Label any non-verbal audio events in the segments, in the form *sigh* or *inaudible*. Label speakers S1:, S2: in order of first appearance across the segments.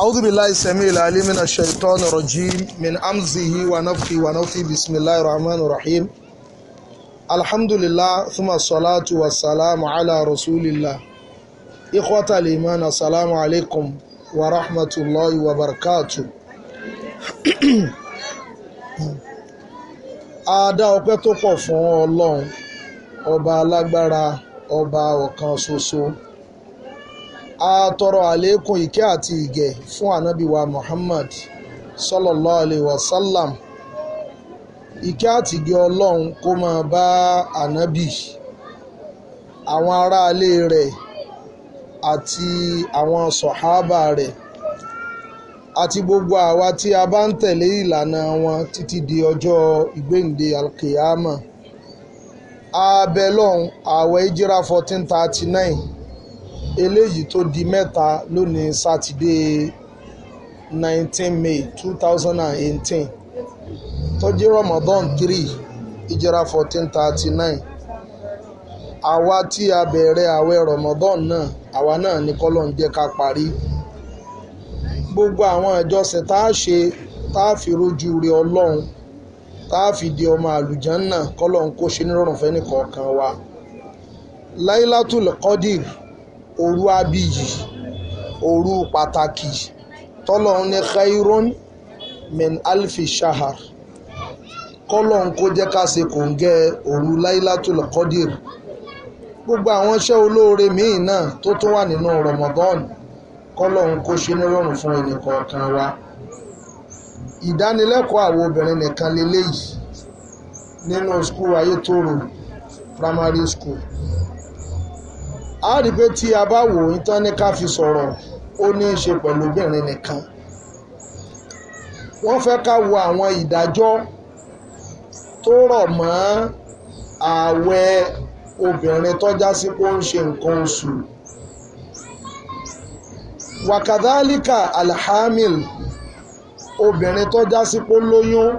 S1: أعوذ بالله السميع العليم من الشيطان الرجيم من أمزه ونفخه ونفثه بسم الله الرحمن الرحيم الحمد لله ثم الصلاة والسلام على رسول الله إخوة الإيمان السلام عليكم ورحمة الله وبركاته ada ọpẹ́ tó pọ̀ fún Ọlọ́run ọba alágbára ọba ọ̀kan ṣoṣo a tọrọ àlékún ìkẹ́ àti ìgẹ̀ fún ànábì Muhammad sallallahu alayhi wa sallam ìkẹ́ àti ìgẹ̀ ọlọ́run kó máa bá ànábì àwọn aráalé rẹ̀ àti àwọn sọ̀hábà rẹ̀ àti gbogbo àwa tí a bá ń tẹ̀lé ìlànà wọn títí di ọjọ́ ìgbéǹde alkiyama abẹ́lọ́hún ààwẹ̀ ìjírà fourteen thirty nine eléyìí tó di mẹ́ta lónìí sátidé nineteen may 2018. thousand ramadan three ìjẹra 1439. thirty nine àwa tí a bẹ̀rẹ̀ àwẹ̀ ramadan náà àwa náà ní kọ́lọ́n jẹ́ ká parí gbogbo àwọn ìjọsìn tá a ṣe tá a fi rojú rẹ ọlọ́run tá a fi di ọmọ àlùjànnà kọ́lọ́n kó ṣe nírọ̀rùn fẹ́ni kọ̀ọ̀kan wa láílátul kọ́dìrì òru abiyì òru pàtàkì tọ́lọ́run ní khairon min alfi shahar kọ́lọ́run kó jẹ́ ká ṣe kòǹgẹ́ òru láìlátul kọ́dìrì gbogbo àwọn iṣẹ́ olóore míì náà tó tún wà nínú Ramadan kọ́lọ́run kó ṣe nírọ̀rùn fún ẹnì kọ̀ọ̀kan wa ìdánilẹ́kọ̀ọ́ àwọn obìnrin nìkan leléyìí nínú skul ayétòrò primary school a rí pé tí a bá wò ó tán ní ká fi sọ̀rọ̀ ó ní í ṣe pẹ̀lú obìnrin nìkan wọ́n fẹ́ ká wo àwọn ìdájọ́ tó rọ̀ mọ́ ààwẹ̀ obìnrin tọ́já sí pé ó ń ṣe nǹkan oṣù wàkàdálíkà alhamil obìnrin tọ́já sí pé ó lóyún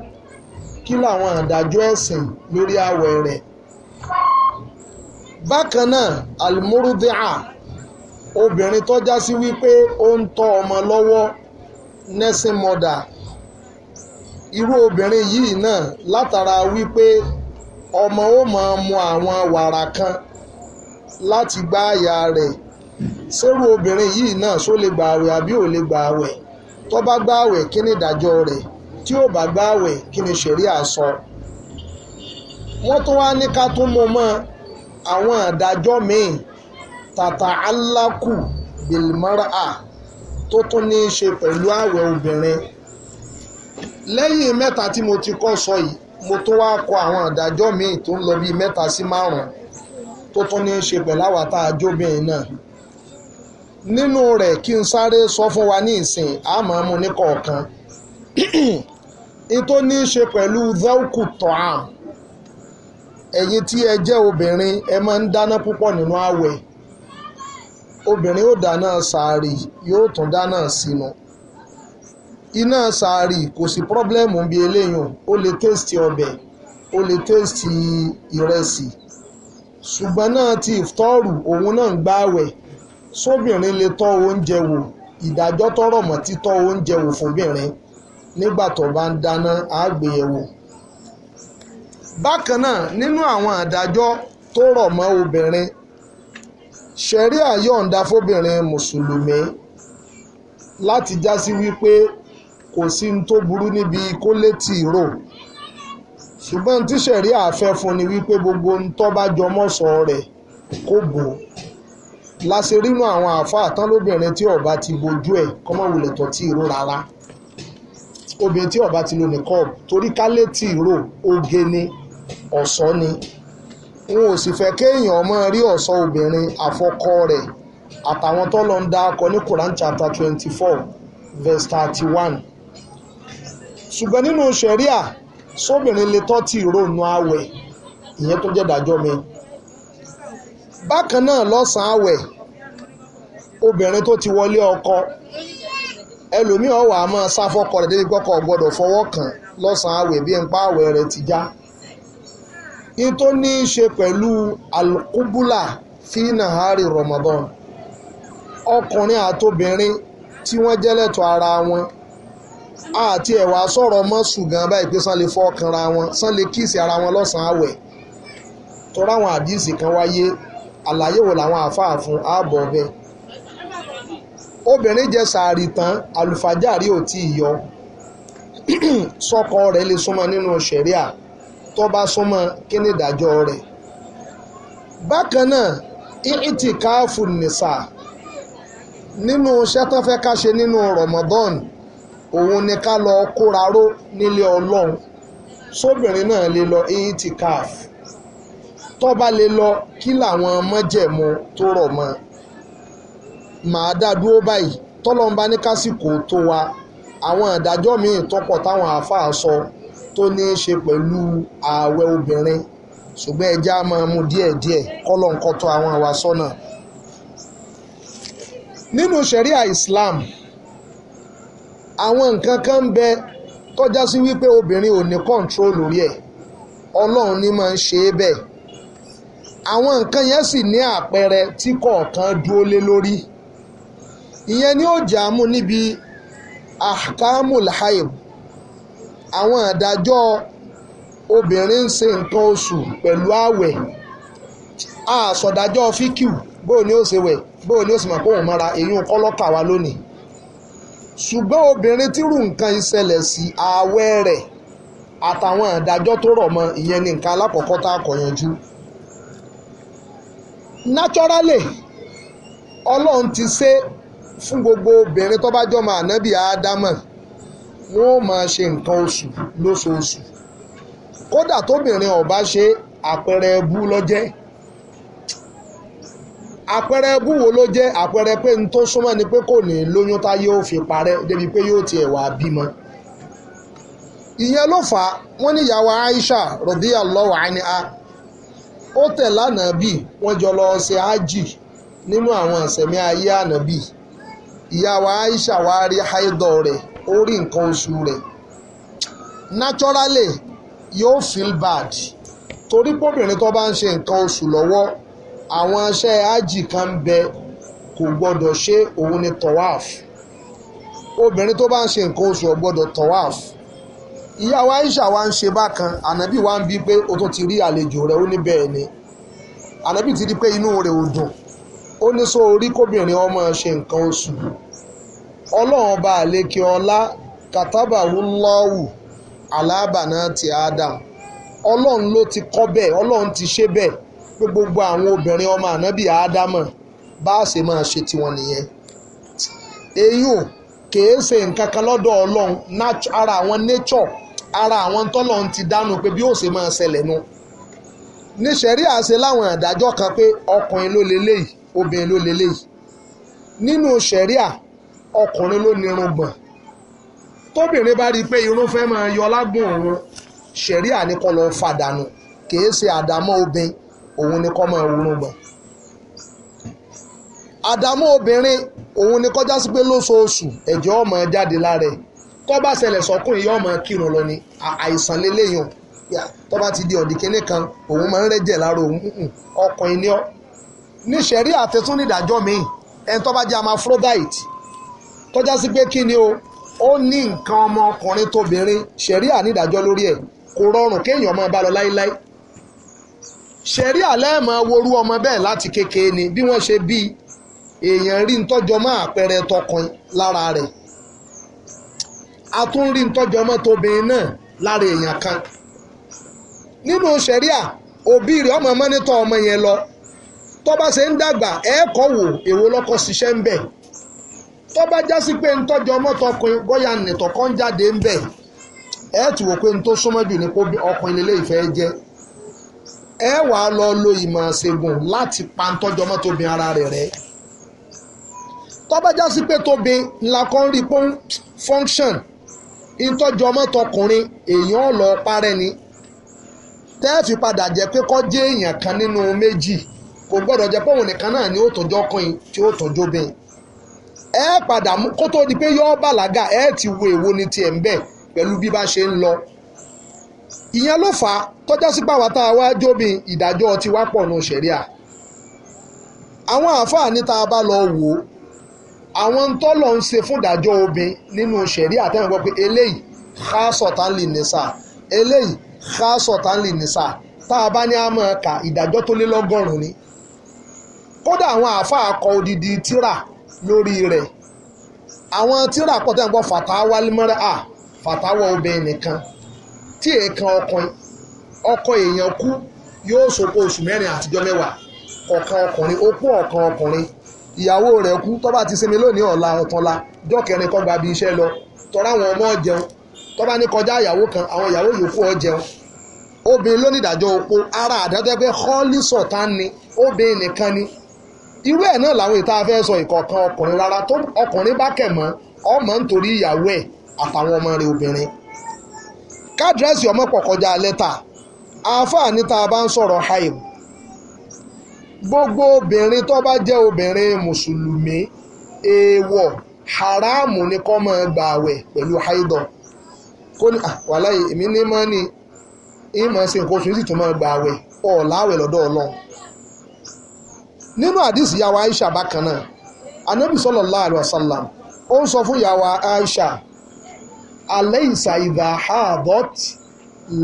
S1: kí làwọn àdájọ́ ẹ̀sìn lórí ààwẹ̀ rẹ̀ bákan náà almurudia obìnrin tó já sí wípé ó ń tọ́ ọmọ lọ́wọ́ nursing mother irú obìnrin yìí náà látara wípé ọmọ ó máa mu àwọn wàrà kan láti gbá àyà rẹ̀ sẹ́rù obìnrin yìí náà só lè gbààwẹ̀ àbí ò lè gbààwẹ̀ tó bá gbààwẹ̀ kí ni ìdájọ́ rẹ̀ tí ò bá gbààwẹ̀ kí ni ṣẹ̀ríà sọ. wọ́n tún wá ní ká tún mọ mọ́ àwọn àdájọ́ míì tàtà alákù bilmara tó tún ní í ṣe pẹ̀lú ààwẹ̀ obìnrin lẹ́yìn mẹ́ta tí mo ti kọ́ sọ yìí mo tó wá kọ àwọn àdájọ́ míì tó ń lọ bíi mẹ́ta sí márùn-ún tó tún ní í ṣe pẹ̀lú àwa tá a jóbìnrin náà nínú rẹ̀ kí n sáré sọ fún wa ní ìsìn àmọ́ mo ní kọ̀ọ̀kan ètò *clears throat* ní í ṣe pẹ̀lú zauku ẹ̀yin tí ẹ jẹ́ obìnrin ẹ máa ń dáná púpọ̀ nínú ààwẹ̀ obìnrin ó dáná sàárì yóò tún dáná sínú iná sàárì kò sí pírọ́blẹ́mù bí eléyìn o lè tẹ́sítì ọbẹ̀ o lè tẹ́sítì ìrẹsì ṣùgbọ́n náà ti ìfọ́ọ̀rù òun náà ń gbá àwẹ̀ sóbìnrin lè tọ́ oúnjẹ wò ìdájọ́ tọrọ mọ́ títọ́ oúnjẹ wò fóbìnrin nígbà tó bá ń dáná àgbéyẹ̀wò. bákan náà nínú àwọn àdájọ́ tó rọ̀ mọ́ obìnrin ṣẹ̀ríà yọ̀ǹda fóbìnrin mùsùlùmí láti jásí wípé kò sí ní tó burú níbi kó létí rò ṣùgbọ́n tí ṣẹ̀ríà fẹ́ fún ni wípé gbogbo ń tọ́ bá jọmọ́ sọ rẹ̀ kó bò ó láṣẹ rínú àwọn àáfàá tán lóbìnrin tí ọba ti bojú ẹ̀ kọ́mọ̀wulẹ̀ tó tí ìró rárá obìnrin tí ọba ti lo nìkọ́ọ̀bù torí ká létí ìró oge ni ọ̀ṣọ́ ni n ò sì fẹ́ kéèyàn ọmọ rí ọ̀ṣọ́ obìnrin àfọkọ rẹ̀ àtàwọn tó lọ ń dá akọ ní Quran chapter twenty four verse thirty one ṣùgbọ́n nínú ṣẹ̀ríà sóbìnrin lè tọ́tì ìrònú àwẹ̀ ìyẹn tó jẹ́ dájọ́ mi bákan náà lọ́sàn-án àwẹ̀ obìnrin tó ti wọlé ọkọ ẹlòmíì ọ̀wà máa sáfọ́kọ rẹ̀ débi pọ́kọ gbọ́dọ̀ fọwọ́ kàn lọ́sàn-án àwẹ̀ bí n pa àwẹ̀ rẹ̀ ti já. Ja in tó ní í ṣe pẹ̀lú alukubula fi nahari Ramadan ọkùnrin àtobìnrin tí wọ́n jẹ́lẹ̀tọ̀ ara wọn àti ẹ̀wà sọ̀rọ̀ mọ́ ṣùgbọ́n báyìí pé sàn lè fọ́ọ̀kanra wọn sàn lè kíìsì ara wọn lọ́sàn-án àwẹ̀ tọ́ra àwọn àdìsí kan wáyé àlàyé wò làwọn àáfàá fún ààbọ̀ ọbẹ̀ obìnrin jẹ sàárì tán àlùfájàrí ò tí ì yọ *clears throat* sọkọ rẹ̀ lè súnmọ́ nínú ṣẹ̀ríà. No tó bá súnmọ́ kí ni ìdájọ́ rẹ̀ bákan náà ìtì káàfù nìsà nínú iṣẹ́ tó fẹ́ ká ṣe nínú Ramadan òun ni ká lọ kóra ró nílé Ọlọ́run sóbìnrin náà lè lọ ìtì káàfù tó bá lè lọ kí làwọn mọ́jẹ̀mú tó rọ̀ mọ́ màá dá dúró báyìí tọ́lọ́mbá tó wa àwọn ìdájọ́ míì tọ́pọ̀ táwọn àáfàá sọ. So tó ní í ṣe pẹ̀lú ààwẹ̀ obìnrin ṣùgbọ́n ẹja máa mú díẹ̀díẹ̀ kọ́lọ̀ ń kọ́tọ́ àwọn àwa sọ́nà. nínú ṣẹ̀ríà Islam àwọn nǹkan kan ń bẹ tọ́já sí wípé obìnrin ò ní control lórí ẹ̀ ọlọ́run ní máa ń ṣe é bẹ́ẹ̀ àwọn nǹkan yẹn sì ní àpẹẹrẹ tí kọ̀ọ̀kan dúró lé lórí ìyẹn ni ó jà mú níbi ahkamul haib àwọn àdájọ́ obìnrin ń ṣe nǹkan oṣù pẹ̀lú ààwẹ̀ àsọdájọ́ fíkìú bóò ni ó ṣe wẹ̀ bóò ni ó sì mọ̀ kóhùn mọ́ra èyí ń kọ́lọ́kà wa lónìí ṣùgbọ́n obìnrin tírú nǹkan ìṣẹ̀lẹ̀ sí ààwẹ̀ rẹ̀ àtàwọn àdájọ́ tó rọ̀ mọ́ ìyẹn ni nǹkan alákọ̀ọ́kọ́ tá a kọ̀ yanjú naturally ọlọ́run ti ṣe fún gbogbo obìnrin tó bá jọ mọ́ ànábì ádámọ̀ wọ́n ó máa ṣe nǹkan oṣù lóṣooṣù kódà tóbìnrin ọba ṣe àpẹẹrẹ ẹbú lọ́jẹ́ àpẹẹrẹ ẹbú wo ló jẹ́ àpẹẹrẹ pé n tó súnmọ́ ni pé kò ní lóyún tá yóò fi parẹ́ débi pé yóò tiẹ̀ wá bímọ ìyẹn ló fà Aisha ó jọ lọ ṣe ájì nínú àwọn ayé ìyàwó Aisha rí ó rí nǹkan oṣù rẹ̀ naturally yóò feel bad torí pọ́bìnrin tó bá ń ṣe nǹkan oṣù lọ́wọ́ àwọn iṣẹ́ ájì kan ń bẹ kò gbọ́dọ̀ ṣe òun ni tọ́wáf obìnrin tó bá ń ṣe nǹkan oṣù ò gbọ́dọ̀ tọ́wáf ìyá wa Aisha wa ń ṣe bákan ànábì wa ń bí pé o tó ti rí àlejò rẹ̀ ó ní bẹ́ẹ̀ ni ànábì ti di pé inú rẹ̀ ò dùn ó ní sọ orí kóbìnrin ọmọ ṣe nǹkan oṣù ọlọ́run ọba àlékè ọlá kàtàbàwù lọ́wù náà ti adam ọlọ́run ló ti kọ́ bẹ́ẹ̀ ọlọ́run ti ṣe bẹ́ẹ̀ pé gbogbo àwọn obìnrin ọmọ ànábì ádámọ̀ bá a ṣe máa ṣe tiwọn nìyẹn èyí ò kèé ṣe nǹkan kan lọ́dọ̀ ọlọ́run ara àwọn nature ara àwọn tọ́lọ́run ti dánú pé bí ó ṣe máa ṣẹlẹ̀ nu níṣẹ̀rí àṣẹ láwọn àdájọ́ kan pé ọkùnrin ló lélẹ́yìí obìnrin ló lélẹ́yìí nínú ṣẹ̀ríà ọkùnrin ló ní irun gbọ̀n tóbìnrin bá rí i pé irun fẹ́ máa yọ lágbọ̀n òun ṣẹ̀rí àníkọ́ lọ fàdánù kìí ṣe àdámọ́ obìnrin òun ni kọ́ máa wúrun gbọ̀n àdámọ́ obìnrin òun ni kọjá sí pé lóṣooṣù ẹ̀jẹ̀ ọmọ jáde lára ẹ̀ tó bá ṣẹlẹ̀ sọ́kùn ìyá ọmọ kírun lọ ni àìsàn lélẹ́yìn tó bá ti di ọ̀dì kínní kan òun máa ń rẹ́jẹ̀ lára òun ọkùnrin ni ọ́ ní ṣẹ̀rí àtẹ̀tún nídàjọ́ mi ẹni tó bá jẹ́ hermaphrodite tọ́já sí pé kí ni o ó ní nǹkan ọmọkùnrin tóbìnrin ṣẹ̀ríà nídàájọ́ lórí ẹ̀ kò rọrùn kéèyàn máa bá lọ láíláí ṣẹ̀ríà lẹ́ẹ̀mọ worú ọmọ bẹ́ẹ̀ láti kékeré ni bí wọ́n ṣe bí èèyàn rí ntọ́jọ́ mọ́ àpẹẹrẹ tọkùn lára rẹ̀ a tún rí ntọ́jọ́ mọ́ tóbìnrin náà lára èèyàn kan nínú ṣẹ̀ríà òbí rẹ̀ ọmọ mọ́nítọ́ ọmọ yẹn lọ tó bá ṣe ń dàgbà ẹ̀ẹ́kọ̀ wò èwo lọ́kọ́ ṣiṣẹ́ ń bẹ̀ tó bá já sí pé ń tọ́jú ọmọ tọkùnrin bóyá nìtọ̀ kan jáde ń bẹ̀ ẹ ti wò pé ń tó súnmọ́ jù ní kó ọkùnrin lè fẹ́ jẹ́ ẹ wà á lọ lo ìmọ̀ ṣègùn láti pa ń tọ́jú ọmọ tóbi ara rẹ̀ rẹ́ tó bá já sí pé tóbi ńlá kan rí pọ́n function ń tọ́jú ọmọ tọkùnrin èèyàn lọ parẹ́ ni tẹ́ẹ̀fì padà jẹ́ pé kọ́ jẹ́ èèyàn kan nínú méjì kò gbọ́dọ̀ jẹ́ pé ẹ padà mú kó tó di pé yọ bàlágà ẹ ti wo èwo ni tiẹ̀ ń bẹ̀ pẹ̀lú bí bá ṣe ń lọ ìyẹn ló fà á tọ́já sí pàwọ́ tá a wá jóbi ìdájọ́ ti wá pọ̀ nù ṣẹ̀ríà àwọn àǹfààní tá a bá lọ wò ó àwọn ń tọ́lọ̀ ń ṣe fún ìdájọ́ obìn nínú ṣẹ̀ríà tẹ́wọ̀n gbọ́ pé eléyìí ká sọ̀tàn lè nìṣà eléyìí ká sọ̀tàn lè nìṣà tá a bá ní a máa kà ìdájọ́ tó lé lọ́gọ́rùn-ún ni kódà àwọn àáfàá kọ odidi tírà lórí rẹ̀ àwọn tíra pọ̀ tẹ́ ń gbọ́ fàtàwá límọ́rẹ́ à ah, fàtàwá obìnrin nìkan tí èèkan ọkùnrin ọkọ èèyàn kú yóò ṣòkò oṣù mẹ́rin àtijọ́ mẹ́wàá ọ̀kan ọkùnrin ó kú ọ̀kan ọkùnrin ìyàwó rẹ̀ kú tó bá ti sinmi lónìí ọ̀la ọ̀tọ̀la jọ́kẹrin kọ́ gba bí iṣẹ́ lọ tọ́ra àwọn ọmọ jẹun tó bá ní kọjá ìyàwó kan àwọn ìyàwó yòókù ọ obìnrin lónìí ìdájọ́ opó ara àdájọ́ pé họ́ọ́lì sọ̀tán ni obìnrin nìkan ni irú ẹ̀ náà làwọn ìta fẹ́ sọ ìkọ̀ọ̀kan ọkùnrin rárá tó ọkùnrin bá kẹ̀ mọ́ ọmọ nítorí ìyàwó ẹ̀ àtàwọn ọmọ rẹ̀ obìnrin kádírẹ́sì ọmọ pọ̀ kọjá lẹ́tà àáfàá níta bá ń sọ̀rọ̀ haib gbogbo obìnrin tó bá jẹ́ obìnrin mùsùlùmí èèwọ̀ haramu ni kó máa gbà àwẹ̀ pẹ̀lú haidọ̀ kó ní wàláyé èmi ní mọ́ ni ìmọ̀ sí nǹkan oṣù sì tún máa gbà àwẹ̀ ọ̀làwẹ̀ lọ́dọ̀ ọlọ́run nínú àdìsí yàwá Aisha bákan náà anabi sallallahu alaihi wasallam ó ń sọ fún yàwá Aisha alaysa idha hadat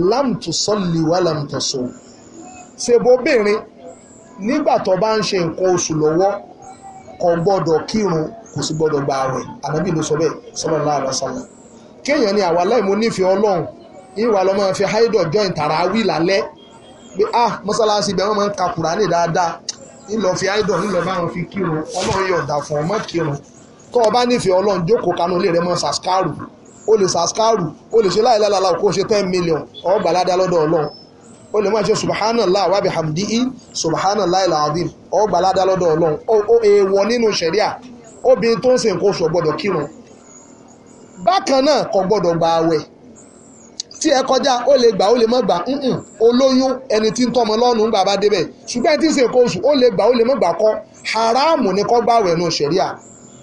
S1: lam tusalli wa lam tasum ṣèbóbìnrin nígbà tó bá ń ṣe nǹkan oṣù lọ́wọ́ kò gbọ́dọ̀ kírun kò sì gbọ́dọ̀ gba àwẹ̀ ànábì ló sọ bẹ́ẹ̀ sallallahu alaihi wasallam kéèyàn ni àwa láì mo nífẹ̀ẹ́ ọlọ́run ìwà lọ́mọ fi haidọ̀ join tàràwí lálẹ́ pé ah mọ́sálásí ibẹ̀ wọ́n máa ń ka kùránì dáadáa ńlọ fi idol ńlọ bá wọn fi kírun ọlọ́run yọ̀ǹda fún ọmọ kírun tó o bá nífẹ̀ẹ́ ọlọ́run jókòó kanú ilé rẹ mọ́ sàskárù o lè sàskárù o lè ṣe láìláìláìlá kó o ṣe ten million ọgbà ládá lọ́dọ̀ ọlọ́run o lè má ṣe subhanallah wa bihamdihi subhanallah alazim ọgbà ládá lọ́dọ̀ ọlọ́run o èèwọ̀ nínú ṣẹ̀ríà obìnrin tó ń ṣe nǹkan oṣù ọgbọ́dọ̀ kírun bákan náà kò gbọ́dọ̀ gba àwẹ̀ tí ẹ kọjá ó lè gbà ó lè má gbà olóyún ẹni tí ń tọmọ lọ́nu ń bàbá débẹ̀ ṣùgbọ́n ẹni tí ń ṣe nǹkan oṣù ó lè gbà ó lè má gbà kọ́ haramu ni kọ́ gbàwẹ̀ nù ṣẹ̀ríà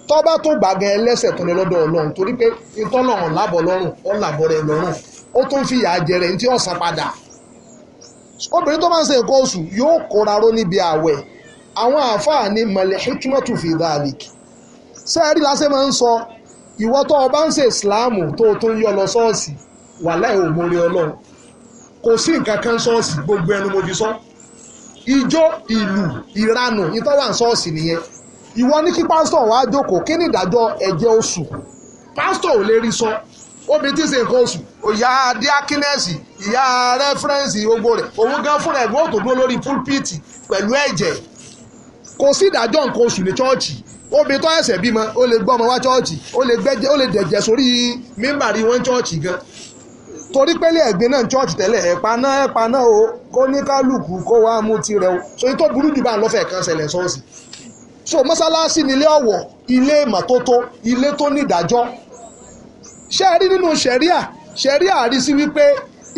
S1: tọ́ba tó gbàgán ẹlẹ́sẹ̀ tó ní lọ́dọ̀ ọlọ́run torí pé ìtọ́lọ́run lábọ̀ lọ́rùn ó làbọ̀ rẹ̀ lọ́rùn ó tún fi ìyà jẹrẹ ní tí ó san padà obìnrin tó bá ń ṣe nǹkan oṣù yóò kóra ró níbi àwẹ̀ àwọn àáfàá ni mọ̀lẹ́ hikmatu fi dhalik sẹ́ẹ̀rí lásẹ̀ máa ń sọ ìwọ tó o bá ń ṣe ìsìláàmù tó o tún yọ lọ sọ́ọ̀sì wàláì ò mórí ọlọ́run kò sí nǹkan kan sọ́ọ̀sì gbogbo ẹnu mo fi sọ ijó ìlú ìranù ìtọ́wà sọ́ọ̀sì nìyẹn ìwọ ní kí pásítọ̀ wàá jókòó kí ni ìdájọ́ ẹ̀jẹ̀ oṣù pásítọ̀ ò lè rí sọ omi tí ń ṣe nǹkan oṣù ìyá diakinesi ìyá rẹfúrẹ́nsì gbogbo rẹ̀ òun gan fúnra ẹ̀gbọ́n ò tó dúró lórí púlpìtì pẹ̀lú ẹ̀jẹ̀ kò sí ìdájọ́ nǹkan oṣù ní chọ́ọ̀chì obìnrin tó ẹsẹ̀ bímọ ó lè gbọ́ ọmọ wá chọ́ọ̀chì ó lè dẹ̀jẹ̀ sórí mímbàrí wọn chọ́ọ̀chì gan torí pẹ́lẹ́ ẹ̀gbin náà chọ́ọ̀chì tẹ́lẹ̀ ẹ̀ paná ẹ̀ paná o kó ní kálukú kó wá mú tirẹ̀ o so yìí tó burú jù bá ń lọ́fẹ̀ẹ́ kan ṣẹlẹ̀ sọ́ọ̀sì so mọ́sálásí ni ilé ọ̀wọ̀ ilé ìmọ́tótó ilé tó ní ìdájọ́ ṣe rí nínú ṣẹ̀ríà ṣẹ̀ríà rí sí wípé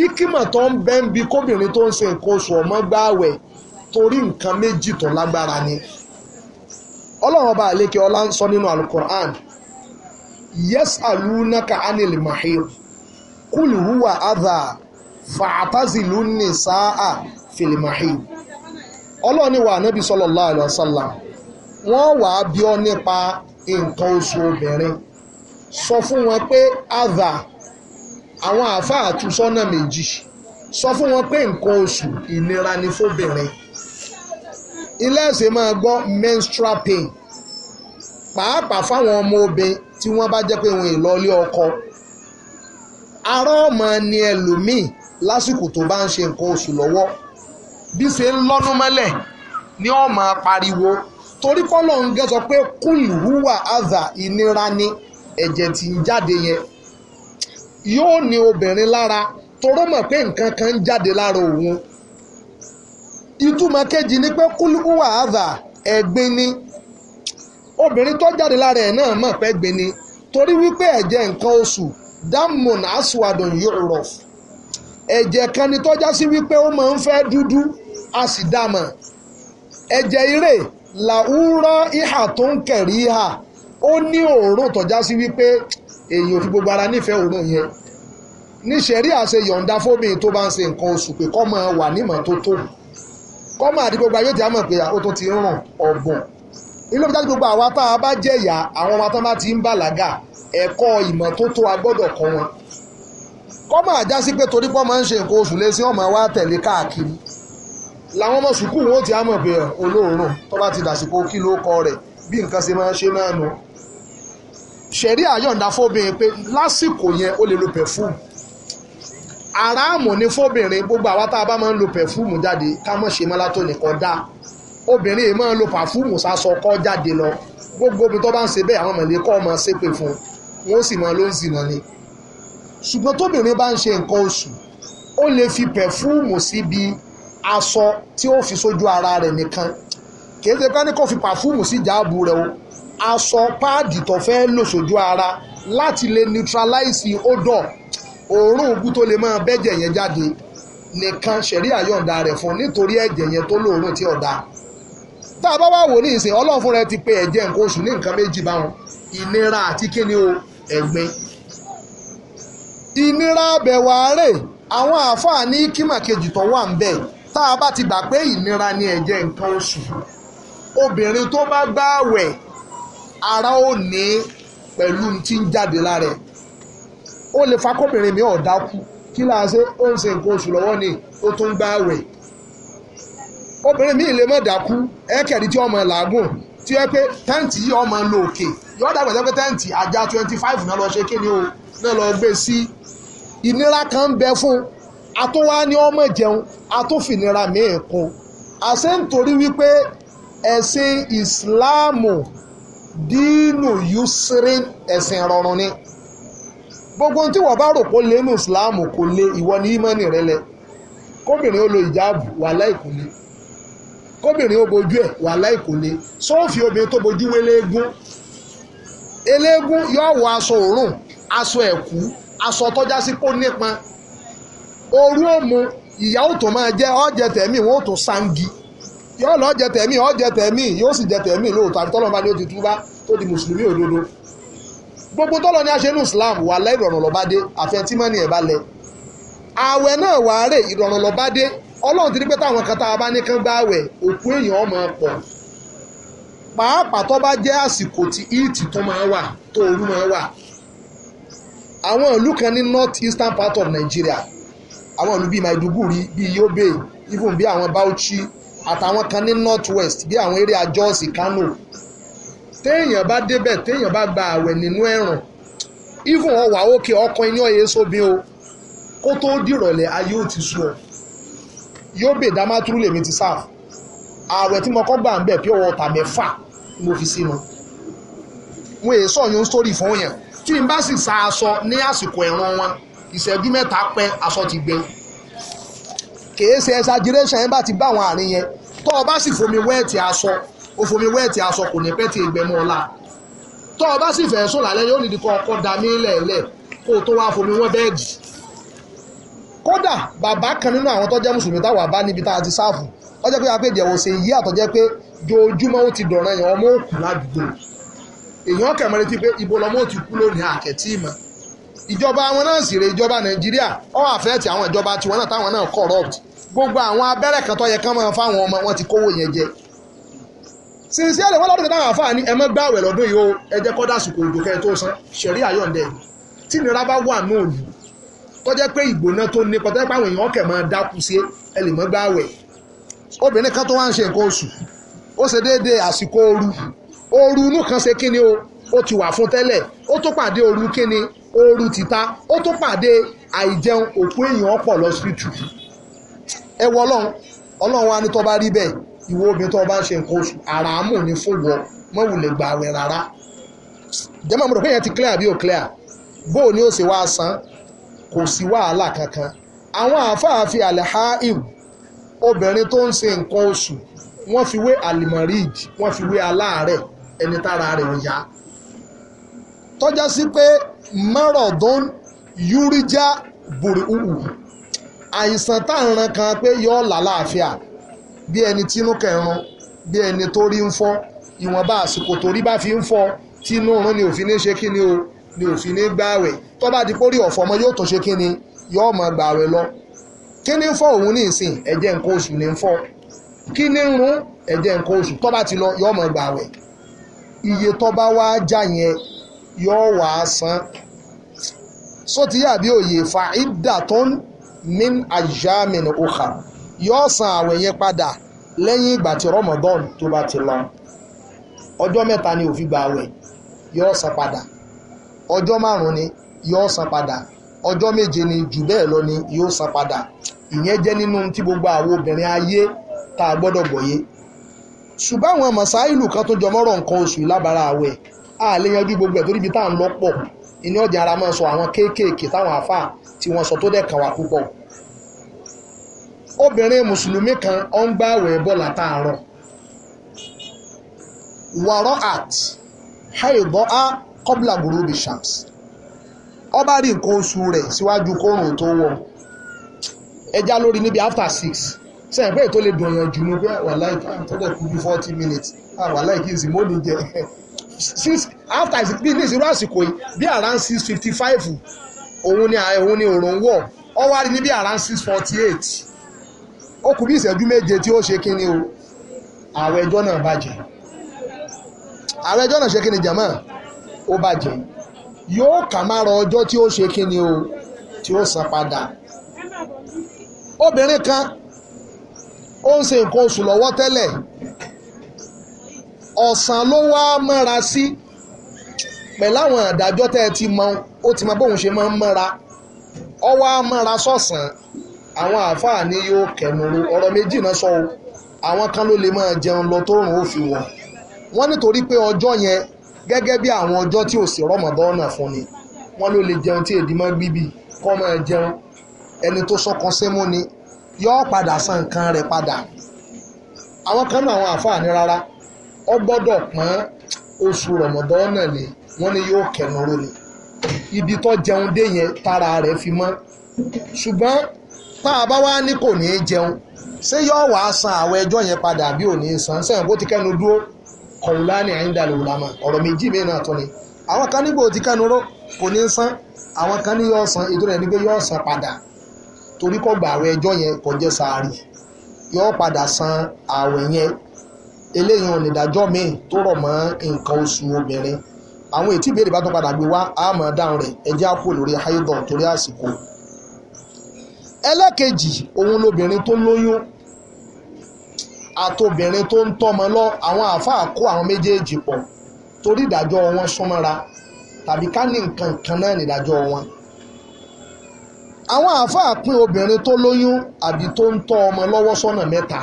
S1: ikímọ̀ tó ń bẹ́ ń bi kóbìnrin tó ń ṣe nǹkan oṣù ọmọ gbáwẹ̀ torí nǹkan méjì tó lágbára ni ọlọ́run ọba àlékè ọlá ń sọ nínú alukur'an yes alunaka anil mahir kúlù húwà adha fàtàzìlú ní sáà fìlìmáhì ọlọ́run ní wà nábì sallallahu alaihi wasallam wọ́n wà á bí ọ nípa nǹkan oṣù obìnrin sọ fún wọn pé adha àwọn àáfàá tú sọ́nà méjì sọ fún wọn pé nǹkan oṣù ìnira ni fóbìnrin ilé ẹ̀sìn máa gbọ́ menstrual pain pàápàá fáwọn ọmọ obìnrin tí wọ́n bá jẹ́ pé wọn ì lọ ilé ọkọ Ara ọmọ ni ẹlòmíì lásìkò tó bá ń ṣe nǹkan oṣù lọ́wọ́ bí ṣe ń lọ́nú mọ́lẹ̀ ni ó pariwo torí kọ́lọ̀ ń gẹ́ sọ pé kùlùwà àzà ìnira ni ẹ̀jẹ̀ tí ń jáde yẹn yóò ní obìnrin lára torọ́ mọ̀ pé nǹkan kan ń jáde lára òun ìtumọ̀ kejì ni pé kùlùwà àzà ẹ̀gbin ni obìnrin tó jáde lára ẹ̀ náà mọ̀ pẹ́ gbin ni torí wípé ẹ̀jẹ̀ nǹkan oṣù damon aswadon yurof ẹ̀jẹ̀ kan ni tọ́já sí wípé ó máa ń fẹ́ dúdú a sì dàmọ̀ ẹ̀jẹ̀ ire làwúrọ̀ ìhà tó ń kẹ̀rí ìhà ó ní òórùn tọ́já sí wípé èyí ò fi gbogbo ara nífẹ̀ẹ́ òórùn yẹn níṣẹ̀rí àṣẹ yọ̀ǹda fómi tó bá ń ṣe nǹkan oṣù pé kọ́ máa wà nímọ̀ tó kọ́ máa di gbogbo ayé tí a mọ̀ pé ó tó ti ń rùn ọ̀bùn ilé ìfẹ́ gbogbo àwa tá a bá jẹ̀yà àwọn ọmọ tó bá ti ń bàlágà ẹ̀kọ́ ìmọ́tótó a gbọ́dọ̀ kọ́ wọn kọ́ máa já sí pé torí pọ́ máa ń ṣe nǹkan oṣù lé sí ọmọ wa tẹ̀lé káàkiri làwọn ọmọ sùkúù wọn ó ti àmọ̀ pé olóòórùn tó bá ti dàsìkò kí ló kọ rẹ̀ bí nǹkan ṣe máa ń ṣe náà nù ṣẹ̀rí àyọ̀ǹda fóbìnrin pé lásìkò yẹn ó lè lo pẹ̀fúùmù àràmù ni fóbìnrin gbogbo àwa tá a bá máa ń lo pẹ̀fúùmù jáde ká mọ̀ ṣe mọ́lá tó nìkan dá obìnrin yìí máa ń lo pàfúùmù sásọ kọ́ jáde lọ gbogbo omi tó bá ń ṣe bẹ́ẹ̀ àwọn mọ̀lẹ́kọ́ ọmọ ṣépè fún un wọ́n sì mọ ló ń zìnà ni ṣùgbọ́n tóbìnrin bá ń ṣe nǹkan oṣù ó lè fi pẹ̀fúùmù síbi aṣọ tí ó fi sójú ara rẹ̀ nìkan kì í ṣe ká ní kó fi pàfúùmù sí ìjáàbù rẹ̀ o aṣọ páàdì tó fẹ́ lò sójú ara láti lè neutralize odor òórùn ògùn tó lè máa bẹ́jẹ̀ yẹn jáde nìkan ṣẹ̀rí àyọ̀ǹda rẹ̀ fún nítorí ẹ̀jẹ̀ yẹn tó lóòórùn tí ọ̀dà tá a bá wà wò ní ìsìn ọlọ́run fúnra ti pe ẹ̀jẹ̀ nǹkan oṣù ní nǹkan méjì báwọn ìnira àti kíni o ẹ̀gbin ìnira àbẹ̀wò àárẹ̀ àwọn àáfàá ní kímà kejì tó wà ń bẹ̀ tá a bá ti gbà pé ìnira ni ẹ̀jẹ̀ nǹkan oṣù obìnrin tó bá gbààwẹ̀ ara ò ní pẹ̀lú tí ń jáde lára ẹ̀ ó lè fa kóbìnrin mi ọ̀dá kú kí láà ṣe ó ń ṣe nǹkan oṣù lọ́wọ́ ni ó tún gbààwẹ̀ obìnrin mi lè má dákú ẹ̀kẹ́rì tí ọmọ làágùn tí ó yẹ pé tẹ́ǹtì yìí ọmọ lò òkè yóò dàgbà jẹ́ pé tẹ́ǹtì àjà twenty five náà lọ ṣe kíni o náà lọ gbé sí ìnira kan ń bẹ fún atúwá ní ọmọ ìjẹun atúfìnira míì kún àṣẹ nítorí wípé ẹ̀sìn ìsìláàmù dínú yusirin ẹ̀sìn rọrùn ni gbogbo tí wọ́n bá rò kó lé ní ìsìláàmù kò lé ìwọ ní ìmọ̀nì rẹ lẹ kóbìnrin ó lo ìjáàbù wàhálà ìkùnlé kóbìnrin ó bojú ẹ̀ wà láì kò le sọ́ọ̀fì obìnrin tó bojú wéléegún eléégún yóò wọ aṣọ òórùn aṣọ ẹ̀kú aṣọ tọ́já sí kó nípọn orú òmu ìyá ò tó máa jẹ ọ̀jẹ̀ tẹ̀mí wọn ò tó sangi yóò lọ jẹ tẹ̀mí ọ̀jẹ̀ tẹ̀mí yóò sì jẹ tẹ̀mí lóòótọ́ àti tọ́lọ́mọba ni ó ti túbá tó di mùsùlùmí òdodo gbogbo tọ́lọ ni a ṣe ní Islam wà láì ìrọ̀rùn lọ́bádé àfẹ́ntímọ́ni ẹ̀ bá lẹ̀ ààwẹ̀ náà wàá rè ìrọ̀rùn lọ́bádé ọlọ́run ti ní pé táwọn kan tá a bá ní kán gbá wẹ̀ òkú èèyàn máa pọ̀ pàápàá tó bá jẹ́ àsìkò tí ìtì tó máa wà tó òru máa wà àwọn ìlú kan ní north eastern part of Nigeria àwọn ìlú bíi Maiduguri bíi Yobe even bíi àwọn Bauchi àtàwọn kan ní north west bíi àwọn eré Jos Kano téèyàn bá débẹ̀ téèyàn bá gba àwẹ̀ nínú ẹ̀rùn even ọwà òkè ọkọ iná èso bí o kó tó dìrọ̀lẹ́ ayé ò ti sú ọ yóò bè dá mátúrú lèmi ti sáf ààwẹ̀ tí mo kọ́ gbà ń bẹ̀ pure water mẹ́fà mo fi sínú wọn èyí sọ̀yún sórí fún yẹn tí n bá sì sa aṣọ ní àsìkò ẹ̀ràn wọn ìṣẹ́jú mẹ́ta pẹ́ aṣọ ti gbẹ kèé ṣe exaggeration yẹn bá ti bá àwọn àárín yẹn tó o bá sì fomi wẹ́ẹ̀tì aṣọ o fomi wẹ́ẹ̀tì aṣọ kò ní pẹ́ ti ìgbẹ́mọ́ ọ̀la tó o bá sì fẹ́ sùn lálẹ́ yóò nídìí kọ́ ọkọ́ da mí lẹ̀ẹ́lẹ̀ kó o tó wá fomi wọ́n bẹ́ẹ̀dì kódà bàbá kan nínú àwọn tó jẹ́ mùsùlùmí táwọn àbá níbi tá a ti sáàfù ó jẹ́ pé apé ìdíyàwó ṣe yí àtọ́jẹ́ pé jojúmọ́ ó ti dọ̀ràn èèyàn ọmọ òkú ládùúgbò èèyàn kẹ̀mọ́ retí pé ibo lọmọ òtí kú lónìí àkẹ́tì ìmọ̀ ìjọba àwọn náà sì rè ìjọba nàìjíríà ó wà fẹ́ ti àwọn ìjọba tiwọn náà táwọn náà corrupt gbogbo àwọn abẹ́rẹ́ kan tó yẹ kán máa fáwọn ọmọ wọn ti kówó yẹn jẹ sincerely wọn lọ́dún táwọn àfáà ní ẹ má gbààwẹ̀ lọ́dún yìí o ẹ jẹ́ kọ́dà sùkò òjò kẹ́ ẹ tó san ṣẹ̀rí àyọ̀ǹdẹ̀ tí nira bá wà náà lù tọ́jẹ́ pé ìgbóná tó ní pọ̀tẹ́ páwọn èèyàn ọ̀kẹ́ máa dákú sí ẹ lè mọ́ gbáwẹ̀ obìnrin kan tó wá ń ṣe nǹkan oṣù ó ṣe déédéé àsìkò ooru ooru inú kan ṣe kíni o ó ti wà fún tẹ́lẹ̀ ó tó pàdé ooru kíni ooru títa ó tó pàdé àìjẹun òkú èèyàn pọ̀ lọ́sítù ẹ wọ ọlọ́run ọlọ́run wa ní tó bá rí bẹ́ẹ̀ ìwọ obìnrin tó bá ń ṣe nǹkan oṣù àràámù ní fún wọ mọ́wùlẹ̀ gbààwẹ̀ rárá jẹ́mọ̀ mo rò pé yẹn ti clear àbí ò clear bóò ni ó sì wa san kò sí wàhálà kankan àwọn àfáàfin alhaib obìnrin tó ń ṣe nǹkan oṣù wọ́n fi wé almarij wọ́n fi wé aláàárẹ̀ ẹni tára rẹ̀ yá tọ́já sí pé márọ̀dún yúríjá bùrì hùwù àìsàn tá à ń ran kan pé yọ làlàáfíà bí ẹni tínú kẹrun bí ẹni tó rí ń fọ́ ìwọ̀nba àsìkò torí bá fi ń fọ́ tínú òrùn ni òfin ní ṣe kí ni o ni òfin ní gbààwẹ̀ tó bá di pórí ọ̀fọ̀ ọmọ yóò tó ṣe kí ni yóò mọ gbààwẹ̀ lọ kí ni ń fọ òun ní ìsìn ẹ̀jẹ̀ nǹkan oṣù ní ń fọ kí ni ń ẹ̀jẹ̀ nǹkan oṣù tó bá ti lọ yóò mọ gbààwẹ̀ iye tó bá wá já yẹn yóò wá san sótìyà bí òye fa ìdàtún min ajamin ukhra yóò san àwẹ̀ yẹn padà lẹ́yìn ìgbà tí Ramadan tó bá ti lọ ọjọ́ mẹ́ta ni ó gbààwẹ̀ yóò san padà ọjọ́ márùn-ún ni yóò san padà ọjọ́ méje ni jù bẹ́ẹ̀ lọ ni yóò san padà ìyẹn jẹ́ nínú tí gbogbo àwọn obìnrin ayé tá a gbọ́dọ̀ gbọ́yé ṣùgbọ́n àwọn mọ̀sáìlù kan tó jọmọ́rọ̀ nǹkan oṣù lábara àwẹ̀ yanjú gbogbo ẹ̀ torí ibi tá à ń àwọn kéékèèké táwọn tí wọ́n sọ tó dẹ̀ kọ́bùlà gurubi shams ọba rí nǹkan oṣù rẹ̀ síwájú kóòrùn tó wọ̀ ẹja lórí níbi after six sẹ́yìn pé ètò lè dùnyàn jù ní pé wàhálà ìtọ́jọ́ kú bí forty minutes ah, wàhálà ìkí ìsìn mọ́ni jẹ after six bí ní ìṣirò àsìkò yìí bí around six fifty five òun ni òun ni òòrùn wọ̀ ọ wá rí ní around six forty eight ó kù bí ìṣẹ́jú méje tí ó ṣe kínní o ààrẹ ẹjọ́ náà bàjẹ́ ààrẹ ẹjọ́ náà ṣe kínní jàmáà ó bàjẹ́ yóò kà má rọ ọjọ́ tí ó ṣe kíni o tí ó san padà obìnrin kan ó ń ṣe nǹkan oṣù lọ́wọ́ tẹ́lẹ̀ ọ̀sán ló wá mọ́ra sí pẹ̀lú àwọn àdájọ́ tẹ́ ẹ ti mọ ó ti mọ bóun ṣe máa ń mọ́ra ọ wá mọ́ra sọ̀sán àwọn àáfàá ni yóò kẹnuru ọ̀rọ̀ méjì náà sọ o àwọn kan ló lè máa jẹun lọ tó rùn ó fi wọ̀ wọ́n nítorí pé ọjọ́ yẹn gẹ́gẹ́ bí àwọn ọjọ́ tí ò sí rọmọdọ́nà fún ni wọ́n ló lè jẹun tí èdè máa gbíbi kọ́ máa jẹun ẹni tó sọkan sẹ́mú ni yóò padà san nǹkan rẹ̀ padà àwọn kan náà àwọn àǹfààní rárá ọ gbọ́dọ̀ pọ́n oṣù rọmọdọ́nà lè wọ́n ní yóò kẹnu ró ni ibi tó jẹun dé yẹn tára rẹ̀ fi mọ́ ṣùgbọ́n tá a bá wá ní kò ní í jẹun ṣé yóò wàá san àwọn ẹjọ́ yẹn padà bí ò ní í san sẹ́yìn kó ti kẹ́nu dúró kọ̀wùlánì àyíndàlè ulama ọ̀rọ̀ méjì mìíràn náà tó ni àwọn kan nígbò tí kánú ró kò ní san àwọn kan ní yọ san ètò rẹ̀ ní pé yọ san padà torí kò gbà àwẹ̀ ẹjọ́ yẹn kò jẹ́ sàárì yọ padà san àwẹ̀ yẹn eléyìí ò ní dájọ́ míì tó rọ̀ mọ́ nǹkan oṣù obìnrin àwọn ètí ìbéèrè bá tún padà gbé wá àmọ́ dáhùn rẹ̀ ẹjẹ́ á lórí haidọ̀ torí àsìkò ẹlẹ́kejì òun lobìnrin tó lóyún àtobìnrin tó ń tọ́mọ lọ àwọn àáfàá kó àwọn méjèèjì pọ̀ torí ìdájọ́ wọn súnmọ́ra tàbí ká ní nǹkan kan náà nídájọ́ wọn. àwọn àáfàá pín obìnrin tó lóyún àbí tó ń tọ́ ọmọ lọ́wọ́ sọ́nà mẹ́ta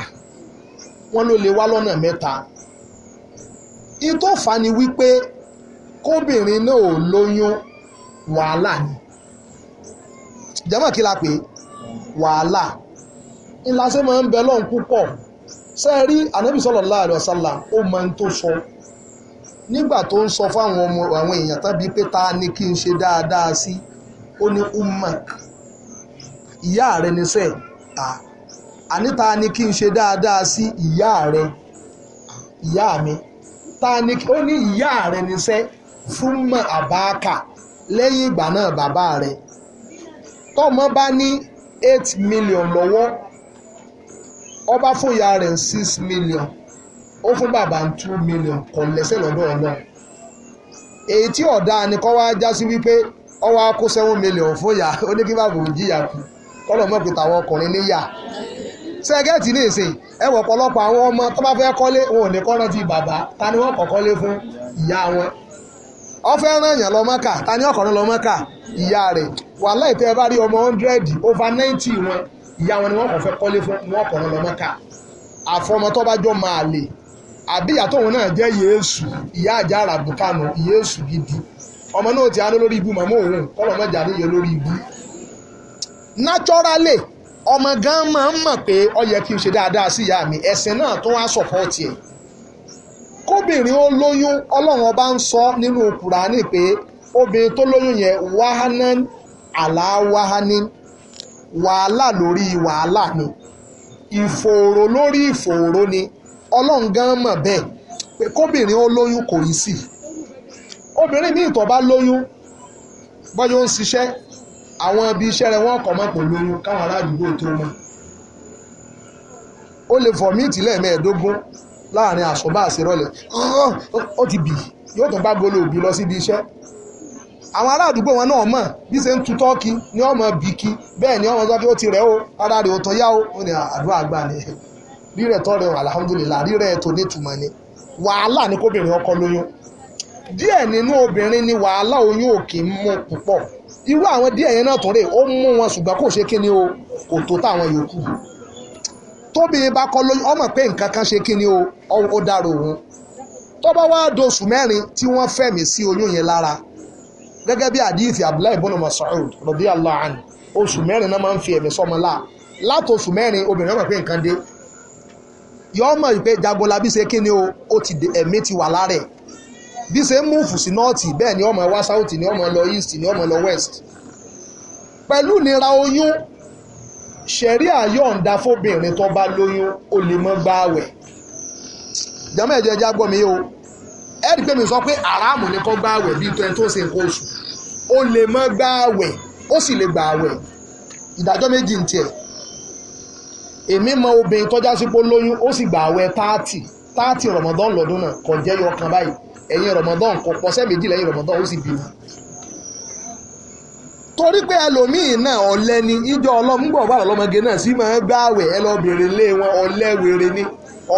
S1: wọ́n ló lè wá lọ́nà mẹ́ta. ìtòfà ni wípé kóbìnrin náà ò lóyún wàhálà ni jẹ́mọ̀ kí la pè wàhálà ńlá ṣe máa ń bẹ lọ́hùn púpọ̀ sẹ́ẹ̀rí ànábì sallallahu alaihi wasallam ó mọ ohun tó sọ nígbà tó ń sọ fáwọn ọmọ àwọn èèyàn tán bíi pé ni kí n ṣe dáadáa sí ó ní ummak ìyá rẹ ní sẹ́ẹ̀ à àní ta ni kí n ṣe dáadáa sí ìyá rẹ ìyá mi ta ni ó ní ìyá rẹ ní sẹ́ fún àbáàkà lẹ́yìn ìgbà náà bàbá rẹ tọ́mọ bá ní eight million lọ́wọ́ ó bá fún ìyá rẹ̀ six million ó fún bàbá two million kò lẹ́sẹ̀ lọ́dọ̀ ọlọ́run èyí tí ọ̀dà ni kọ́ wá já sí wípé ọwọ́ wá kó seven million fún ìyá ó ní kí bàbá ní ọmọ tó bá fẹ́ kọ́lé wọn ò ní kọ́ rántí wọn lọ mọ́kà ta ni lọ mọ́kà ìyá rẹ̀ wàhálà bá rí ọmọ hundred over ninety wọn ìyá wọn ni wọn kàn fẹ kọ́lé fún wọn kàn lọ mọ́ka àfọmọ tó bá jọ máa lè àbí ìyá tóun náà jẹ́ yéésù ìyá àjà yéésù gidi ọmọ náà ti aná lórí ibu òun kọ́lọ̀ mọ́jà ní iye lórí ibu naturally ọmọ gan máa ń mọ̀ pé ọ yẹ kí n ṣe dáadáa sí ìyá mi ẹ̀sìn náà tó wá kóbìnrin ó lóyún ọlọ́run ọba ń sọ nínú Kùránì yẹn wàhálà lórí wàhálà ni ìfòòró lórí ìfòòró ni ọlọ́run gan mọ̀ bẹ́ẹ̀ pé kóbìnrin ó lóyún kò rí sí obìnrin ní ìtọ̀ bá lóyún bọ́jú ń ṣiṣẹ́ àwọn ibi iṣẹ́ rẹ̀ wọ́n kọ̀ mọ́ pẹ̀lú oyún káwọn ará àdúgbò tó mọ́ ó lè fọ̀míìtì lẹ́ẹ̀mẹ́ẹ̀ẹ́dógún láàrin àsọ̀bá àṣírọ́lẹ̀ ó ti bì yóò tún bá gbolo òbí lọ síbi iṣẹ́ àwọn ará àdúgbò wọn náà mọ̀ bí ṣe ń tu tọ́ọ̀kì ni ọmọ bí bẹ́ẹ̀ ni ọmọ sọ pé ó ti rẹ̀ ó ara tán yá ó ó ní àdúrà gbà ni *laughs* rírẹ̀ tọ́ rẹ̀ rírẹ̀ tó ni wàhálà ni kóbìnrin lóyún díẹ̀ nínú obìnrin ni wàhálà oyún ò kì púpọ̀ irú àwọn díẹ̀ yẹn náà tún rè gẹ́gẹ́ bí àdìsí abdullahi ibn Mas'ud radiyallahu anhu oṣù mẹ́rin náà máa ń fi ẹ̀mí sọ́mọ láà láti oṣù mẹ́rin obìnrin náà mọ̀ pé nǹkan dé yọ mọ̀ pé jagunlabi ṣe kí ni o ó ti ẹ̀mí ti wà lára ẹ̀ bí ṣe ń múfù sí nọ́ọ̀tì bẹ́ẹ̀ ni ọmọ wá sáùtì ni ọmọ lọ east ni ọmọ lọ west pẹ̀lú nira oyún ṣẹ̀rí àyọ̀ǹda fóbìnrin tó bá lóyún ó lè mọ́ gbáwẹ̀ jẹ́mọ̀ ẹ̀jẹ̀ jágbọ́ mi o ẹ̀rí pé mi sọ pé àràmù ni kò gba àwẹ̀ bíi tó ẹni tó ń ṣe nǹkan oṣù ó lè má gba àwẹ̀ ó sì lè gba àwẹ̀ ìdájọ́ méjì ń tiẹ̀ èmi mọ obìnrin tọ́já sí pé lóyún ó sì gba àwẹ̀ táàtì táàtì rọmọdán lọ́dún náà kò jẹ́ yọ ọkàn báyìí ẹ̀yìn rọmọdán kò pọ̀sẹ́ méjì lẹ́yìn rọmọdán ó sì bímọ torí pé ẹlòmíín náà ọ̀lẹ ni ìjọ ọlọ́múgbọ̀ wà lọ́mọge náà sì máa ń gbààwẹ̀ ẹ lọ bèrè lé wọn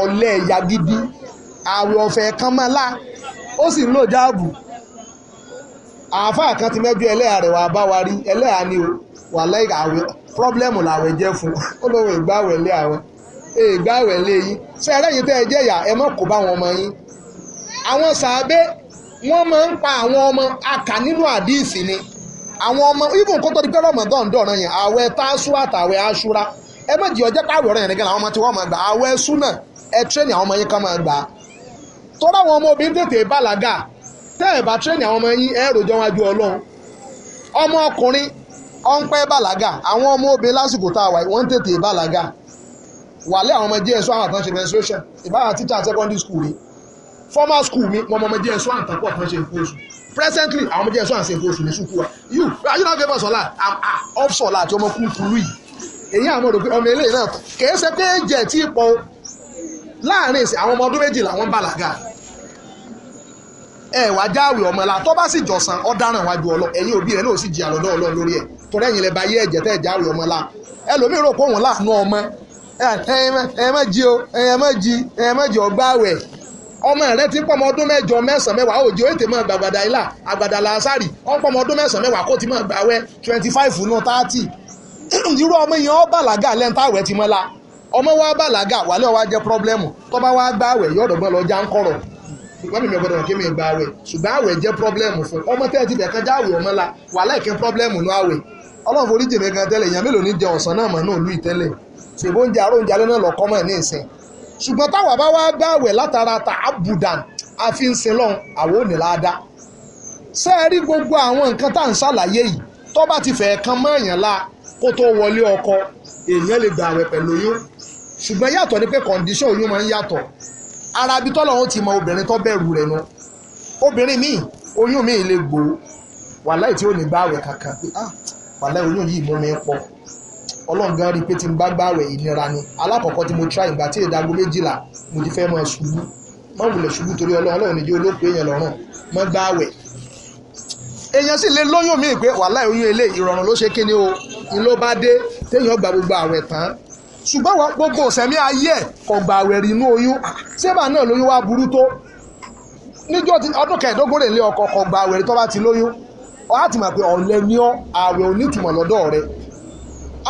S1: ọ̀lẹ àwọ̀ ọ̀fẹ́ kan máa lá ó sì ń lò jáàbù àáfàá kan ti mẹ́jọ ẹlẹ́yà rẹ̀ wá bá wa rí ẹlẹ́yà ni wà láì àwẹ̀ pírọ́blẹ́mù làwẹ̀ jẹ́ fún ó lóun ìgbàwẹ̀ lé àwẹ̀ ìgbàwẹ̀ lé yín tẹ́ ẹ jẹ́ ìyá ọmọ yín àwọn sàábé wọ́n máa ń pa ọmọ nínú àdíìsì ni àwọn ọmọ kó tó di pé rọmọdán dọ̀ràn yẹn àwẹ̀ táṣú àtàwẹ̀ aṣúra ẹ jẹ́ ọjọ́ yẹn nìkan ọmọ tí wọ́n máa gbà àwẹ̀ ọmọ tọ́lá àwọn ọmọ obìnrin tètè bàlágà tẹ́ ẹ̀ bá tírẹ̀nì àwọn ọmọ yín ẹ̀ rojọ́ wájú ọlọ́run ọmọ ọkùnrin ọ̀npẹ́ bàlágà àwọn ọmọ obìnrin lásìkò tá a wà wọ́n tètè bàlágà wàlẹ́ àwọn ọmọ js1 àtàn ṣe menstruation ìbára teacher secondary school mi Former school mi wọn ọmọ js1 àtàn pọ̀ nǹkan oṣù presently àwọn ọmọ js1 ṣe nǹkan oṣù ní sùkúrà you are you not favour off sọlá àti ọmọ kúkúrú yìí èyí àwọn ọmọ eléyìí náà kèé ṣe pé jẹ tí ipò láàrin ìsìn àwọn ọmọ ọdún méjìlá wọn bàlágà ẹ wá jáwé ọmọ la tó bá sì jọ̀sán ọ̀daràn wájú ọlọ ẹ̀yin òbí rẹ̀ lóò sì jìyà lọ́dọ̀ ọlọ lórí ẹ̀ torí ẹ̀yin lẹ bá yé ẹ̀jẹ̀ tẹ́ jáwé ọmọ la ẹlòmíì rò pé òun láàánú ọmọ ẹ má jí o ẹ má jí ẹ má jí ọgbàwẹ̀ ọmọ rẹ ti ń pọmọ ọdún mẹ́jọ mẹ́sàn mẹ́wàá òjò ètè mọ gbàgbàdà ilà àgbàdà làásàrì ọmọ pọmọ ọdún mẹ́sàn mẹ́wàá kó ti mọ gbàwẹ̀ twenty five nù thirty *clears throat* irú ọmọ yẹn ọ bàlágà lẹ́ńtàwẹ̀ ti mọ́ la ọmọ wa bàlágà wàlẹ́ ọwọ́ ajẹ́ pírọ́blẹ́mù tó bá wá gbá àwẹ̀ yóò dọ̀gbọ́n lọ já ń kọ̀rọ̀ wọ́n mi gbọ́dọ̀ kí mi gba àwẹ̀ ṣùgbọ́n àwẹ̀ jẹ́ pírọ́blẹ́mù fún ọmọ tẹ́ẹ̀ ti bẹ̀ kan já àwẹ̀ ọmọ la wàhálà ìkẹ́ pírọ́blẹ́mù nú àwẹ̀ ọlọ́run forí jèmẹ́ gan tẹ́lẹ̀ èèyàn mélòó ní jẹ ọ̀sán náà mọ̀ náà lù ìtẹ́lẹ̀ ṣèbó jẹ aró oúnjẹ alẹ́ náà lọ kọ́mọ̀ ní ìsìn ṣùgbọ́n táwa bá wá gbá àwẹ̀ látara ta abudan àfi ń sin lọ́hùn àwọn òní láada ṣé ẹ rí gbogbo àwọn nǹkan tá à ń ṣàlàyé yìí tó bá ti fẹ̀ẹ́ kan mọ́ èèyàn la kó tó wọlé ọkọ èèyàn lè gbà àwẹ̀ pẹ̀lú yóò ṣùgbọ́n yàtọ̀ ni pé condition oyún máa ń yàtọ̀ ara bí tọ́lọ́run ti mọ obìnrin tó bẹ̀rù rẹ̀ nu obìnrin míì oyún míì lè gbò ó wàláì tí ò ní gbààwẹ̀ kankan pé ah wàláì oyún yìí mú mi pọ̀ ọlọ́run gan rí i pé tí n bá gbààwẹ̀ ìnira ni alákọ̀ọ́kọ́ tí mo try ìgbà tí ìdágún méjìlá mo ti fẹ́ mọ ṣubú mọ wulẹ̀ ṣubú torí ọlọ́run níjẹ́ olóòpù èèyàn lọ́rùn mọ gbààwẹ̀ èèyàn sì lè lóyún míì pé wàláì oyún eléyìí ìrọ̀rùn ló ṣe kíni o ìló bá dé téèyàn gba gbogbo àwẹ̀ tán ṣùgbọ́n gbogbo ìṣẹ̀mí ayé ẹ̀ kò gbà àwẹ̀rì inú oyún sébà náà lóyún wá burú tó níjọ́ ọdún kẹẹ̀ẹ́dógún rèé lé ọkọ kò gbà àwẹ̀rì tó bá ti lóyún ọ̀há ti mọ̀ pé ọ̀lẹ́ ni ọ́ àwẹ̀ onítùmọ̀ lọ́dọ̀ rẹ̀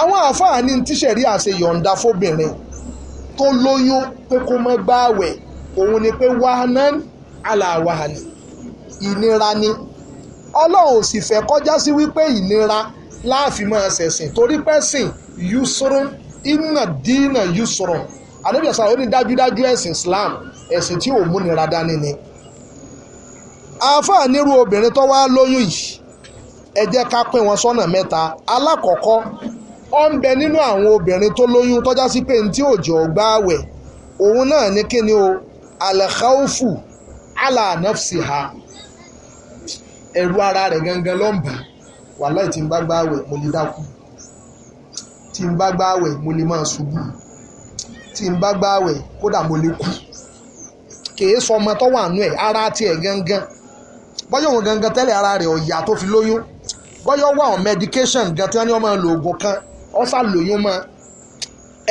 S1: àwọn àáfàá ní tíṣẹ̀rí àṣẹ yọ̀ǹda fóbìnrin tó lóyún pé kó má gbà àwẹ̀ òun ni pé wàhánà aláwàhánì inna dina yusra ànábì ọ̀sán àwọn onídájúdájú ẹ̀sìn Islam ẹ̀sìn tí o múnira dání ni àáfàá nírú obìnrin tó wá lóyún yìí ẹ jẹ́ ká pín wọn sọ́nà mẹ́ta alákọ̀ọ́kọ́ ó ń bẹ nínú àwọn obìnrin tó lóyún tọ́já sí pé ní tí òjò gbá wẹ̀ òun náà ní kíni o alẹ́káófù aláàánáfsì ha ẹ̀rù ara rẹ̀ gangan ló ń bà wàláì tí ń bá gbá wẹ̀ mo lè dákú tí n bá gbààwẹ̀ mo lè máa ṣubú tí n bá gbààwẹ̀ kódà mo lè kú kèé sọ ọmọ tó wà nù ẹ̀ ara tiẹ̀ gangan bọ́yọ̀ òun gangan tẹ́lẹ̀ ara rẹ̀ ọ̀yà tó fi lóyún bọ́yọ̀ wà on medication gan tí wọ́n ní ọmọ lo oògùn kan ọ̀sà lóyún mọ́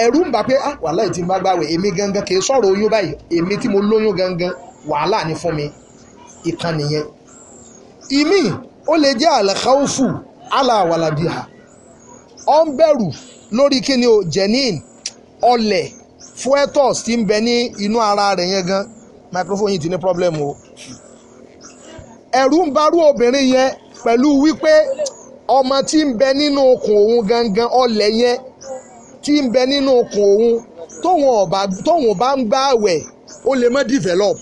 S1: ẹ̀rù ń bà pé ah wàláhì tí n bá gbààwẹ̀ èmi gangan kèé sọ̀rọ̀ oyún báyìí èmi tí mo lóyún gangan wàhálà ni fún mi ìkan nìyẹn ìmíì ó lè jẹ́ àlàkáwùfù aláwàlàbíhà ó ń bẹ̀rù lórí kíni o jenin ọlẹ̀ fuetus ti ń bẹ ní inú ara rẹ̀ yẹn gan microphone yìí ti ní problem o ẹ̀rù ń barú obìnrin yẹn pẹ̀lú wípé ọmọ tí ń bẹ nínú okùn òun gangan ọlẹ̀ yẹn tí ń bẹ nínú okùn òun tóun bá ń bá àwẹ̀ ó lè mọ́ develop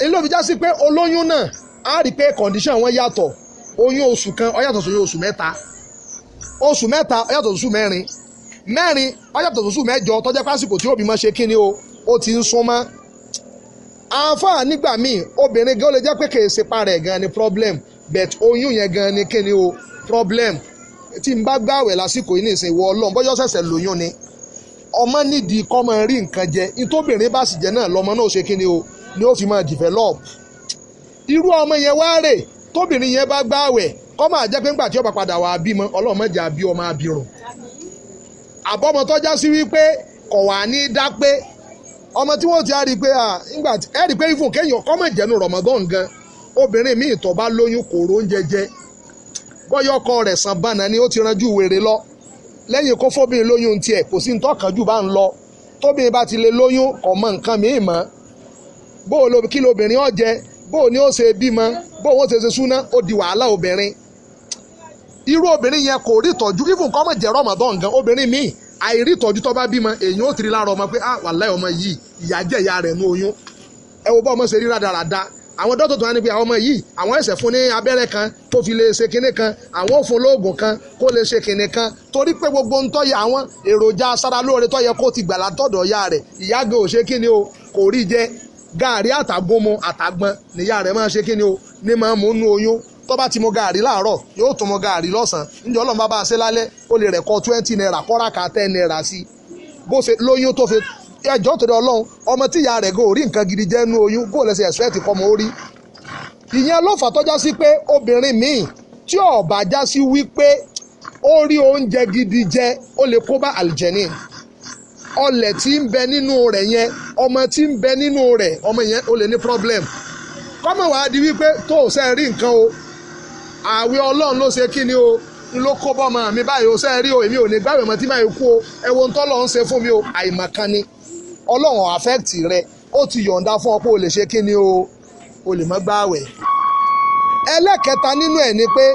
S1: èyí ló fi já sí pé olóyún náà á rí i pé condition wọn yàtọ̀ oyún oṣù kan ó yàtọ̀ sí oyún oṣù mẹ́ta oṣù mẹ́ta ó yàtọ̀ sóṣù mẹ́rin mẹ́rin ó yàtọ̀ sóṣù mẹ́jọ tó jẹ́ pásìkò tí òbí ṣe kíni o ó ti ń súnmọ́ àǹfààní nígbà míì obìnrin gan lè jẹ́ pé kì í sepa rẹ̀ gan ni problem but oyún yẹn gan ni kíni o problem tí n bá gbàwẹ̀ lásìkò yìí nìsín ìwọ ọlọ́run bọ́jọ́ ṣẹ̀ṣẹ̀ lóyún ni ọmọ nídìí kọ́ máa rí nǹkan jẹ ìtóbìnrin bá sì jẹ náà lọ́mọ náà ṣe kíni o ni ó fi máa develop irú ọmọ yẹn wá rèé tóbìnrin yẹn bá gbaa kọ́ máa jẹ́ pé ńgbà tí ó padà wà á bímọ ọlọ́run mẹ́jẹ̀ àbí ọmọ abirùn àbọ̀mọ tó sí wípé kọ̀ ní dápé ọmọ tí wọ́n ti á rí i pé ńgbà ẹ rí i ni ó ti ranjú wèrè lọ lẹ́yìn kó fóbìnrin lóyún tiẹ̀ kò sí ntọ́kàn jù bá ń lọ tóbìnrin bá ti lè lóyún bó ni ó ṣe bímọ bó o ṣe ṣe súná ó di wàhálà obìnrin irú obìnrin yẹn kò rí ìtọ́jú even kọ́ mọ̀ jẹ́ rọmọdán gan obìnrin míì àìrí ìtọ́jú tó bá bímọ èèyàn ó tiri lára ọmọ pé ah ọmọ yìí ìyá jẹ́ ìyá rẹ̀ oyún ẹ wo àwọn tó wá ní pé àwọn àwọn fún ní kan tó fi lè kan àwọn kan kó lè kan torí pé gbogbo ń àwọn èròjà tọ́yẹ kó ti gààrí àtàgómọ àtàgbọn níyà rẹ̀ máa ṣe kí ni o ní máa mú nú oyún tó bá ti mu gààrí láàárọ̀ yóò tún mu gààrí lọ́sàn-án níjọ́ ọlọ́run bá bá a ṣe lálẹ́ ó lè rẹ̀ twenty naira kọ́ráka ten naira sí i bó ṣe lóyún tó fi ẹjọ́ tó dé ọlọ́run ọmọ tíyà rẹ̀ gò rí nǹkan gidi jẹ́ nú oyún gò lẹ́sẹ̀ ẹ̀sùrẹ́tì kọ́mọ orí ìyẹn ló fà tó já sí pé obìnrin míì tí ó bá já sí ó rí oúnjẹ gidi jẹ ó lè kó bá àlìjẹ́nì ọlẹ̀ tí ń bẹ nínú rẹ̀ yẹn ọmọ tí ń bẹ nínú rẹ̀ ọmọ yẹn ó lè ní problem kọ́mọ̀ wàá di wípé tó o ṣe rí nǹkan o àwẹ̀ ọlọ́run ló ṣe kí ni o ló kó bọ́mọ mi báyìí o ṣe rí o èmi ò ní gbàwé mọ́ tí máa kú o ẹ wo ntọ́ lọ́n ṣe fún mi o àìmọ̀kan ni ọlọ́run affect rẹ ó ti yọ̀ǹda fún ọ pé o lè ṣe kí ni o o lè má gbàwẹ̀ ẹlẹ́kẹta nínú ẹ̀ ni pé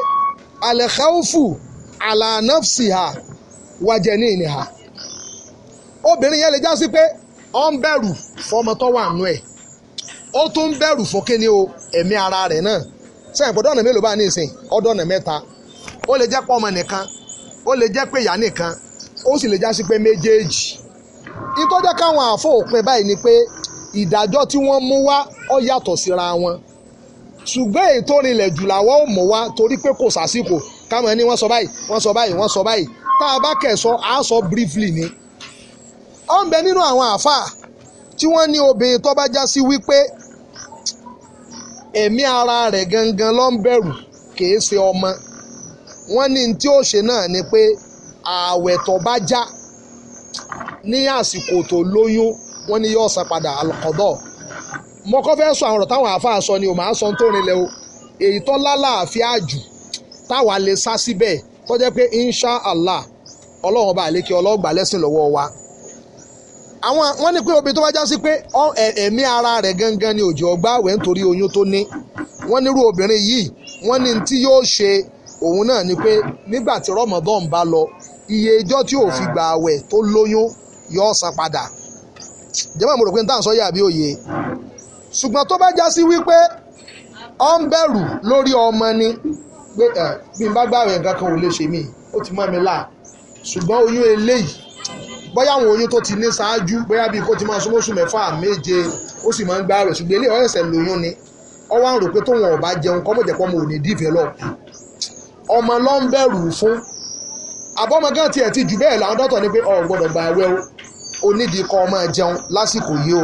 S1: alẹ́ khawfu ala nafsiha wajẹ̀ni ìnìhà obìnrin yẹn lè já sí pé ó ń bẹ̀rù fọmọ tó wà nù ẹ̀ ó tún ń bẹ̀rù fókéni o ẹ̀mí ara rẹ̀ náà sẹ́yìn pọ̀ dọ́nà mélòó bá ní ìsìn ọ̀dọ́nà mẹ́ta ó lè jẹ́ pé ọmọ nìkan ó lè jẹ́ pé ìyá nìkan ó sì lè já sí pé méjèèjì ìtọ́jọ́ káwọn àfọ òpin báyìí ni pé ìdájọ́ tí wọ́n mú wá ó yàtọ̀ síra wọn ṣùgbọ́n èyí tó rinlẹ̀ jù làwọn ò mọ̀ wá torí pé kò sásìkò káwọn ẹni wọ́n sọ báyìí wọ́n sọ báyìí wọ́n sọ báyìí tá a bá kẹ̀ sọ àá sọ briefly ni ó ń bẹ nínú àwọn àáfàá tí wọ́n ní obìnrin tó bá já sí wípé ẹ̀mí ara rẹ̀ gangan ló ń bẹ̀rù kìí ṣe ọmọ wọ́n ní tí ó ṣe náà ni pé ààwẹ̀ tó bá já ní àsìkò tó lóyún wọ́n ní yóò san padà àlọ́kọ̀dọ̀ mo kọ́ fẹ́ sọ àwọn ọ̀rọ̀ táwọn àáfàá sọ ni o máa sọ tó rinlẹ̀ o èyí tó lálàáfíà jù táwa lè sá síbẹ̀ tó jẹ́ pé insha allah ọlọ́run ọba àlékè ọlọ́gbà lẹ́sìn lọ́wọ́ wa àwọn wọ́n ní pé obìnrin tó bá já sí pé ẹ̀mí ara rẹ̀ gangan ni òjò ọgbà àwẹ̀ nítorí oyún tó ní wọ́n nírú obìnrin yìí wọ́n ní tí yóò ṣe òun náà ni pé nígbà tí rọmọdán bá lọ iye ijọ́ tí ò fi gba àwẹ̀ tó lóyún yóò san padà jẹ́mọ̀ mo rò pé n táwọn sọ yà bí òye ṣùgbọ́n tó bá já sí wípé ọ ń bẹ̀rù lórí ọmọ ni pé bí n bá gbàwẹ̀ nǹkan kan ò lè ṣe mí ó ti mọ́ mi láà ṣùgbọ́n oyún eléyìí bóyá àwọn oyún tó ti ní ṣáájú bóyá bíi kó ti máa súnmọ́ oṣù mẹ́fà méje ó sì máa ń gbá rẹ̀ ṣùgbọ́n ilé ọ̀rẹ́sẹ̀ lóyún ni ọ wá ń rò pé tóun ọ̀bá jẹun kọ́mọ̀jẹ̀pọ̀ mo ò ní develop ọmọ ló ń bẹ̀rù fún àbọ̀mọ gan tiẹ̀ ti jù bẹ́ẹ̀ làwọn dọ́tọ̀ ní pé o gbọ́dọ̀ gba àwẹ̀ o onídìí kọ́ ọmọ jẹun lásìkò yìí o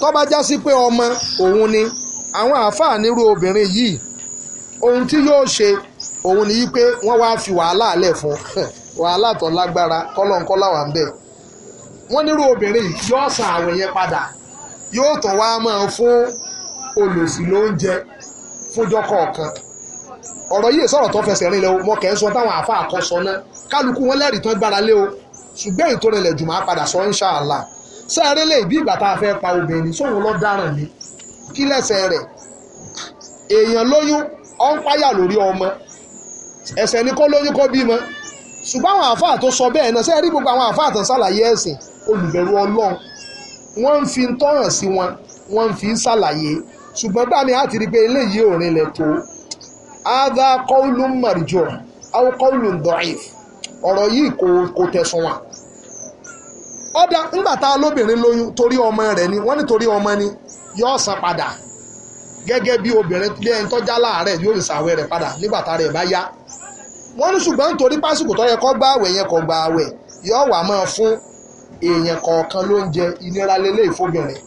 S1: tó bá já sí pé ọmọ òun ni àwọn àáfàá nírú obìnrin yìí ohun tí yóò ṣe òun ni yí pé wọ́n wá fi wàhálà lẹ̀ fún *laughs* wàhálà tó lágbára kọ́lọ́ńkọ́lá wà ń bẹ̀ẹ́ wọ́n nírú obìnrin yóò san àwẹ̀ yẹn padà yóò tàn wá máa fún olòṣì lóúnjẹ fúnjọ́ kọ̀ọ̀kan ọ̀rọ̀ yìí sọ̀rọ̀ tó fẹsẹ̀ rìn lẹ o mọ kẹ́ńsọ táwọn àfa àkọsọ náà kálukú wọn lẹ́rìí tán gbára lé o ṣùgbọ́n èyí tó rẹlẹ̀ jù máa padà sọ ńṣàlá sẹ́ẹ̀rẹ́ lè bí ìgbà tá a fẹ́ pa obìnrin sóhun lọ dáràn ni kí lẹ́sẹ̀ rẹ̀ èèyàn lóyún ọ̀ ń páyà lórí ọmọ ẹ̀sẹ̀ ni kó lóyún kó bímọ ṣùgbọ́n àwọn àfa àtó sọ bẹ́ẹ̀ náà sẹ́ẹ̀rí gbogbo àwọn àfa àtàn ṣàlàyé ẹ̀sìn olùbẹ̀rù ọlọ́run wọ́n ń fi tọ́ràn sí wọn wọ́n ń ṣàlàyé ṣùgbọ́n bá mi àti rí pé eléyìí ò rinlẹ̀ tó ada kọ́ọ̀lù mọ̀rìjọ́ aw dọ̀ìf ọ̀rọ̀ yìí kò kò tẹ̀sùn wọn. ọ̀dà ńgbà tá lóyún torí ọmọ rẹ̀ ni wọ́n ní ọmọ ni yóò san padà gẹ́gẹ́ bí obìnrin ẹni tọ́já láàárẹ̀ yóò padà nígbà tá a rẹ̀ bá yá wọ́n ní ṣùgbọ́n nítorí tó yẹ gbààwẹ̀ wà máa fún èèyàn kọ̀ọ̀kan ló ń jẹ ìnira lélẹ̀ ìfobìnrin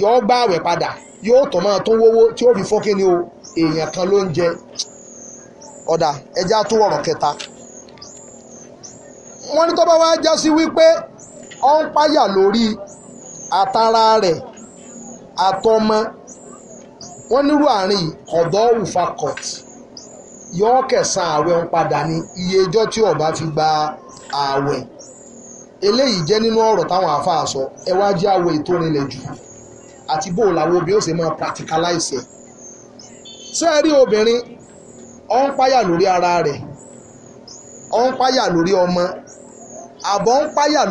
S1: yóò bá àwẹ̀ padà yóò tọ̀ máa tó wówó tí ó fi fún kí ni o èèyàn kan ló ń jẹ ọ̀dà ẹja tó wọ̀rọ̀ kẹta wọ́n ní tó bá wá já sí wípé ọ ń páyà lórí àtàrà rẹ̀ àtọmọ wọ́n nírú àárín ọ̀dọ́ ufakọ̀t yọ kẹsàn-án àwẹ̀ ń padà ní iye ọjọ́ tí ọba fi gba àwẹ̀ eléyìí jẹ́ nínú ọ̀rọ̀ táwọn àáfàá sọ ẹ wá jẹ́ àwọ̀ ètò nílẹ̀ jù àti bó làwọn obìnrin ó máa practicalize ẹ̀ ṣé ẹ rí obìnrin ọ ń páyà lórí ara rẹ̀ ọ ń páyà lórí ọmọ àbọ̀ ń páyà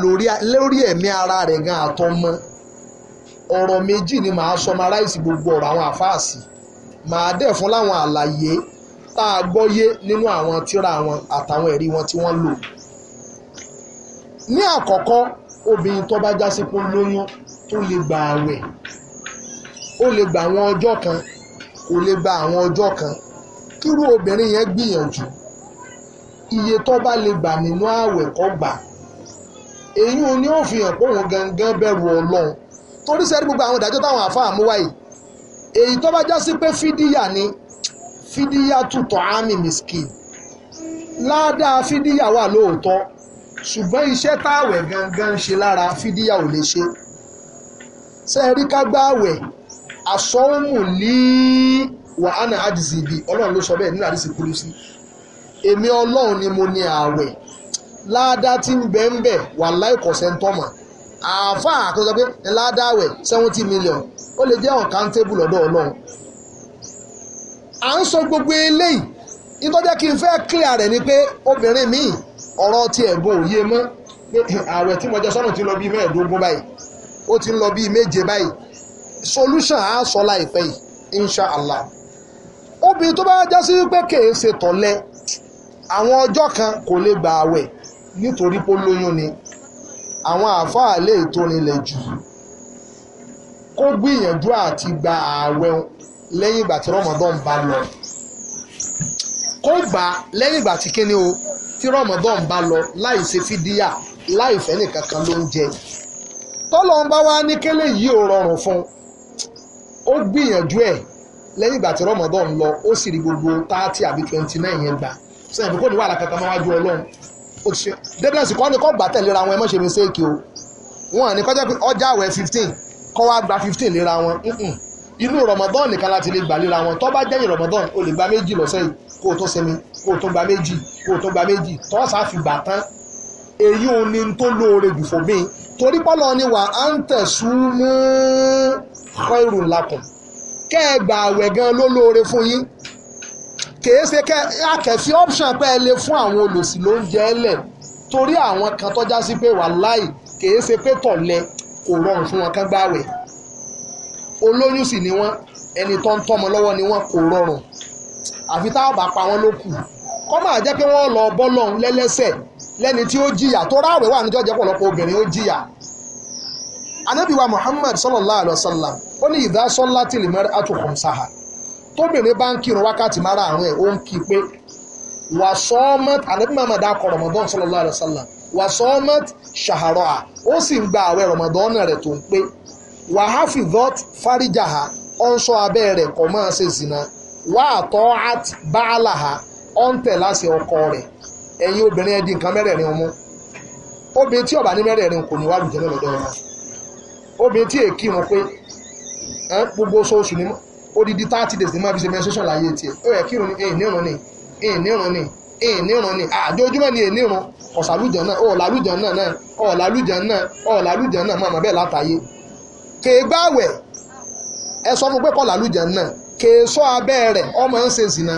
S1: lórí ẹ̀mí ara rẹ̀ gan àtọmọ ọ̀rọ̀ méjì ni màá summarize gbogbo ọ̀rọ̀ àwọn àáfàá sí màá dẹ̀ fún láwọn àlàyé tá a gbọ́yé nínú àwọn tírà wọn àtàwọn ẹ̀rí wọn tí wọ́n lò ní àkọ́kọ́ obìnrin tó bá já sí pé lóyún tó lè gba àwẹ̀ ó lè gba àwọn ọjọ́ kan kò lè gba àwọn ọjọ́ kan kírú obìnrin yẹn gbìyànjú iye tó bá lè gbà nínú àwẹ̀ kó gbà èyí ò ní òfin hàn pé òun gangan bẹ̀rù ọlọ́run torí sẹ́rí gbogbo àwọn ìdájọ́ táwọn àfáà mú wáyé èyí tó bá já sí pé fídíyà ni fídíyà tutọ̀ àmì miskin ládàá fídíyà wà lóòótọ́ ṣùgbọ́n iṣẹ́ táàwẹ̀ gangan ń ṣe lára fídíà ò lè ṣe ṣe é rí ká gbá àwẹ̀ àsọ́wọ́mù ní wàhánà àdìsíbi ọlọ́run ló sọ bẹ́ẹ̀ nílà àdìsí kúrú sí èmi ọlọ́run ni mo ní àwẹ̀ láàdá tí ń bẹ ń bẹ wà láìkọ̀sẹ̀ ń tọ́mà àáfàá tó sọ pé láàdá àwẹ̀ seventy million ó lè jẹ́ uncountable lọ́dọ̀ ọlọ́run à ń sọ gbogbo eléyìí nítorí kí n fẹ́ clear rẹ̀ ni pé obìnrin míì ọ̀rọ̀ tí ẹ̀gbọ́n òye mọ́ pé ààwẹ̀ tí mo jẹ sọ́nà ti ń lọ bíi mẹ́ẹ̀ẹ́dógún báyìí ó ti ń lọ bíi méje báyìí solution á sọ láìpẹ́ yìí inshallah obìnrin tó bá já sí pé kèé ṣe tọ̀lẹ àwọn ọjọ́ kan kò lè gba ààwẹ̀ nítorí pé ó lóyún ni àwọn àáfàá lè tó nílẹ̀ jù kó gbìyànjú àti gba ààwẹ̀ lẹ́yìn ìgbà tí rọmọdún bá lọ kó gbà lẹ́yìn ìgbà tí kíni o tí rọmọdán bá lọ láì ṣe fídíà láì fẹ́ nìkankan ló ń jẹ tọ́lọ́ ń bá wá ní kélé yìí ò rọrùn fún ó gbìyànjú ẹ̀ lẹ́yìn ìgbà tí rọmọdán lọ ó sì rí gbogbo thirty àbí twenty nine yẹn gbà sẹ́yìn pé kò ní wàhálà kankan máa wájú ọlọ́run ó ti ṣe deadline kọ́ ni kò gbà tẹ̀léra wọn ẹ má ṣe mistake o wọn ní kọjá pé ọjà àwẹ̀ fifteen kọ́ wá gba fifteen léra wọn inú rọmọdán nìkan láti lè gbà léra wọn tó bá jẹ́yìn rọmọdán ó lè gba méjì lọ́sẹ̀ yìí kó o tó sinmi kó o tó gba méjì kó o tó gba méjì tó sá fi gbà tán èyí ò ní tó lóore jù fún mi torí pọ́lọ́ ni wà á ń tẹ̀sùn mú khairun lakum kẹ́ ẹ gbà àwẹ̀ gan ló lóore fún yín kèé ṣe kẹ́ akẹ́fí option pẹ́ ẹ lé fún àwọn olòṣì ló ń jẹ ẹ́ lẹ̀ torí àwọn kan tọ́já sí pé wàláì kèé ṣe pé tọ̀lẹ̀ kò rọrùn fún wọn kán gbàwẹ̀ olóyún sì ni wọ́n ẹni tó ń tọ́mọ lọ́wọ́ ni wọ́n kò rọrùn àfi táwọn bá pa wọ́n ló kù kọ́ máa jẹ́ pé wọ́n lọ bọ́lọ̀ lẹ́lẹ́sẹ̀ lẹ́ni tí ó jìyà tó ráàrẹ̀ wà níjọ́ jẹ́ pọ̀lọpọ̀ obìnrin ó jìyà anábìwa Muhammad sallallahu alayhi wa sallam ó ní ìdá sọ́lá tìlì mẹ́rin àtúkùn sáà tóbìnrin bá ń kírun wákàtí márààrún ẹ̀ ó ń kí pé wà sọ́ọ́mọ́t anábì Muhammad akọ Ramadan sallallahu alayhi wa sallam wà sọ́ọ́mọ́t ṣàhárọ̀ ó sì ń gba àwẹ̀ Ramadan rẹ̀ tó ń pé wà hafidhot farijaha ọ̀nṣọ́ abẹ́ kọ́ máa ṣe zina wà àtọ́ at báàlà ha ọ̀ ń tẹ̀ láṣẹ ọkọ rẹ̀ ẹ̀yin obìnrin ẹ di nǹkan mẹ́rẹ̀ẹ̀rin ọmú obìnrin tí ọ̀bà ní mẹ́rẹ̀ẹ̀rin kò ní wà lùjẹ́ náà lọ́dọ̀ ọmọ obìnrin tí èkì wọn pé ẹ gbogbo oṣooṣù ní odidi thirty days ní máa fi ṣe menstruation láyé tiẹ̀ ó yẹ kírun ní èyí nírun ní èyí nírun ní èyí nírun ní àjọ ojúmọ́ ní èyí nírun ọ̀sàlùjẹ́ náà ọ̀ làlùjẹ́ náà náà ọ̀ làlùjẹ́ náà ọ̀ làlùjẹ́ náà máa mọ̀ bẹ́ẹ̀ látàyé kèégbáwẹ̀ ẹ sọ fún pé kọ́ làlùjẹ́ náà kèésọ́ abẹ́ rẹ̀ ọmọ ń ṣe zìnà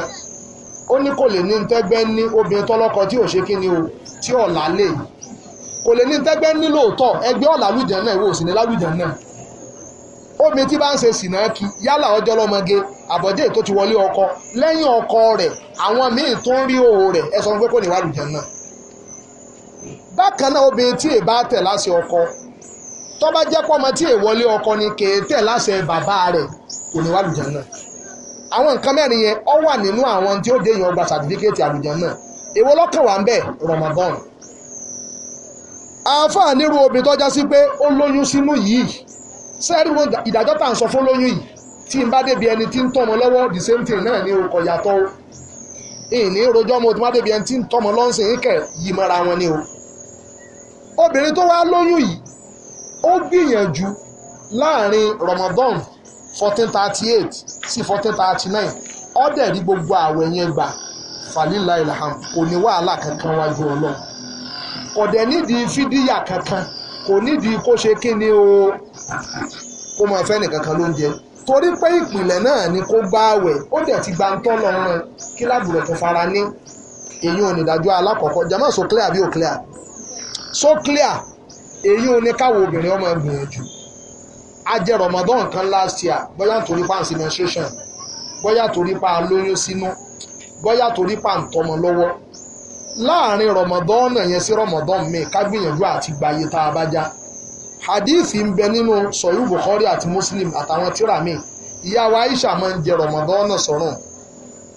S1: ó ní kò lè ní tẹ́gbẹ́ ní obìnrin tọ́lọ́kọ tí ò ṣe kí ni o tí ọ̀la lè kò lè ní tẹ́gbẹ́ ní lóòótọ́ ẹgbẹ́ ọ̀la lùjẹ́ náà ìwọ òsì ní lálùjẹ́ náà obìnrin tí bá ń ṣe sìnà kí yálà ọjọ́ lọ́mọge àbọ̀jẹ́ tó ti wọlé ọkọ lẹ́yìn ọkọ rẹ̀ àwọn míì tó ń rí òwò rẹ̀ ẹ sọ pé kò ní wàlùjẹ́ náà bákan náà obìnrin tí èèbá tẹ̀ láṣẹ ọkọ tó bá jẹ́ pọ́mọ tí èèwọlé ọkọ ni kèé tẹ̀ láṣẹ bàbá rẹ̀ kò ní wàlùjẹ́ náà àwọn nǹkan mẹ́rin yẹn ọ wà nínú àwọn tí ó dé èèyàn gba sàtífíkẹ́ẹ̀tì àlùjànnà náà èwo lọ́kàn wà ń bẹ̀ Ramadan àáfàá nírú obìnrin tó já sí pé ó lóyún sínú yìí sẹ́ẹ̀rì wọn ìdájọ́ tà ń sọ fún lóyún yìí tí n bá débi ẹni tí ń tọ́mọ lọ́wọ́ the same thing náà ni orúkọ yàtọ̀ o ìní rojọ́ mo ti má débi ẹni tí ń tọ́mọ lọ́sìn kẹ̀ yìí mọ́ra wọn ni o obìnrin tó wá lóyún yìí ó gbìyànjú láàrin Ramadan fourteen thirty eight sí fourteen thirty nine ọ̀dẹ̀ rí gbogbo àwẹ̀ yẹn gbà falila ilham kò ní wàhálà kankan wájú ọlọ́run kò dẹ̀ nídìí fídíyà kankan kò nídìí kó ṣe kí ni o kó máa fẹ́ nìkankan lóúnjẹ torí pé ìpìlẹ̀ náà ni kó bá àwẹ̀ ó dẹ̀ ti gba ntọ́ lọ́rùn kí lábùrọ̀ tó fara ní èyí ò ní dájú alákọ̀ọ́kọ́ jama so clear àbí ò clear so clear èyí ò ní káwọ obìnrin ọmọ gbìyànjú a Ramadan kan last year bóyá nítorí pa àǹsí menstruation bóyá torí pa lóyún sínú bóyá torí pa ń tọmọ lọ́wọ́ láàrin Ramadan náà yẹn sí Ramadan mi ká gbìyànjú àti gbàyè tá a bá já hadithi ń bẹ nínú sọ̀rọ̀ Bukhari àti Muslim àtàwọn tíra mi ìyá wa Aisha máa ń jẹ Ramadan náà sọ̀rọ̀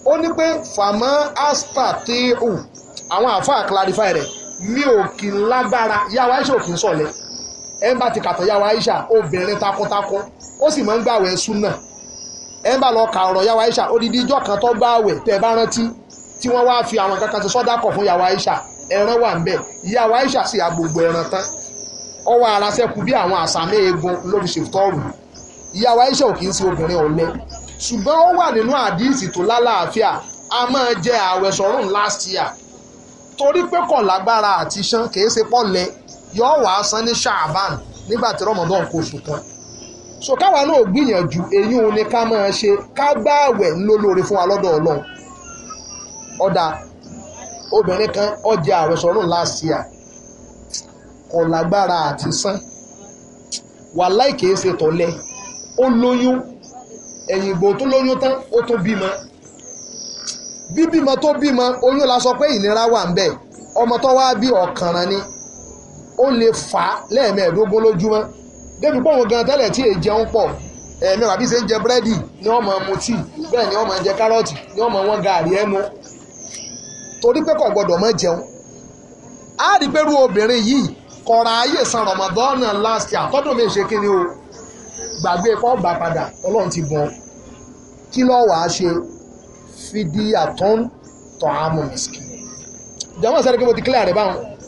S1: ó ní pé fàmọ́ astatiu àwọn àáfàá clarify rẹ̀ mi ò kì í lágbára ìyá wa Aisha ò kì í sọ̀lẹ̀ ẹ̀ ń bá ti kàtàyàwó Aisha obìnrin takuntakun ó sì máa ń gbàwẹ̀ súnà ẹ̀ ń bá lọ ka ọ̀rọ̀ yàwó Aisha odidi ijọ́ kan tó gbàwẹ̀ tẹ́ ẹ bá rántí tí wọ́n wá fi àwọn kankan ti sọ́dá kọ̀ fún yàwó Aisha ẹran wà ń bẹ̀ yàwó Aisha sì agbègbè ẹran tán ọwọ́ ara sẹ́kù bí àwọn àsàmì eegun lórí ṣètọ́rù ìyàwó Aisha ò kì í sí obìnrin ọ̀lẹ ṣùgbọ́n ó wà nínú àdíìsì tó lálàáfíà a máa jẹ ààwẹ̀ sọ́rùn last year torí pé kò lágbára àti ṣan kì í ṣe pọ̀ lẹ́ẹ̀ yóò wàá san ní ṣàbàn nígbà tí rọmọdún kò sùn tán so káwa náà gbìyànjú èyí òun ni ká máa ṣe ká gbààwẹ̀ ńlólórí fún wa lọ́dọ̀ ọlọ́run ọ̀dà obìnrin kan ọjà àwẹ̀ sọ̀rọ̀ láàsì à kò lágbára àti san wàláì kìí ṣe tọ̀lẹ̀ ó lóyún ẹ̀yìn ìgbò tó lóyún tán ó tún bímọ bíbímọ tó bímọ oyún la sọ pé ìnira wà ń bẹ ọmọ tó wá bí ọ̀kànràn ni ó lè fà á lẹ́ẹ̀mẹ́ẹ̀dógún lójúmọ́ débi pé òun gan tẹ́lẹ̀ tí èè jẹun pọ̀ ẹ̀ẹ̀mí ràbí ṣe ń jẹ búrẹ́dì ni wọ́n máa mu tíì bẹ́ẹ̀ ni wọ́n máa jẹ kárọ̀tì ni wọ́n máa wọ́n gààrí ẹnu torí pé kò gbọ́dọ̀ má jẹun á rí i pé irú obìnrin yìí kọ̀ra ayé san rọ̀mọ̀dọ́nà last year tọ́dún mi ṣe kíni o gbàgbé kọ́ gbà padà ọlọ́run ti bọ̀ kí lọ́ wàá ṣe fìdí àtọ́n tọ́ àmọ́ mẹ́sìkì jọ̀wọ́ sẹ́ni kí mo ti kílẹ̀ rẹ̀ báwọn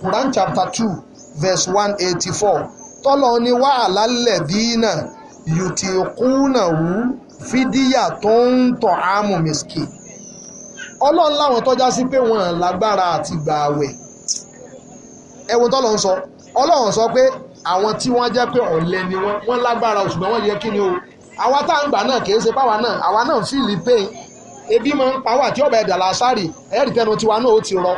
S1: Quran chapter two verse one eighty four tọ́lọ́ ní wàhálà lẹ́bìínà yùtìkúnàwú fídíyà tó ń tọ̀ ámù mẹ́sìkì ọlọ́run láwọn tọ́já sí pé wọ́n lágbára àti gbààwẹ̀ ẹ̀wọ̀n tọ́lọ́ ń sọ ọlọ́run sọ pé àwọn tí wọ́n jẹ́ pé ọ̀lẹ ni wọ́n wọ́n lágbára ṣùgbọ́n wọ́n yẹ kí ni o àwa tá à ń gbà náà kì í ṣe páwa náà àwa náà fìlì pain ebi máa ń pa wà tí ọ̀bẹ ẹ̀dà làásàrì ẹ̀ẹ́dì tẹnu tiwa náà ó ti rọ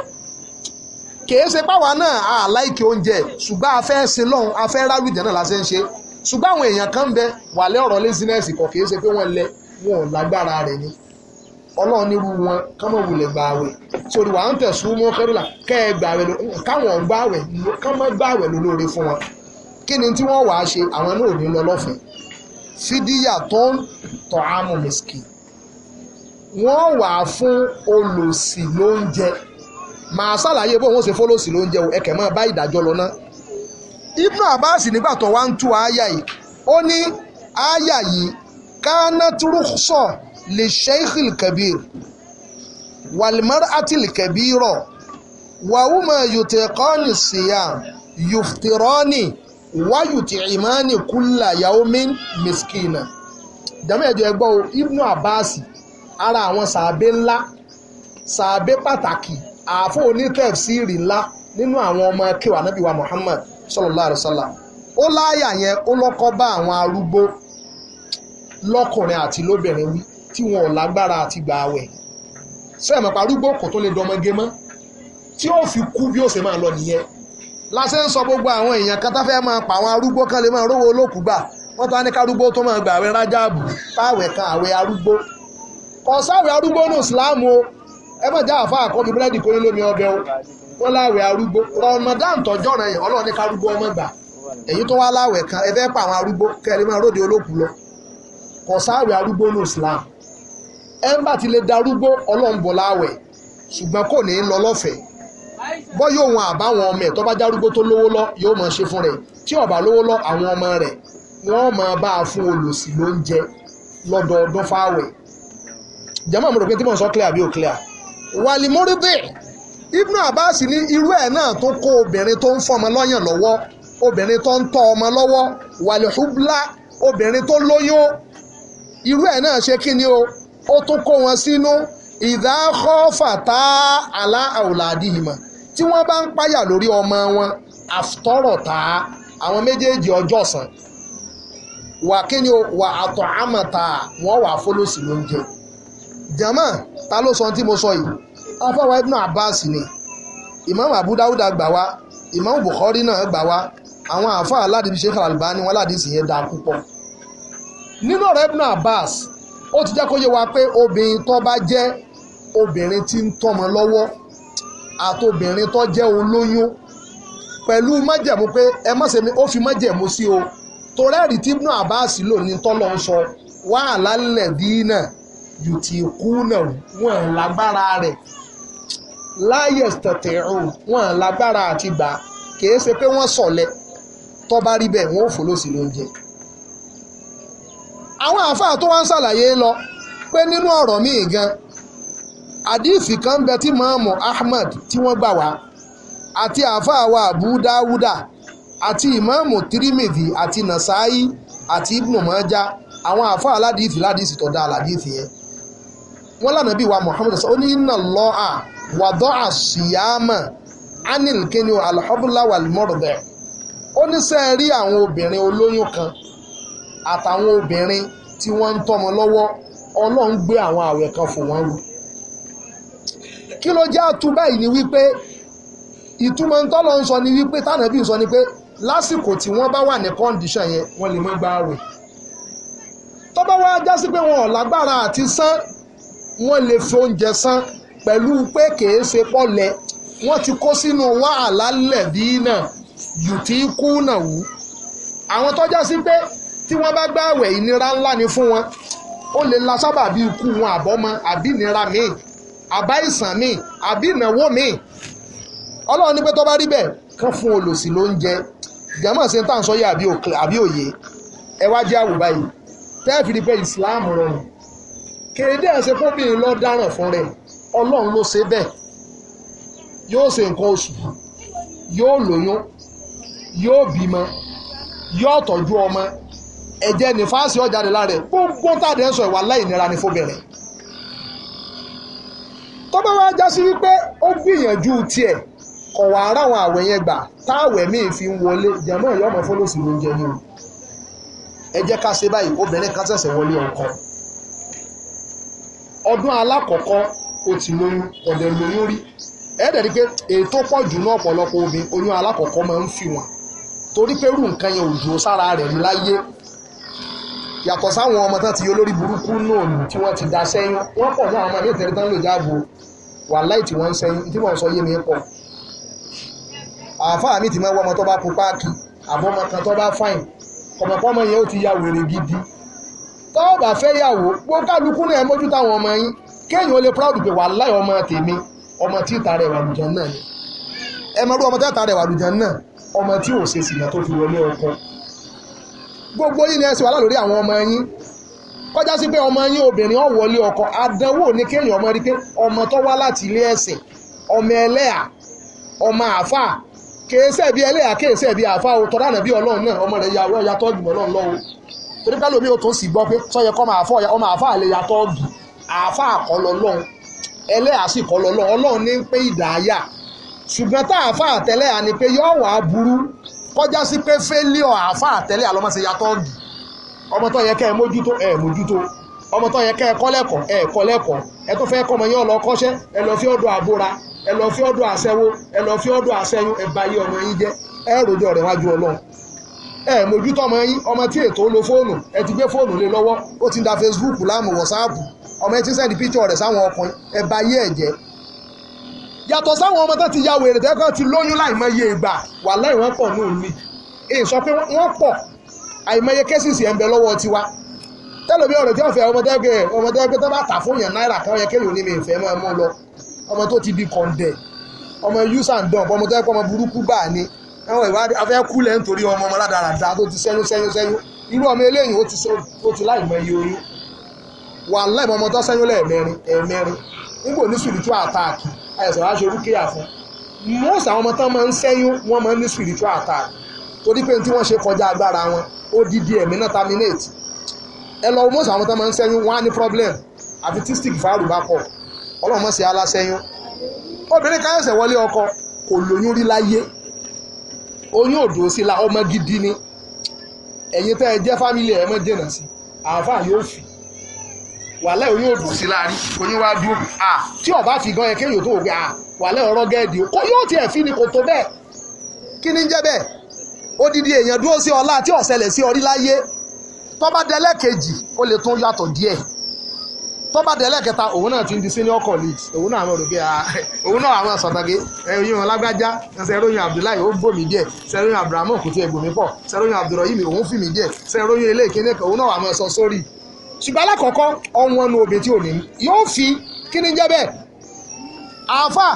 S1: kìí ṣe páwa náà a láìkí oúnjẹ ṣùgbọ́n a fẹ́ ṣe lọ́hùn a fẹ́ rálù ìjẹ́ náà la ṣe ń ṣe ṣùgbọ́n àwọn èèyàn kan bẹ wàlẹ́ ọ̀rọ̀ laziness kọ̀ kìí ṣe pé wọ́n lẹ wọn ò lágbára rẹ̀ ni ọlọ́run nírú wọn kọ́mọ̀ wulẹ̀ gbààwẹ̀ sórí wàá ń tẹ̀sù mọ́ kẹ́rìlà kẹ́ẹ̀ gbààwẹ̀ káwọn gbààwẹ̀ kọ́mọ̀ gbààwẹ̀ lólóore fún wọn kí ni tí wọ́n wàá ṣe àwọn náà ò ní lọ lọ́fẹ̀ẹ́ fídíyà tó ń tọ́ àmú mẹ́sìkì wọ́n wàá fún olòṣì lóúnjẹ màá ṣàlàyé bóun ó ṣe fọ́lọ́sì ló ń jẹun ẹ̀kẹ́ mọ́ bá ìdájọ́ lọ ná. Ibnu Abbas nígbà tó wá ń tú àyà yìí ó ní àyà yìí kánátúrúsọ lè ṣẹ́ìkìl kẹbíir wàlímọ́rọ́ àtìl kẹbíirọ̀ wàhùmọ̀ yòtẹ̀kọ́ni síyà yòftìrọ́ni wáyùtì ìmánì kúlà yaomin miskina jàmọ́ ẹ̀jọ̀ ẹgbọ́ Ibnu Abbas ara àwọn sàbẹ̀ ńlá sàbẹ̀ pàtàkì àáfò onítẹ̀f sí ìrì ńlá nínú àwọn ọmọ kéwà nábì wa Muhammad sallallahu alaihi wasallam ó láyà yẹn ó lọ́kọ́ bá àwọn arúgbó lọ́kùnrin àti lóbìnrin wí tí wọn ò lágbára àti gbà àwẹ̀ sẹ́yìn mọ̀pá arúgbó kò tó lè dọmọge mọ́ tí ó fi kú bí ó ṣe máa lọ nìyẹn láṣẹ ń sọ gbogbo àwọn èèyàn kan tá fẹ́ máa pa àwọn arúgbó kan lè máa rówó olókùúgbà wọ́n tó á ní kárúgbó tó máa gbà àwẹ̀ rájàbù táwẹ̀ kan àwẹ̀ arúgbó kò sáwẹ̀ arúgbó ní ìsìláàmù o ẹ mọ̀ já àfa àkọ́bí búrẹ́dì kó lómi ọbẹ̀ o wọ́n láwẹ̀ arúgbó Ramadan tọ́jọ́ rẹ̀ yẹn ọlọ́ọ̀ni karúgbó ọmọ gbà èyí tó wá láwẹ̀ kan ẹ fẹ́ pa àwọn arúgbó kẹrin máa róde olókùú lọ kò sáwẹ̀ arúgbó ní Islam ẹ ń bá ti lè darúgbó ọlọ́ọ̀nbọ̀ láwẹ̀ ṣùgbọ́n kò ní í lọ lọ́fẹ̀ẹ́ bọ́ yóò wọn àbáwọn ọmọ ẹ̀ tó bá járúgbó tó lówó lọ yóò máa ṣe fún rẹ̀ tí ó bá lówó lọ àwọn ọmọ rẹ̀ wọ́n máa bá a fún olòṣì lóúnjẹ lọ́dọọdún fáwẹ̀ jẹ́mọ̀ mo rò pé tí mo sọ clear àbí ò clear wàlímọ́rìdì Ibn Abbas ní irú ẹ̀ náà tó kó obìnrin tó ń fọmọ lọ́yàn lọ́wọ́ obìnrin tó ń tọ́ ọmọ lọ́wọ́ wàlíhùbla obìnrin tó lóyún irú ẹ̀ náà ṣe kí ni o ó tún kó wọn sínú ìdáhọ́ fàtà àlá àwòládì ìmọ̀ tí wọ́n bá ń páyà lórí ọmọ wọn àtọ́rọ̀ tá àwọn méjèèjì ọjọ́ sàn wà kí ni o wà àtọ̀ àmọ̀ta wọ́n wà fọlọ́sì lóúnjẹ jàmáà ta ló sọ tí mo sọ yìí afáwa ibn abbas ni ìmáàmù abudawuda gbà wá ìmáàmù bukhari náà gbà wá àwọn àáfà aládìbí sheikh al-albani wọn aládìsí yẹn dáa púpọ̀ nínú ọ̀rọ̀ ibn abbas ó ti jẹ́ kó yé wa pé obìnrin tó bá jẹ́ obìnrin tí ń tọ́mọ lọ́wọ́ àtobìnrin tó jẹ́ olóyún pẹ̀lú májẹ̀mú pé ẹ má ṣe mi ó fi májẹ̀mú sí o torí tí ibn abbas lò ní tọ́lọ́ ń sọ wàhálà lẹ̀ yùtì kúnà wọn lágbára rẹ̀ láyè tẹ̀tẹ̀ ọ̀hún wọn lágbára àti gbà kìí ṣe pé wọ́n sọ̀lẹ̀ tó bá rí bẹ́ẹ̀ wọ́n ò fòlóṣì lóúnjẹ. àwọn àáfàá tó wá ń ṣàlàyé lọ pé nínú ọ̀rọ̀ míì gan àdìsí kan bẹ tí mọ́ọ̀mù Ahmed, tí wọ́n gbà wá àti àáfàá wa Abu Dawuda àti ìmáàmù tirimidi àti nasaayi àti ibnu maja àwọn àáfàá aládìsí ládìsí tó dá aládìsí yẹn wọ́n lànà bí wa muhammadu sọ ó ní iná lọ́ à wàdọ́ àṣìyàmà anil kenya alhabula walmọ́rọ̀dẹ̀ ó ní sẹ́ẹ̀ rí àwọn obìnrin olóyún kan àtàwọn obìnrin tí wọ́n ń tọ́mọ lọ́wọ́ ọlọ́run gbé àwọn àwẹ̀ kan fún wọn rú kí ló jẹ́ àtúbà yìí ni wípé ìtumọ̀ ń tọ́lọ́ ń sọ ni wípé tànàbí ń sọ ni pé lásìkò tí wọ́n bá wà ní kọ́ndíṣàn yẹn wọ́n lè má gba àwẹ̀ tó wá já sí pé wọn ò lágbára àti san wọ́n lè fi oúnjẹ san pẹ̀lú pé kìí ṣe pọ̀lẹ́ wọ́n ti kó sínú wàhálà lẹ̀bí náà jù tí kú náà wù. àwọn tọ́já sí pé tí wọ́n bá gbààwẹ̀ ìnira ńlá ni fún wọn ó lè la sábà bí ikú wọn àbọ́mọ àbí ìnira míì àbá ìsàn míì àbí ìnáwó míì ọlọ́run ní pé tó bá rí bẹ́ẹ̀ kán fún olòṣì lóúnjẹ jàmọ́ sí ní tàǹsọ́yà àbí òye ẹ wá jẹ́ àwòbá yìí tẹ́ẹ̀fì rí pé ìsìláàmù rọrùn kéde àṣepọ́bìnrin lọ dáràn fún rẹ̀ ọlọ́run ló ṣe bẹ́ẹ̀ yóò ṣe nǹkan oṣù yóò lóyún yóò bímọ yóò tọ́jú ọmọ ẹ̀jẹ̀ ní fáàsì ọ̀jáde lára ẹ̀ gbogbo tàdé ń sọ ìwà láìnira ní fóbìnrin tọ́ba wa já wípé ó gbìyànjú tiẹ̀ kọ̀ wá ara àwọn àwẹ̀ yẹn gbà táwẹ̀ míì fi ń wọlé jẹ̀mọ́ ìyá ọmọ fọlọ́sì ló ń jẹ ní o ẹ jẹ́ ká ṣe báyìí obìnrin kan ṣẹ̀ṣẹ̀ wọlé ọkọ ọdún alákọ̀ọ́kọ́ ó ti lóyún ọ̀dẹ̀ lóyún rí ẹ̀ẹ́dẹ̀ ni pé èyí tó pọ̀ jù náà ọ̀pọ̀lọpọ̀ obìnrin oyún alákọ̀ọ́kọ́ máa ń fi wọn torí pé irú nǹkan yẹn ò jò sára rẹ̀ rí láyé yàtọ̀ sáwọn ọmọ tán ti yọ lórí burúkú náà nù tí wọ́n ti da sẹ́yìn wọ́n pọ̀ mọ́ àwọn ọmọ ilé tẹ̀lé tán lò jáàbò wàláì tí wọ́n ń sẹ́yìn tí wọ́n sọ yé mi pọ̀ àáfàá mi ti máa wọ́n ọmọ tó bá pupa kí àbọ̀mọ kan tó bá fáìn ọmọkọ́mọ yẹn ó ti ya wèrè gidi tọ́ ọ̀bà fẹ́ yàwó gbogbo kálukú náà mójú táwọn ọmọ yín kéèyàn ó lè proud pé wà láì ọmọ tèmi ọmọ tí ìta rẹ̀ wà lùjọ náà ni ẹ mọ̀ rú ọmọ tí ìta rẹ̀ wà lùjọ náà ọmọ tí ò ṣe sìnà tó fi wọlé ọkọ gbogbo yín ni ẹ sì wà lórí àwọn ọmọ yín kọjá sí pé ọmọ yín obìnrin ọ̀ wọlé ọkọ àdánwò ní kéèyàn ọmọ rí pé ọmọ tó wá láti ilé ẹ̀sìn ọmọ ẹlẹ́à ọmọ àfà kèésẹ̀ bí ẹlẹ́à kèésẹ̀ bí àfà ò tọ́lá nàbí ọlọ́run náà ọmọ rẹ̀ yàwó ọ̀yà tọ́jú ọlọ́run lọ́wọ́ torí pẹ́ lómi ò tún sì gbọ́ pé sọ́yẹ kọ́ máa fọ́ ọmọ àfa àlè yàtọ̀ ọ̀gì àfa àkọlọ lọ́hùn ẹlẹ́yà sì kọ́ lọ́hùn ọlọ́run ní pé ìdáyà ṣùgbọ́n tá àfa àtẹ́lẹ̀ à ní pé yọ wà á burú kọjá sí pé fẹ́líọ̀ àfa àtẹ́lẹ̀ àlọ́mọ ṣe yàtọ̀ ọ̀gì ọmọ tó yẹ kẹ́ ẹ mójútó ẹ mójútó ọmọ tó yẹ kẹ́ ẹ kọ́ lẹ́kọ̀ọ́ ẹ kọ́ lẹ́kọ̀ọ́ ẹ tó fẹ́ kọ́ ọmọ yẹn lọ kọ́ṣẹ́ ẹ lọ fi ọ̀dọ̀ àbúra ẹ lọ fi ọ̀dọ̀ àṣẹwó ẹ lọ fi ọ̀dọ̀ àṣẹyún ẹ bá yé ọmọ yín jẹ ẹ rojọ́ rẹ̀ wájú ọlọ́run ẹ mójútó ọmọ yín ọmọ tí ètò lo fóònù ẹ ti gbé fóònù lé lọ́wọ́ ó ti ń da Facebook láàmú WhatsApp ọmọ ẹ ti ń sẹ́ndí píkítọ̀ rẹ̀ sáwọn ọkùnrin ẹ bá yé ẹ̀ jẹ́ yàtọ̀ sáwọn ọmọ tó ti ya wèrè tẹ́kọ̀ ti lóyún láìmọye ìgbà wàláì wọ́n pọ̀ náà ní èyí sọ pé wọ́n pọ̀ àìmọye kẹ́sìsì ẹ̀ ń bẹ lọ́wọ́ tiwa tẹ́lẹ̀ bí ọ̀rọ̀ tí wọ́n fẹ́ ọmọ tẹ́gbẹ́ ọmọ tẹ́gbẹ́ tó bá tà fún yàn náírà kan yẹ kéèyàn ní mi ìfẹ́ máa mú lọ ọmọ tó ti di kọ̀ǹdẹ̀ ọmọ yúsà ń dán ọmọ tẹ́gbẹ́ ọmọ burúkú gbà ni ẹ̀wọ̀n ìwádìí afẹ́ kú lẹ́ nítorí ọmọ ọmọ ládàradà tó ti sẹ́yún sẹ́yún sẹ́yún irú ọmọ eléyìí ó ti láì mọ iye oyún wà láì mọ ọmọ tó sẹ́yún lẹ́ẹ̀mẹrin ẹ̀ẹ̀mẹrin nígbò ní spiritual attack àìsàn wá ṣe orúkẹ́yà fún most àwọn ọmọ tán máa ń sẹ́yún wọ́n máa ń ní spiritual attack torí pé tí wọ́n ṣe kọjá agbára wọn ó dídí ẹ̀mí náà terminate ẹ lọ most àwọn tán máa ń sẹ́yún wọ́n á ní problem àfi tístic fáàrù bá pọ̀ ọlọ́mọ sí aláṣẹ́yún obìnrin káyọ̀sẹ̀ wọlé ọkọ kò lóyún rí láyé oyún òdò sí la ọmọ gidi ni ẹ̀yin tẹ́ ẹ jẹ́ fámìlì ẹ̀ mọ́ jìnnà sí àáfà yóò fi wàhálà oyún òdò sí láàrí oyún wá dúró à tí ọba fi gan yẹ kéèyàn tó wò pé ọ̀rọ̀ gẹ́ẹ̀dì kó yóò tiẹ̀ fi ni kò tó bẹ́ẹ̀ kí ni ń jẹ́ bẹ́ẹ̀ odidi èèyàn dúró sí ọlá tí ọ̀sẹ̀lẹ̀ sí orí láyé tọ́ba dẹlẹ́kejì ó lè tún yàtọ̀ díẹ̀ tó bá dé ẹlẹ́kẹta òun náà ti ń di senior colleagues òun náà àwọn olùgbé ah, òun náà àwọn sọ̀tàgé ẹ̀yìn wọn lágbájá sẹ́rọ̀yìn abdullahi ó gbòmí díẹ̀ sẹ́rọ̀yìn abdulhamid kò tiẹ̀ gbòmí pọ̀ sẹ́rọ̀yìn abdulrahim òun fìmí díẹ̀ sẹ́rọ̀yìn ilé ìkéde kan òun náà àwọn sọ sórí. ṣùgbọ́n alákọ̀ọ́kọ́ ọ̀wọ́n nu obì tí ò ní yóò fi kí ni jẹ́ bẹ́ẹ̀ àáfà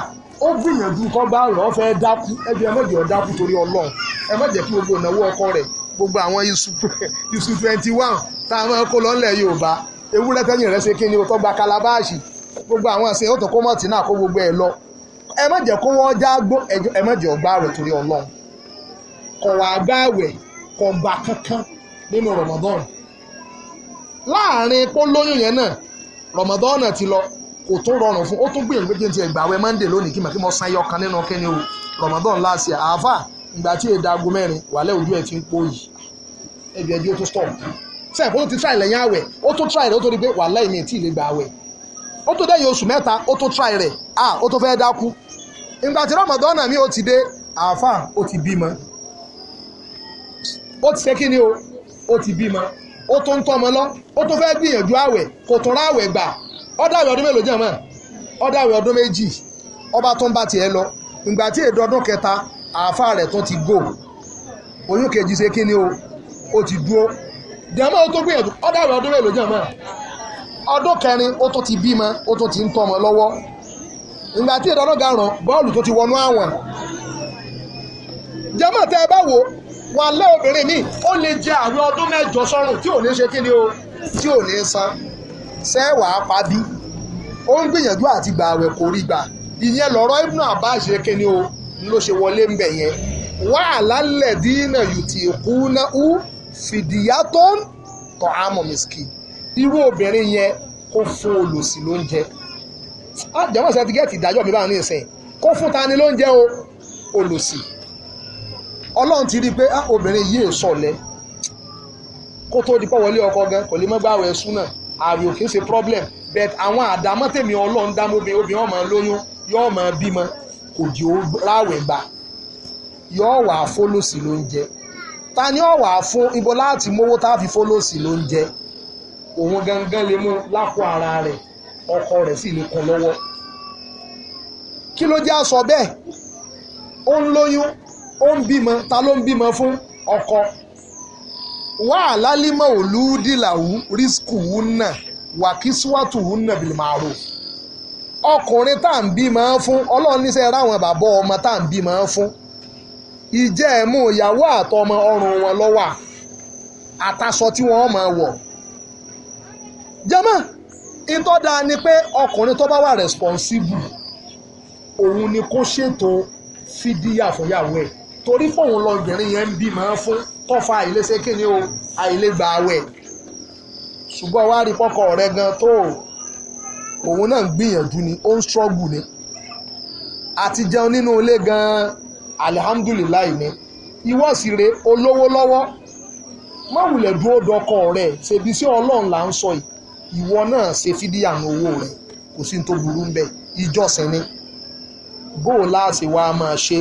S1: ó gbìyànjú kọ́ bá rọ̀ fẹ́ dákú ẹbí ẹ má jẹ́ ó dákú torí ọlọ́run ẹ má jẹ́ kí gbogbo ìnáwó ọkọ rẹ̀ gbogbo àwọn iṣu *laughs* twenty one tá a máa kó lọ́lẹ̀ yorùbá ewúrẹ́ tẹ́yìn rẹ̀ ṣe kí ni o tó gba kalabaasi gbogbo àwọn ẹ̀sìn ó tó kó mọ̀tì náà kó gbogbo ẹ̀ lọ ẹ má jẹ́ kó wọ́n já gbó ẹ má jẹ́ ọgbà rẹ̀ torí ọlọ́run kọ̀ wá gbáwẹ̀ kọ̀ kankan nínú Ramadan láàrin kó yẹn náà Ramadan náà ti lọ kò tó rọrùn fún ó tún gbìyànjú pé kí n ti gbàwẹ̀ Monday lónìí kí san yọ kan nínú o Ramadan láàṣẹ àáfà ìgbà tí èdè mẹ́rin wàlẹ́ ẹ̀ ti ń pò yìí sef kó ti try lẹ́yìn awẹ o tó try rẹ̀ o tó rí pé wàhálà èmi tí ì lè gbà àwẹ̀ ó tó dẹ́yìn oṣù mẹ́ta try rẹ̀ a o fẹ́ dákú ìgbà tí rọmọdọ́nà mi o ti dé àáfà o ti bímọ o ti ṣe kí ni o ó ti bímọ o tó lọ o fẹ́ gbìyànjú àwẹ̀ kò gbà ọ̀dà àwẹ̀ ọdún mélòó jẹ́ mọ́ ọ̀dà àwẹ̀ ọdún ọba jàmá o tó gbìyànjú ọ̀dà àwọn ọdún mélòó jàmá ọdún kẹrin ó tó ti bímọ ó tó ti ń tọ́ ọmọ lọ́wọ́ ìgbà tí ìdáná ga bọ́ọ̀lù tó ti wọnú àwọn jàmá tẹ́ ẹ bá wò obìnrin mi ó lè jẹ àwẹ̀ ọdún mẹ́jọ tí ò ní ṣe kí o tí ò ní san sẹ́wàá ó ń àti gbà àwẹ̀ gbà ìyẹn fìdíyàtọ̀n tọ̀ àmọ̀ irú obìnrin yẹn kó fún olòṣì lóúnjẹ ah, àjẹmọ́ sẹ́ni gẹ́ẹ̀tì ìdájọ́ mi báwọn ní kó fún ta ni lóúnjẹ o olòṣì ọlọ́run ti rí i pé ah, obìnrin yìí sọ̀lẹ̀ kó tó di pọ̀ ọkọ gan kò lè mọ́ wẹ̀ sùn náà àrè òkè ṣe problem but àwọn àdámọ́ ọlọ́run dá obìnrin obìnrin ọmọ lóyún bímọ kò di ráwẹ̀ gbà wà ta ni ó wà fún ibo láti mówó tá a fi fólóòsì ló ń jẹ òun gangan lè mú lápò ara rẹ̀ ọkọ rẹ̀ sì lè kàn lọ́wọ́ kí ló jẹ́ àsọ bẹ́ẹ̀ ó ń lóyún ó ń bímọ ta ló ń bímọ fún ọkọ wà á lálímọ̀ òlúdìláwù rísíkù wù náà bìlì màrò ọkùnrin tá à ń bímọ fún ọlọ́run ráwọn bàbá ọmọ tá à ń bímọ fún ìjẹ́ ẹ̀mú ìyàwó àtọmọ ọrùn wọn lọ́wọ́ àtàṣọ tí wọ́n máa wọ̀ jẹ́mọ́ ìtọ́da ni pé ọkùnrin tó bá wà responsible òun ni kó ṣètò fídíà fúnyàwó ẹ̀ torí fóun lọ́gbìnrin yẹn ń bí máa fún tọ́fà àìlẹ́sẹ̀ kí ni o àìlẹ́gbà awẹ̀ ṣùgbọ́n wá rí pọ́kọ rẹ gan tó òun náà ń gbìyànjú ni ó ń struggle ni àti jẹun nínú ilé gan-an alihamdulilayi ni ìwọ sì rè olowo lọ́wọ́ má wulẹ̀ dúró dọkọ rẹ̀ ṣèbí sí ọlọ́run là ń sọ yìí ìwọ náà ṣe fídíà ní owó rẹ̀ kò sí tó burú ń bẹ ìjọsìn ni bó o láàṣì wá máa ṣe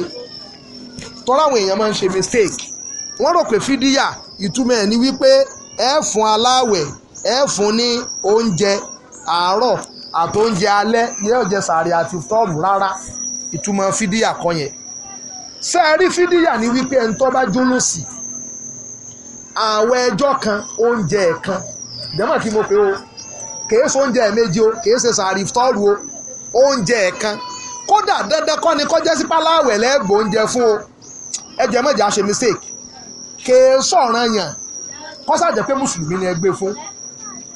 S1: tọ́lá àwọn èèyàn máa ń ṣe mistake wọ́n rò pé fídíà ìtumọ̀ ẹ̀ ni wípé ẹ fún aláwẹ̀ ẹ fún ní oúnjẹ àárọ̀ àti oúnjẹ alẹ́ yóò jẹ sàárì àti tọ́ọ̀bù rárá ìtumọ̀ fídíà kan yẹn ṣé ẹ rí fídíyà ní wípé ẹni tó bá júlù sí àwọn ẹjọ́ kan oúnjẹ kan jẹ́mọ̀ kí mo pe o kèé so oúnjẹ méjì o kèé ṣe sàárì tọ́ọ̀rù o oúnjẹ kan kódà dandan kọ́ ni kọjá sí pálawẹ̀ lẹ́gbọ̀n oúnjẹ fún o ẹ jẹ́ mọ̀jà mistake kèé sọ̀ràn yàn kọ́sà jẹ́ pé mùsùlùmí ni ẹ gbé fún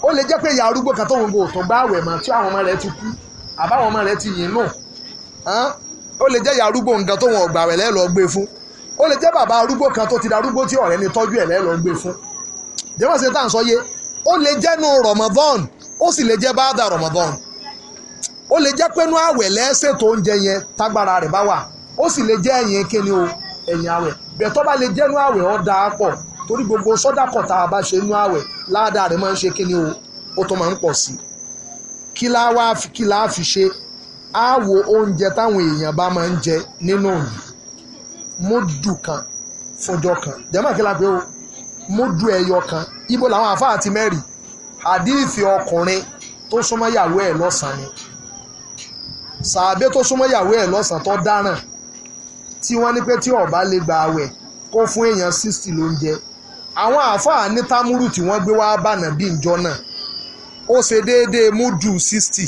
S1: ó lè jẹ́ pé ìyá arúgbó kan tó ń bo òtún bá àwẹ̀ mọ́ tí àwọn ọmọ rẹ̀ ti kú àbáwọn ọmọ rẹ̀ ti yìn nù ó lè jẹ́ ìyá arúgbó nǹkan tó wọn ọ̀gbà rẹ̀ lẹ́lọ́ gbé fún ó lè jẹ́ bàbá arúgbó kan tó ti darúgbó tí ọ̀rẹ́ ni tọ́jú ẹ̀ lẹ́lọ́ gbé fún jẹ́wọ́n ṣe tá à ń sọ yé ó lè jẹ́ Ramadan ó sì lè jẹ́ báàdà Ramadan ó lè jẹ́ pẹ́nu àwẹ̀ lẹ́sẹ̀ tó ń jẹ yẹn tágbára rẹ̀ bá wà ó sì lè jẹ́ ẹ̀yìn kíni o ẹ̀yìn àwẹ̀ bẹ́ẹ̀ tó bá lè jẹ́ nu àwẹ̀ ó dáa pọ̀ torí gbogbo sọ́dàkọ̀ tá a bá ṣe nu àwẹ̀ ládàá rẹ̀ máa ń ṣe kíni o ó tó máa ń pọ̀ sí kí láá fi ṣe á wo oúnjẹ táwọn èèyàn bá máa ń jẹ nínú òní módù kan fọjọ́ kan jẹ́mọ̀ kí la pé o módù ẹyọ kan ibo làwọn àfáà ti mẹ́rì àdífì ọkùnrin tó súnmọ́ yàwó ẹ̀ lọ́sàn ni sàbẹ tó súnmọ́ yàwó ẹ̀ lọ́sàn-án tó dáràn tí wọ́n ní pé tí ọba lè gba àwẹ̀ kó fún èèyàn sixty lóúnjẹ àwọn àáfàá ní támúrù tí wọ́n gbé wá bànà bí ìjọ náà ó ṣe déédéé múdù sixty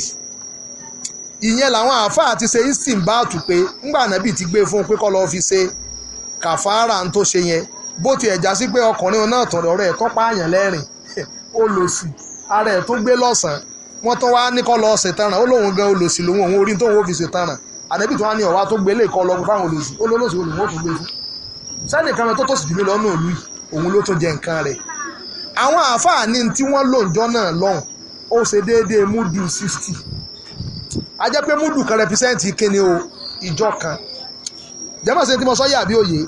S1: ìyẹn làwọn àáfàá ti ṣe istin bá tù pé ńgbà ti gbé fún pé kó lọ́ọ́ fi ṣe kàfàrà ń tó ṣe yẹn bó ti sí pé ọkùnrin náà tọ̀rọ̀ ọ̀rẹ́ ẹ̀ ó lò sí ẹ̀ tó gbé lọ́sàn wọ́n tó wá ní kó lọ́ọ́ ṣètàràn ó lóun gan olòṣì lòun òun orí fi tó wá ọ̀wá tó gbé lè kọ́ lọ́gùn fáwọn a jẹ́ pé múdù kan rẹpísẹ́ǹtì kíni o ìjọ kan jẹ́mọ̀ sí ti mo sọ yàbí òye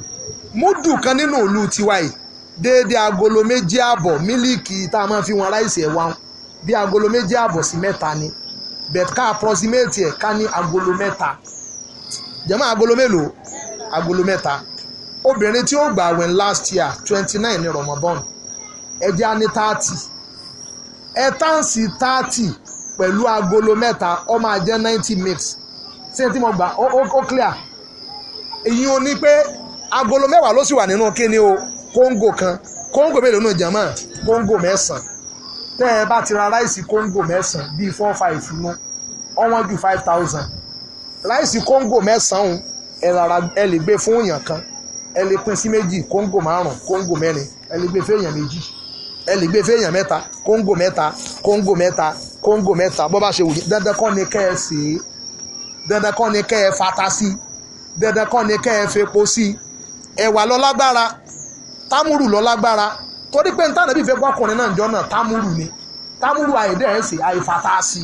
S1: múdù kan nínú ìlú tiwa yìí déédéé agolo méjì àbọ̀ mílíìkì tá a máa fi wọn ráìsì ẹ̀ wá bí agolo méjì àbọ̀ sí mẹ́ta ni bẹ̀t ká approximate ẹ̀ ká ní agolo mẹ́ta jẹ́mọ̀ agolo mélòó agolo mẹ́ta obìnrin tí ó gbà wẹ̀ last year twenty nine ní Ramadan ẹ̀jẹ̀ á ní thirty ẹ̀ tán sí thirty pẹ̀lú agolo mẹ́ta ó máa jẹ́ ninety mix ṣé tí mo gbà ó clear èyí o ní pé agolo mẹ́wàá ló sì wà nínú kíni o kóńgò kan kóńgò mélòó nù jẹ́mọ́ kóńgò mẹ́sàn-án tẹ́ ẹ bá ti ra ráìsì kóńgò mẹ́sàn-án bíi four five nù ọ̀wọ́n ju five thousand ráìsì kóńgò mẹ́sàn-án ẹ lè gbé fún èèyàn kan ẹ lè pín sí méjì kóńgò márùn kóńgò mẹ́rin ẹ lè gbé fún èèyàn méjì ẹ lè gbé fún èèyàn mẹ́ta kóńgò mẹ́ta kóńgò mẹ́ta kóńgò mẹ́ta bọ́ bá ṣe wù yín dandan kọ́ ni kẹ́ ẹ sè é dandan kọ́ ni kẹ́ ẹ fata sí dandan kọ́ ni kẹ́ ẹ fepo sí ẹ̀wà lọ lágbára támúrù lọ lágbára torí pé níta nàbí ìfẹ́ pọ́kùnrin náà jọ náà támúrù ni támúrù àìdẹ́ ẹ̀ sè àìfata sí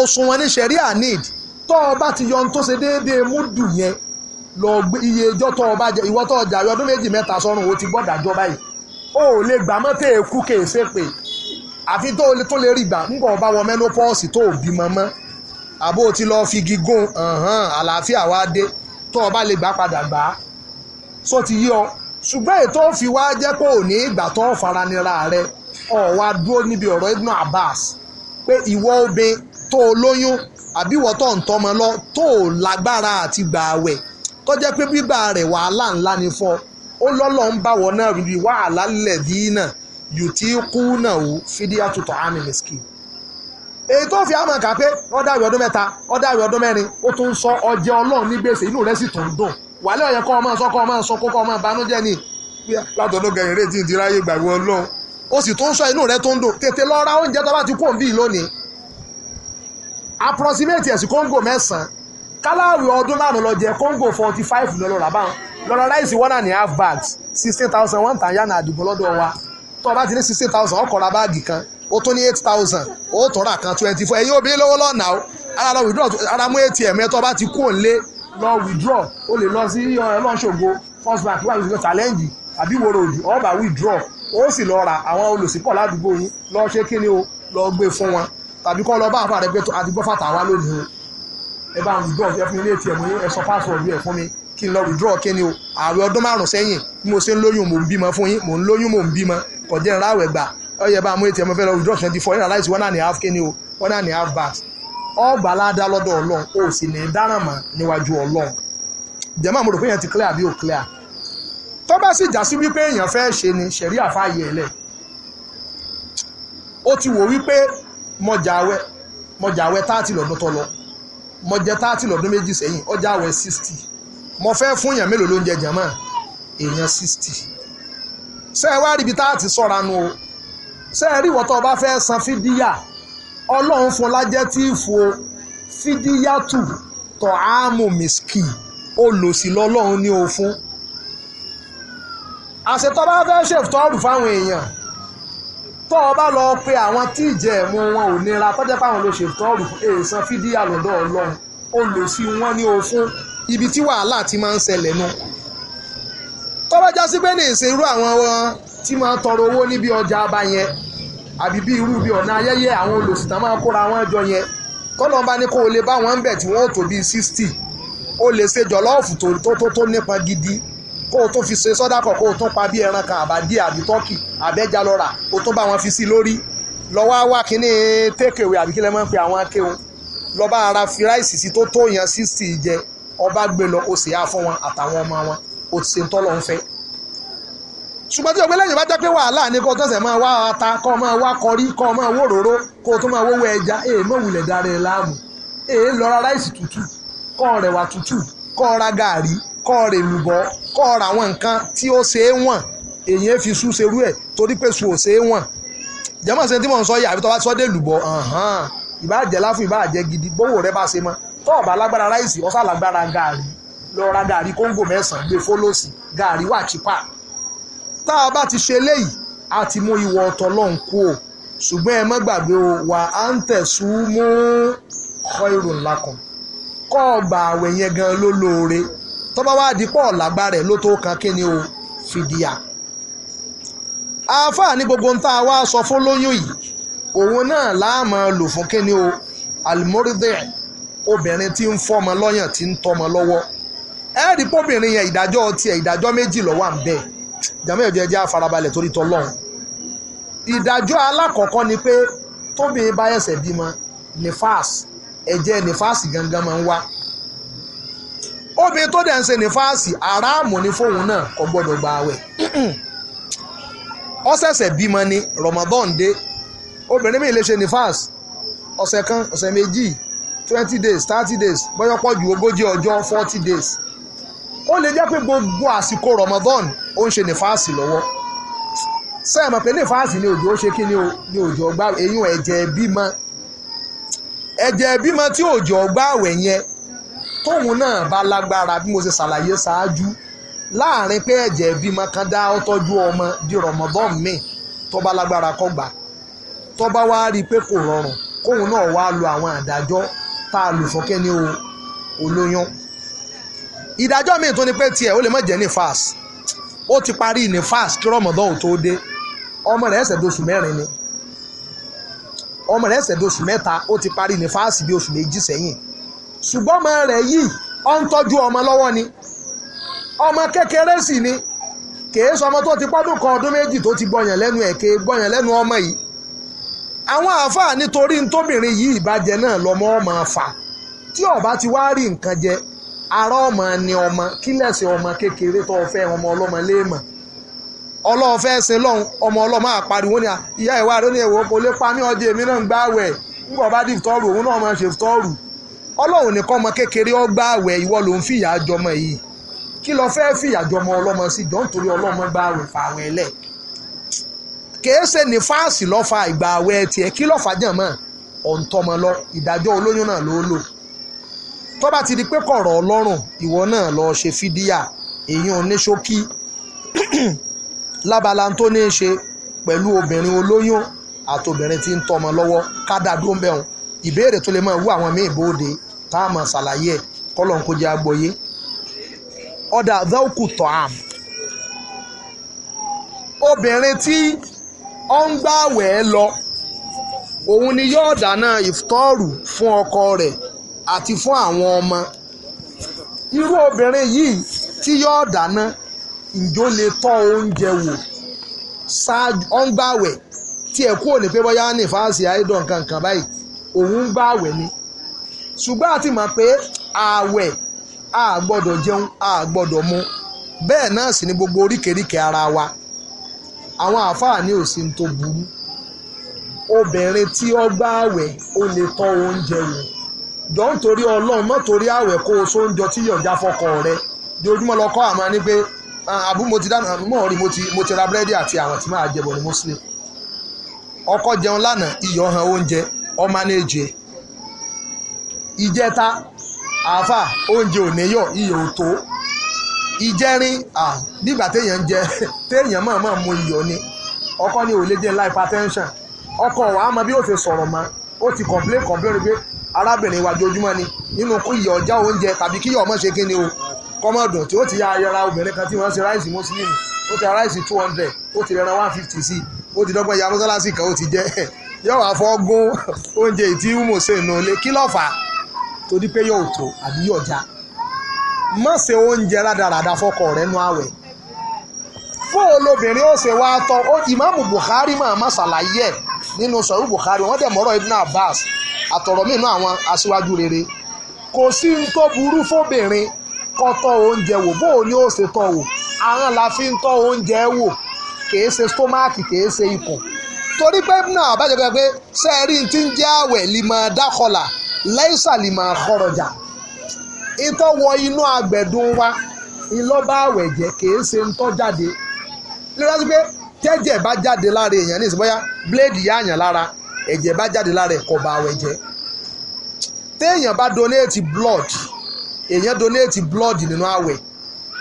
S1: òṣùwọ̀n ní sẹ̀ríà need tọ́ ọ bá ti yọ ohun tó ṣe déédéé múdù yẹn lọ gbé iye ẹjọ́ tọ́ ọ bá jẹ ìwọ́ tọ́ ọ jà ọdún méjì mẹ́ta sọ́run ó ti gbọ́dọ̀ àjọ báyìí ó lè gbà mọ́tẹ́ èkú kèé ṣépè àfi tó tó lè rí gbà ńgbọ̀ bá wọ mẹ́nópọ́ọ̀sì tó bí mọ́mọ́ àbó ti lọ fi gígùn hàn àlàáfíà wá dé tó o bá lè gbà padà gbà á só ti yí ọ ṣùgbọ́n ètò òfin wá jẹ́ pé ò ní ìgbà tó faranira rẹ ọ̀ wá dúró níbi ọ̀rọ̀ Ibn Abbas pé ìwọ obìn tó o lóyún àbí ìwọ tó ń tọmọ lọ tó o lágbára àti gbà àwẹ̀ tó jẹ́ pé gbígbà rẹ̀ wàhálà ńlá ni fọ́ ó lọ́lọ́ ń bá wọ náà rí wàhálà lẹ̀ dí náà yùtí kú náà wò fídíà àtútọ̀ àmì mẹ́sìkì èyí tó fi àmọ̀ kà pé ọ̀dà ìwé ọdún mẹ́ta ọ̀dà ìwé ọdún mẹ́rin ó tún sọ ọjẹ́ ọlọ́run ní gbèsè inú rẹ̀ sì tún dùn wàlẹ́ ọ̀yẹ́ kọ́ ọmọ sọ kọ́ ọmọ sọ kó kọ́ ọmọ banújẹ́ ni látọ̀dọ̀ gẹ̀yìn rétí ti ráyè gbàgbọ́ ọlọ́run ó sì tún sọ inú rẹ̀ tó ń dùn tètè lọ ra oúnjẹ tó bá ti kó òǹbí lónìí approximate ẹ̀sìn kóńgò mẹ́sàn-án káláàwì ọdún márùn-ún lọ jẹ kóńgò forty five lọ́lọ́ rà báwọn lọ́lọ́ one and a half bags sixteen thousand one thousand yánà àdìgbò lọ́dọ̀ wa tó o bá ti ní sixteen thousand ọkọ̀ ra báàgì kan ó tún ní eight thousand ó tún ra kan twenty four ẹ̀yin obìnrin lówó lọ́nà o ara lọ withdraw ara mú atm ẹ̀ tó o bá ti kú òun lé lọ withdraw o lè lọ sí eh, ọlọ́ṣogo first bank wà lóṣogbo challenge àbí wòrò òdì o bá withdraw ó sì lọ ra àwọn olùsìnkọ̀ ládùúgbò yín lọ ṣe kí ni o lọ gbé e fún wọn tàbí kọ́ lọ bá àfa rẹ pé àti gbọ́ fàtà wá lónìí o ẹ bá withdraw ẹ fún mi ní atm yín ẹ sọ password yín ẹ fún mi kí n lọ withdraw kí ni o ààrẹ ọdún márùn sẹ́yìn bí mo ṣe ń lóyún mò ń bímọ fún yín mò ń lóyún mò ń bímọ kọjá ìrìn àwẹ̀ gbà ọyẹ bá mú etí ẹmọ fẹ́ lọ withdraw twenty four ìrìn aláìsí one and a half kéne o one and a half bags ọgbà aládá lọ́dọ̀ ọlọ́run o sì ní dáràmà níwájú ọlọ́run jẹ́mọ́ mo rò pé ti clear àbí ò clear tó bá sì já sí wípé èèyàn fẹ́ ṣe ni ṣẹ̀rí àfáàyè ẹ̀lẹ́ ó ti wò wípé mọ̀jàwẹ́ mọ̀jàwẹ́ táàtì lọ́dún tó lọ mọ̀jẹ́ táàtì lọ́dún méjì sẹ́yìn ọjàwẹ́ sixty mo fẹ́ fún èèyàn mélòó ló ń èèyàn sixty ṣé ẹ wá ríbi tá a ti sọ̀ra nu o ṣé ẹ rí ìwọ́n tó o bá fẹ́ san fídíyà ọlọ́run fún lájẹ́ tí ìfò fídíyà tù tọ̀ áàmù mìsíkì olòṣì lọ́lọ́run ní o fún àṣetọ́ bá fẹ́ ṣètọ́rù fáwọn èèyàn tọ́ ọ bá lọ pe àwọn tí ìjẹ̀mú wọn ò nira tọ́jẹ́ fáwọn ló ṣètọ́rù èèsàn fídíà lọ́dọ̀ ọlọ́run olòṣì wọn ní o fún ibi tí wàhálà ti máa ń ṣẹlẹ̀ nu tọ́lá já sí pé ní ìsìn irú àwọn wọn tí máa ń tọrọ owó níbi ọjà ọba yẹn àbí bí irú bí ọ̀nà ayẹyẹ àwọn olùsìtàn máa kóra wọn jọ yẹn kọ́nà bá ní kó o lè bá wọn ń bẹ̀ tí wọ́n tó bíi sixty o lè ṣe jọ̀lọ́ọ̀fù tó tó tó nípa gidi kó o tó fi ṣe sọ́dà kọ̀ kó o tó pa bí ẹran kan àbádí àbí tọ́kì àbẹ́jà lọ́ra o tó bá wọn fi sí lórí lọ́wọ́ wá kínní tékèwé àbí kílẹ̀ máa ń pe àwọn akéwọn lọ́ba ara fi ráìsì sí tó tó yẹn sixty jẹ ọba gbé lọ o sì yá fún wọn àtàwọn ọmọ wọn o ti ṣe ń tọ́lọ́ ń fẹ́ ṣùgbọ́n tí ọgbẹ́ lẹ́yìn bá jẹ́ pé wàhálà ni kó tẹ̀sẹ̀ máa wá ata kó máa wá kọrí kó máa wó òróró kó tó máa wówó ẹja èè mọ̀wùlẹ̀ dára ẹ̀ láàmú èè lọ́ra ráìsì tútù kó rẹwà tútù kó ra gàárì kó rè lùbọ́ kó ra àwọn nǹkan tí ó ṣe é wọ̀n èyí fi sú serú ẹ̀ torí pé su ò ṣe é wọ̀n jẹ́mọ̀ sí tí mò ń sọ yìí àbí tó bá sọ dé lùbọ́ ìbàjẹ́ láfún ìbàjẹ́ gidi bówó rẹ bá ṣe mọ́ tó lágbára ráìsì ó lágbára gàárì lọ ra gàrí kóńgò mẹ́sàn-án gbé fólòsì gàrí wà chípà tá a bá ti ṣe léyìí a ti mú ìwọ ọ̀tọ̀ lọ́hùn kú o ṣùgbọ́n ẹ má gbàgbé o wà á ń tẹ̀sùn mú kọ́ irun ńlá kan kọ́ ọgbà àwẹ̀ yẹn gan ló lóore tó bá wá dípọ̀ ọ̀làgbà rẹ̀ ló tó kan kí ni o fìdíà àáfàá ní gbogbo ń tá a wá sọ fún lóyún yìí òun náà láàmú lò fún kí ni o alimoridẹ obìnrin tí ń fọmọ lọ́yàn tí ń tọmọ lọ́wọ́ ẹ rí pọ́bìnrin yẹn ìdájọ́ tiẹ̀ ìdájọ́ méjì ló wà ń bẹ̀ jàmọ́ ìjọ ẹjẹ́ àfarabalẹ̀ torí tọ́lọ́run ìdájọ́ alákọ̀ọ́kọ́ ni pé tóbìnrin bá ẹsẹ̀ bímọ nífàs ẹ̀jẹ̀ nífàs gangan máa ń wá obìnrin tó dẹ̀ ń ṣe nífàs aráàmù ni fóun náà kò gbọ́dọ̀ gba àwẹ̀ ọ̀sẹ̀sẹ̀ bímọ ni Ramadan dé obìnrin mi lè ṣe nífàs ọ̀sẹ̀ kan ọ̀sẹ̀ méjì twenty days thirty days bọ́yọ̀ pọ̀ ju ogójì ọjọ́ forty days ó lè jẹ́ pé gbogbo àsìkò Ramadan ó ń ṣe nífàásì lọ́wọ́ sẹ́ẹ̀mọ̀ pé nífàásì ni òjò ṣe kí ni òjò ọgbà eyín ẹ̀jẹ̀ bímọ ẹ̀jẹ̀ bímọ tí òjò ọgbà àwẹ̀ yẹn tóun náà bá lágbára bí mo ṣe ṣàlàyé ṣáájú láàrin pé ẹ̀jẹ̀ bímọ kan dá ó tọ́jú ọmọ di Ramadan mi tó bá lágbára kó gbà tó bá wá rí i pé kò rọrùn kóun náà wá lo àwọn àdájọ́ tá a lò fọ́kẹ́ ní olóyún ìdájọ́ mi tún ni pé tiẹ̀ ó lè má jẹ́ ní fas ó ti parí ní fas kí rọmọdán ò tó dé ọmọ rẹ̀ ẹsẹ̀ doṣù mẹ́rin ni ọmọ rẹ̀ ẹsẹ̀ doṣù mẹ́ta ó ti parí ní fas bí oṣù méjì sẹ́yìn ṣùgbọ́n ọmọ rẹ̀ yìí ó ń tọ́jú ọmọ lọ́wọ́ ni ọmọ kékeré sì ni kèé sọmọ tó ti pọ́dún kan ọdún méjì tó ti gbọ̀yàn lẹ́nu ẹ̀ kéé gbọ̀yàn lẹ́nu ọmọ yìí àwọn àáfàá nítorí ntóbìnrin yìí ìbàjẹ́ náà lọ́mọ ọmọ fà tí ọba ti wá rí nǹkan jẹ ara ọmọ ni ọmọ kílẹ̀sì ọmọ kékeré tó fẹ́ ọmọ ọlọ́mọ léèmọ̀ ọlọ́run fẹ́ ṣe lọ́hùn ọmọ ọlọ́mọ àpariwo ni ìyá ìwà rẹ ní èwo kò lè pa náà gbá náà máa ṣe ọlọ́run nìkan ọmọ kékeré gbá ìwọ ló ń jọmọ yìí kí lọ ní fáàsì lọ́fà ìgbà tiẹ̀ kí lọ́fà jẹ̀mọ́ tó ti di pé kọ̀rọ̀ ọlọ́run ìwọ náà lọ ṣe fídíà èyí ò ní ṣókí lábala tó ní í ṣe pẹ̀lú obìnrin olóyún àtobìnrin tí ń tọmọ lọ́wọ́ kádà dóńbẹ̀hún ìbéèrè tó lè máa wú àwọn míì bóde tá a máa ṣàlàyé ẹ̀ kọ́lọ̀ ń kó jẹ́ agbóyé ọ̀dà dọ́kù tọ́ám obìnrin tí ó ń gbàwẹ̀ lọ òun ni yóò dáná ìfọ́rù fún ọkọ rẹ̀ àti fún àwọn ọmọ irú obìnrin yìí tí yóò dáná ìjó lè tọ́ oúnjẹ wò ọ̀ngbàwẹ̀ tí ẹ̀ kúrò ní pé bóyá ní fáàsì àìdàn kankan báyìí òun ń gbàwẹ̀ ni ṣùgbọ́n àti mọ̀ pé ààwẹ̀ a gbọ́dọ̀ jẹun a gbọ́dọ̀ mu bẹ́ẹ̀ náà sì ni gbogbo oríkèéríkèé ara wa àwọn àáfàá ní òsì tó burú obìnrin tí ó gbàwẹ̀ ó lè tọ́ oúnjẹ wò jọ ń torí ọlọ́run mọ́ torí àwẹ̀ kó o sóúnjọ tí yọ̀ǹda fọkọ rẹ di ojúmọ́ lọ kọ́ àmọ́ ni mo ti dáná mọ́ rí mo ti ra búrẹ́dì àti àwọn tí máa ní muslim ọkọ jẹun lánàá iyọ̀ han oúnjẹ ọmọ náà jẹ oúnjẹ ò níyọ̀ iyọ̀ ò tó ìjẹrin nígbà téèyàn jẹ *laughs* téèyàn ni ọkọ ni ò lè jẹ́ ọkọ wa ama bí sọ̀rọ̀ ó ti complain complain pé arábìnrin wa jojúmọ́ ni nínú kó ọjà oúnjẹ tàbí kíyọ̀ ọmọ ṣe kíni o kọ́mọ̀dùn tí ó ti ya ayọra obìnrin kan tí wọ́n ṣe ráìsì mùsùlùmí ó ti ráìsì two hundred ó ti one fifty sí ó ti dọ́gbọ́n mọ́sálásì kan ó ti jẹ́ *laughs* yóò wá fọ́ gún oúnjẹ ìtí ṣe nù lé kí lọ́ọ̀fà torí pé yóò tó àbí yóò rẹ àwẹ̀ fóònù obìnrin ó ṣe wá tọ́ ìmáàmù máa ẹ̀ nínú sọ̀rọ̀ Bukhari wọ́n dẹ̀ mọ́rọ̀ Ibn Abbas àtọ̀rọ̀ míì náà àwọn aṣíwájú rere kò sí ń tó burú fóbìnrin kó tọ́ oúnjẹ wò bóò ni ó ṣe tọ́ wò àwọn la fi ń tọ́ oúnjẹ wò kìí ṣe stomach kìí ṣe ikùn torí pé náà àbájọ pé ṣe é rí ti ń jẹ́ àwẹ̀ lìmọ̀ dákọlà lẹ́sà lìmọ̀ àkọrọ̀jà ìtọ́wọ inú agbẹ̀dùn wa ìlọ́ba àwẹ̀ kìí ṣe ń tọ́ jáde lórí tẹ́jẹ̀ bá jáde lára èèyàn ní ìsìnbọ́yá bíléèdì yá àyàn lára ẹ̀jẹ̀ bá jáde lára ẹ̀kọ́ bá awẹ jẹ́ téèyàn bá donate blood èèyàn donate blood nínú àwẹ̀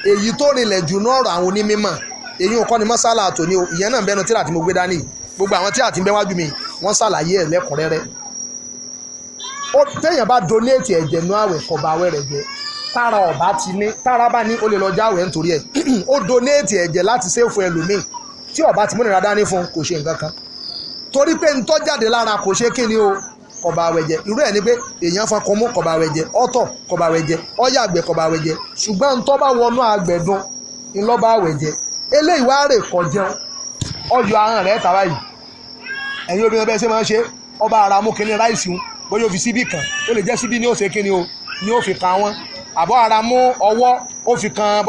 S1: èyí tó rinlẹ̀ jù ní ọ̀rọ̀ àwọn onímọ̀ èyí ò kọ́ ni mọ́sálà àtòní o ìyẹn náà bẹnu tíra tí mo gbé dání gbogbo àwọn tíra tí ń bẹ wájú mi wọ́n ṣàlàyé ẹ̀ lẹ́kùnrẹ́rẹ́ téèyàn bá donate ẹ̀jẹ̀ nínú àwẹ̀ kò ba àwẹ̀ rẹ̀ jẹ́ tára ọ̀bá ti ní tára bá ní ó lè lọ jáwẹ̀ nítorí ẹ̀ *clears throat* ó donate ẹ̀jẹ̀ láti ṣèfù ẹlòmíì tí ọba ti múnira dání fún kò ṣe nǹkan kan torí pé jáde lára kò ṣe kí o kọba awẹ jẹ irú ẹ ni pé èèyàn fa kọmú kọba awẹ jẹ ọtọ kọba awẹ jẹ ọyà àgbẹ kọba awẹ jẹ ṣùgbọ́n bá wọnú àgbẹ̀dùn awẹ jẹ eléyìí wàá rè kọ jẹun ọyọ yìí obìnrin ṣe máa ń ọba ara mú kínní ráìsì ń bóyá o ní kan wọn àbọ̀ ara mú ọwọ́ ó kan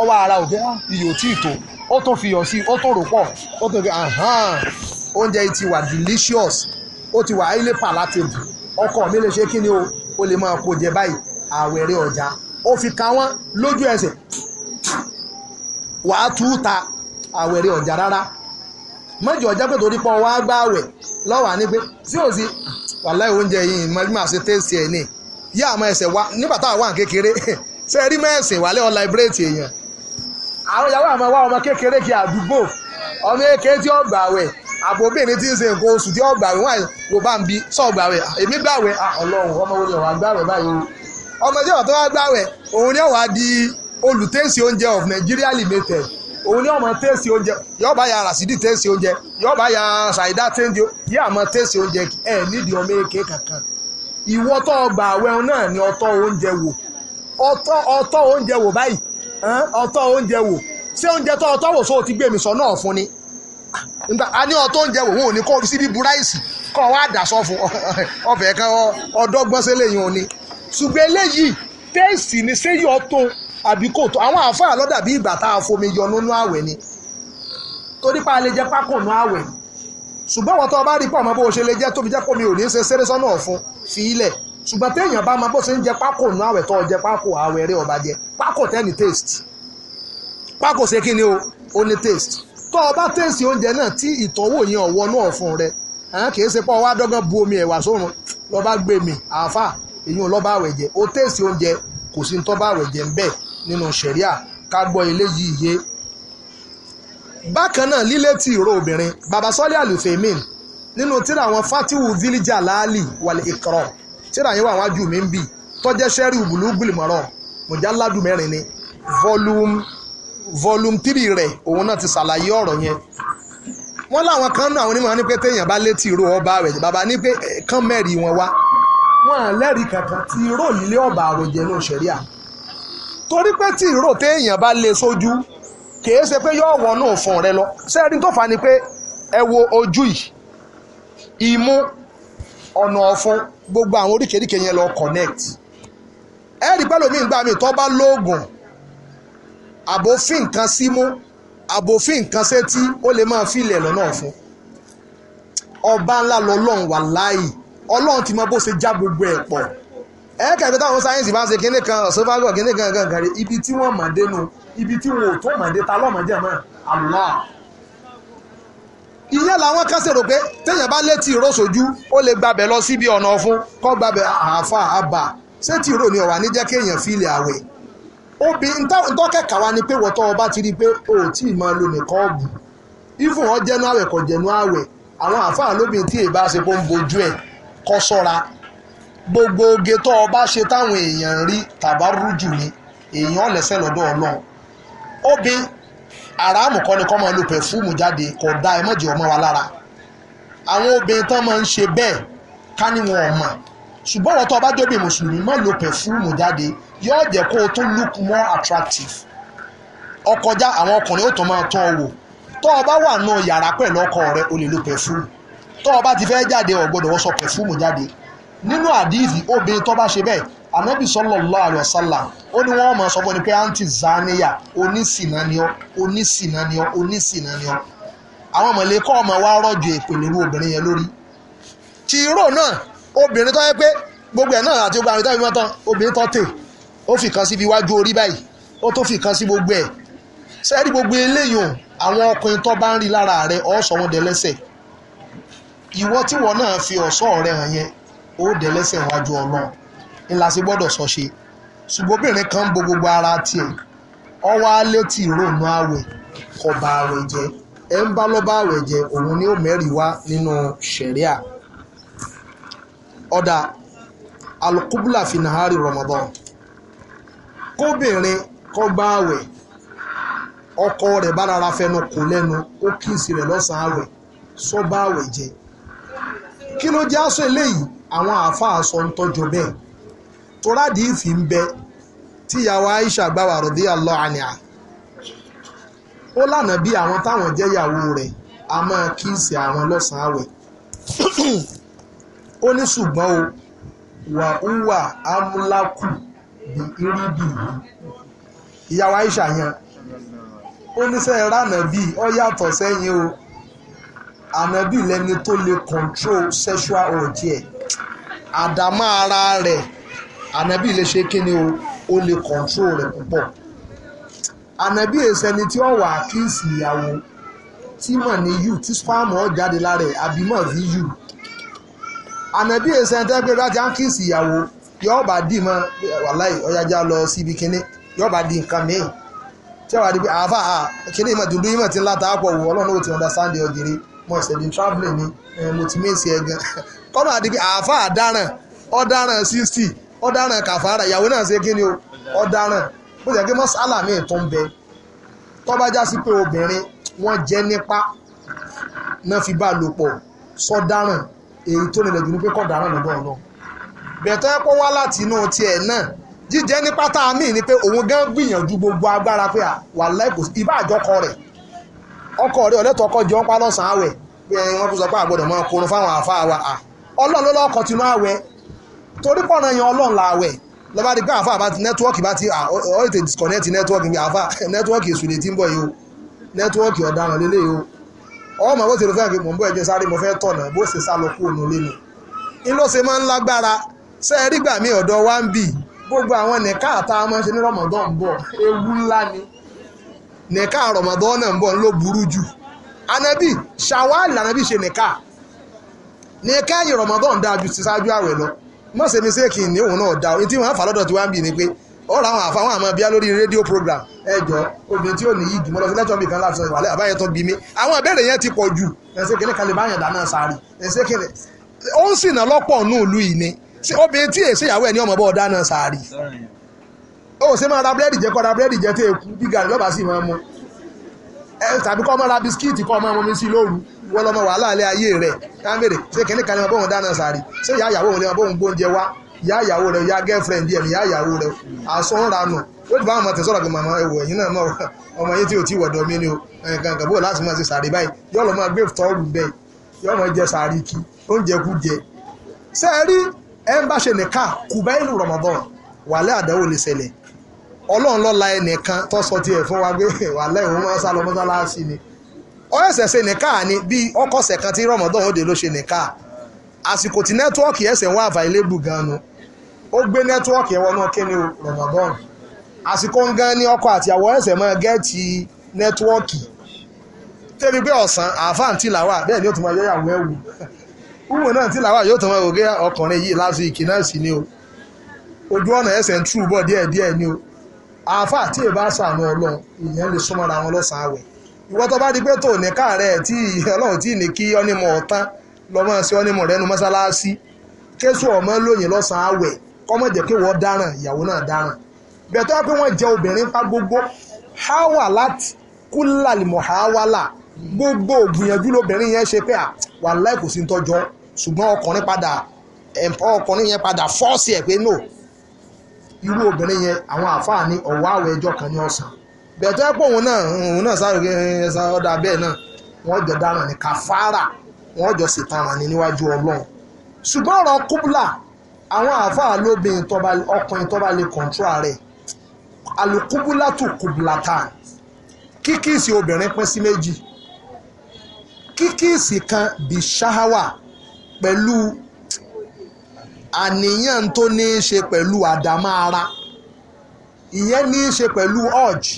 S1: ọwọ́ ara òkè ah, iyọ̀ tí ì tó ó tún fi iyọ̀ sí i ó tún rò pọ̀ ó tún fi oúnjẹ yìí ti wà delicious ó ti wà highly palatable ọkọ mi lè ṣe kí ni o ó lè máa kó jẹ báyìí àwẹ̀rẹ̀ ọ̀já ó fi ka wọ́n lójú ẹsẹ̀ wàá tú ta àwẹ̀rẹ̀ ọ̀já rárá mọ́jọ ọjọ́ pé torí pọ̀ wàá gbá àwẹ̀ lọ́wọ́ àní pé sí ò sí wàláì oúnjẹ yìí màá ṣe tẹ́sí ẹ̀ ní yá àmọ́ ẹsẹ̀ wa nígbà táwa wà kékeré *laughs* ṣe rí mọ́ ẹ̀sìn wàlẹ́ ọ̀ láìbírẹ̀tì èèyàn àwọn ìyàwó àmọ́ wá ọmọ kékeré kí àdúgbò ọmọ èké tí ó gbàwẹ̀ àbò obìnrin tí ń se nǹkan oṣù tí ó gbàwẹ̀ wọ́n bá ń bi sọ gbàwẹ̀ ah, èmi gbàwẹ̀ ah, ọlọ́run ọmọ wo ni báyìí o ọmọ tí ọ̀tọ́ wá òun ni di of Nigeria limited òun ni ọmọ oúnjẹ yóò ya Rasidi oúnjẹ yóò bá ya Saida ọ̀tọ̀ oúnjẹ wò ṣé oúnjẹ tó ọtọ wò sóò ti gbé mi sọ náà fún ni a ní ọtọ oúnjẹ wò wọn ò ní kó síbi buráìsì kọ́ wá dàsọ fún *laughs* ọbẹ̀ kan ọdọ́gbọ́n sí òní ṣùgbọ́n eléyìí téèsì ni séyìí ọ̀tọ̀ àbí kò tó àwọn àáfàá lọ́dà bí ìgbà tá a fomi yọ nínú àwẹ̀ ni torí pa lè jẹ pákó nínú àwẹ̀ ṣùgbọ́n wọ́n tó bá rí pọ̀ mọ́ bó ṣe lè jẹ́ tóbi jẹ́ kó mi ò ní ṣe sẹ́rẹ́sọ́nà ọ̀fun fi ilẹ̀ ṣùgbọ́n téèyàn bá máa bó ṣe ń jẹ pákó nù àwẹ̀ tó jẹ pákó àwẹ̀ rẹ̀ ọba jẹ pákó tẹ́ni taste pákó ṣe kí ni o ó ní taste tó o bá taste oúnjẹ náà tí ìtọ́wò yẹn ọ̀wọ́ náà fún rẹ àwọn kì í ṣe pé ọwọ́ adọ́gán bu omi ẹ̀wà sórun lọ́ba gbé mi àáfà èyí ò lọ́ba àwẹ̀ jẹ o taste oúnjẹ kò sí ní tọ́ba àwẹ̀ jẹ ń bẹ̀ nínú ṣẹ̀ríà ká gbọ́ eléyìí yé bákan náà lílé ti ìró obìnrin baba sọ́lé àlùfẹ́mìn nínú tíra àwọn fatiwu vilija láàlì wàlẹ̀ ìkọ̀rọ̀ tíra yẹn wà wájú mi ń bì tọ́jẹ́ sẹ́rí ìbùlú gbìlìmọ̀rọ̀ mọ̀jáládù mẹ́rin ni volume volume three rẹ̀ òun náà ti ṣàlàyé ọ̀rọ̀ yẹn wọ́n láwọn kan náà àwọn onímọ̀ ní pé téèyàn bá létí ìró ọba rẹ̀ bàbá ní pé eh, kán mẹ́rin wọn wá wọn à lẹ́rìí kankan tí ìró lílé ọba àròjẹ ló ṣẹ̀rí à torí pé tí ìró téèyàn bá lé sójú kìí ṣe pé yóò wọnú òfun rẹ lọ sẹ́ẹ̀rí tó fà ni pé ẹ wo ojú yìí imú ọ̀nà ọ̀fun gbogbo àwọn oríkèéríkèé yẹn lọ connect ẹ rí pẹ́ lómi mi tó bá lóògùn àbòfin nǹkan símú àbòfin nǹkan sétí ó lè máa filẹ̀ lọ́nà ọ̀fun ọba ńlá gbogbo ẹ̀ pọ̀ sáyẹ́nsì bá ń ṣe kan kan kankan ibi tí wọ́n mọ̀ ibi tí wọn ò tó mọ̀ dé ta lọ́mọdé mọ́ ìyẹn làwọn kan ṣèrò pé téèyàn bá létí ìró sójú ó lè gbabẹ̀ lọ síbi ọ̀nà ọ̀fun kọ́ gbabẹ̀ àáfà àbà ṣé tí ìró ni ọ̀wà ní jẹ́ kéèyàn fi ilẹ̀ àwẹ̀ obìnrin tọ́kẹ̀kà wa ni pé wọ́tọ́ ọba ti rí i pé o ò tí ì máa lo nìkan ọ̀bù ifun wọn jẹnu àwẹ̀ kò jẹnu àwẹ̀ àwọn àáfàá lóbìn tí èèbá ṣe kó ń bojú ẹ̀ kọ́ sọ́ra gbogbo oge tó ọba ṣe táwọn èèyàn rí tàbá rújù ni èèyàn ọ̀lẹ́sẹ̀ lọ́dọ̀ ọlọ́run obìnrin àràmù kọ́ ni kọ́ máa lo pẹ̀fúmù jáde kò dá ẹ mọ̀jẹ̀ ọmọ wa lára àwọn obìnrin tán máa ń ṣe bẹ́ẹ̀ ká ní wọn ọmọ ṣùgbọ́n wọn tó bá jóbi mùsùlùmí má lo pẹ̀fúmù jáde yóò jẹ́ kó o tún look more attractive ọkọjá àwọn ọkùnrin ó tún máa tán ọ wò tó o bá wà nù yàrá pẹ̀lú ọkọ rẹ o lè lo pẹ̀fúmù tó o bá ti fẹ́ jáde o wọ́n sọ pẹ̀fúmù jáde nínú àdìsí obìnrin tó bá ṣe bẹ́ẹ̀ anabi sallallahu alaihi wasallam ó ní wọ́n máa sọ fún ni pé àǹtí zaniya onísìnàníọ́ onísìnàníọ́ onísìnàníọ́ àwọn mọ̀lẹ́kọ́ ọmọ wa rọ̀jò èpè lórí obìnrin yẹn lórí ti irọ́ náà obìnrin tó yẹ pé gbogbo ẹ̀ náà àti gbogbo àwọn ìtàwọn ìtàn obìnrin tó tè ó fi kan síbi iwájú orí báyìí ó tó fi kan sí gbogbo ẹ̀ sẹ́ẹ̀rí gbogbo eléyìí àwọn ọkùnrin tó bá ń rí lára rẹ̀ ó sọ wọ́n dẹlẹ́sẹ̀ ìwọ tí wọ́n náà fi ọ̀ṣọ́ rẹ̀ hàn yẹn ó dẹlẹ́sẹ̀ wájú Ọlọ́run ńlá sí gbọ́dọ̀ sọ ṣe ṣùgbọ́n obìnrin kan ń bo gbogbo ara tiẹ̀ ọwọ́ alẹ́ tí ìrònú àwẹ̀ kò ba àwẹ̀ jẹ́ ẹ̀ ń bá lọ́ba àwẹ̀ jẹ́ òun ni ó mẹ́rin wá nínú ṣẹ̀ríà ọ̀dà alukubula fi nahari Ramadan kóbìnrin kó gba àwẹ̀ ọkọ rẹ̀ bá rárá fẹnu kò lẹ́nu ó kíìsì rẹ̀ lọ́sàn-án àwẹ̀ sọ bá àwẹ̀ jẹ́ kí ló jẹ́ aṣọ eléyìí àwọn àáfàá sọ ń tọ́jú bẹ́ẹ̀ torádìí ìfì ń ti tíyàwó Aisha gbáwà rọ̀dí àlọ́ àníà ó lànà bí àwọn táwọn jẹ́ ìyàwó rẹ̀ a máa kíìsì àwọn lọ́sàn-án àwẹ̀ ó ní o wà húwà amúlákù bí irídì yìí ìyàwó Aisha yẹn ó ní sẹ́yìn rànà bíi ó yàtọ̀ sẹ́yìn o ànábì lẹni tó le control sexual urge ẹ̀ àdámọ́ ara rẹ̀ ànábì lè ṣe kí ni o ó control rẹ̀ púpọ̀ ànábì èsì ẹni tí ó wà kíìsì ìyàwó tí mọ̀ ní yù tí spáàmù ọ̀ jáde lára ẹ̀ àbí mọ̀ sí yù ànábì èsì ẹni tẹ́gbẹ́ láti á kíìsì ìyàwó yọ ọba dì mọ wàláì ọyájá lọ síbi kínní yọ ọba dì nǹkan mìíràn tí wàá di pé àáfà à kínní ìmọ̀ dùdú ìmọ̀ tí ń láta àpọ̀ wò ọlọ́run ó ti understand ọ̀gẹ̀rẹ̀ mo ṣẹ̀ ní travelling ni mo ti mèsì ẹ̀ gan *laughs* kọ́nà àdìgbì àáfà àdáràn ọ̀dáràn sixty ọ̀daràn kàfàrà ìyàwó náà ṣe kí ni o ọ̀daràn bó ṣe kí mọ́sálà míì tó ń bẹ tó bá já sí pé obìnrin wọ́n jẹ́ nípa náà fi bá lò pọ̀ sọ́daràn èyí tó nílẹ̀ jù ní pé kọ̀daràn lọ́dọ̀ náà bẹ̀tọ́ ẹ pọ́n wá láti inú tiẹ̀ náà jíjẹ́ ní pátá míì ni pé òun gan gbìyànjú gbogbo agbára pé wà láìkò ibà àjọkọ rẹ̀ ọkọ rẹ̀ ọ̀lẹ́tọ̀ ọkọ jẹun pa lọ́sàn-án àwẹ̀ pé wọ́n tún sọ pé àgbọ̀dọ̀ mọ́ ọkùnrin fáwọn àfa àwa ọlọ́run ló tinú àwẹ̀ torí pọ̀nà yan ọlọ́run làwẹ̀ lọ́ba di pé àfa àbá ti nẹ́tíwọ́ọ̀kì bá ti ọ̀ ètè disconnect nẹ́tíwọ́ọ̀kì mi àfa *laughs* nẹ́tíwọ́ọ̀kì èṣù lè ti ń bọ̀ yìí o nẹ́tíwọ́ọ̀kì ọ̀daràn lélẹ̀ yìí o ọmọ bó ti lọ fẹ́ pé mò ń bọ̀ ẹ̀jẹ̀ sáré mo fẹ́ tọ̀nà bó ṣe sá lọ kú òun lé nu ńlọ ṣe máa ń lágbára ṣe é rígbà mí ọ̀dọ̀ wa ń bì gbogbo àwọn nẹ̀ka àtà máa ń ṣe ní rọmọdán bọ̀ ewu ńlá ni nẹ̀ka rọmọdán náà ń bọ̀ burú jù anabi ṣàwálì anabi ṣe nẹ̀ka nẹ̀ka ẹ̀yìn rọmọdán dáa ju ti ṣáájú àwẹ̀ lọ má ṣe mistake ní òun náà dá o tí wọ́n fà lọ́dọ̀ tí wọ́n bì ní pé ọ̀rọ̀ àwọn àfa àmọ́ bíá lórí rédíò program ẹ jọ obìnrin tí ò ní yíjú mọ́lọ́sí lẹ́tọ̀ mi kan láti sọ ìwàlẹ́ àbáyẹ tó bí mi àwọn ìbéèrè yẹn ti pọ̀ jù ẹ̀sẹ̀ kìnìún kan lè bá yàn dáná sáré ẹ̀sẹ̀ kìnìún ó ń sìnà lọ́pọ̀ nù ìlú yìí ni obìnrin tí èsì ìyàwó ẹ̀ ní ọmọ bọ́ dáná sáré tàbí kọ́ ọmọ ra bisikíìtì kọ́ ọmọ ọmọ mi sí lóru wọ́n lọ́mọ wàhálà alẹ́ ayé rẹ̀ ká ń bèrè ṣé kìnìún kan ní ọbọ̀ òun dáná sàárì ṣé ìyá ìyàwó ní ọbọ̀ òun gbóúnjẹ wá ìyá ìyàwó rẹ̀ ìyá girlfriend yẹn ìyá ìyàwó rẹ̀ àsọ ń ranù ó ti bá àwọn ọmọ tẹ̀sọ́rọ̀ pé màmá ẹ̀wọ̀ ẹ̀yìn náà náà ọmọ yín tí ò tí wọ̀dọ̀ mi ni o nǹkan kan bó láti máa ṣe sàárì báyìí yọ́ lọ́ máa gbé tọ́ọ̀rù bẹ́ẹ̀ yọ́ máa jẹ sàárì kí oúnjẹ kú jẹ ṣé ẹ rí ẹ ń bá ṣe nìka kùbẹ́ẹ̀lù Ramadan wàhálà àdáwò lè ọlọ́run lọ́la ẹnìkan tó sọ tiẹ̀ fún wa pé wà lẹ́hìn wọn sá lọ mọ́sálásí ni ọ̀ẹ́sẹ̀ ṣe nìka ni bíi ọkọ̀ọ̀sẹ̀ kan tí rọmọdún òde ló ṣe nìka àsìkò tí nẹ́tíwọ́ọ̀kì ẹ̀sẹ̀ wà available gan ó gbé nẹ́tíwọ́ọ̀kì ẹ̀wọ̀n náà kéde rọmọdún àsìkò gan ni ọkọ àtìyàwó ẹ̀sẹ̀ máa pé ti làwà bẹ́ẹ̀ ni ó tún máa yọ ìyàwó ẹ̀wù wúwo náà ti yóò tún máa ọkùnrin yìí sí ni o ojú ọ̀nà ẹ̀sẹ̀ ń túbọ̀ díẹ̀díẹ̀ ni o àáfà tí ì bá sànù ọlọ́run ìyẹn lè súnmọ́ra wọn lọ́sàn-án àwẹ̀ ìwọ́n tó bá di pé tò ní káàárẹ̀ tí ọlọ́run tí ì ní kí ọ́nìmọ̀ ọ̀tán lọ́mọ sí ọ́nìmọ̀ rẹ́nu mọ́sálásí késù ọmọ lóyìn lọ́sàn-án àwẹ̀ kọ́mọ̀ jẹ́ pé wọ́n dáràn ìyàwó náà dáràn bẹ́ẹ̀ tó wá pé wọ́n jẹ́ obìnrin pa gbogbo háwà láti kúlàlìmọ̀ háwàlà gbogbo ògbìyànjú lóbìnrin yẹn ṣe pé wàláì kò sí ń tọ́jọ́ ṣùgbọ́n ọkùnrin padà ọkùnrin yẹn padà fọ́ọ̀sì ẹ̀ pé no irú obìnrin yẹn àwọn àáfàá ní ọ̀wọ́ àwọ̀ ẹjọ́ kan ní ọ̀sán bẹ̀tọ́ ẹ̀pọ̀ òun náà òun náà sáré ẹ̀sán ọ̀dà bẹ́ẹ̀ náà wọ́n jọ dáràn ní kàfàrà wọ́n jọ ṣètàràn ní níwájú ọlọ́run ṣùgbọ́n ọ̀rọ̀ kúbúlà àwọn àáfàá lóbìnrin ọkùnrin tó bá lè kọ̀ǹtúrà rẹ̀ alùkúbúlà tù kúbúlà tán kíkìsì obìnrin pín sí méjì kíkìsì kan bí ṣáháwà pẹ̀lú àníyàn tó ní í ṣe pẹ̀lú àdámọ́ ara ìyẹn ní í ṣe pẹ̀lú ọ̀jì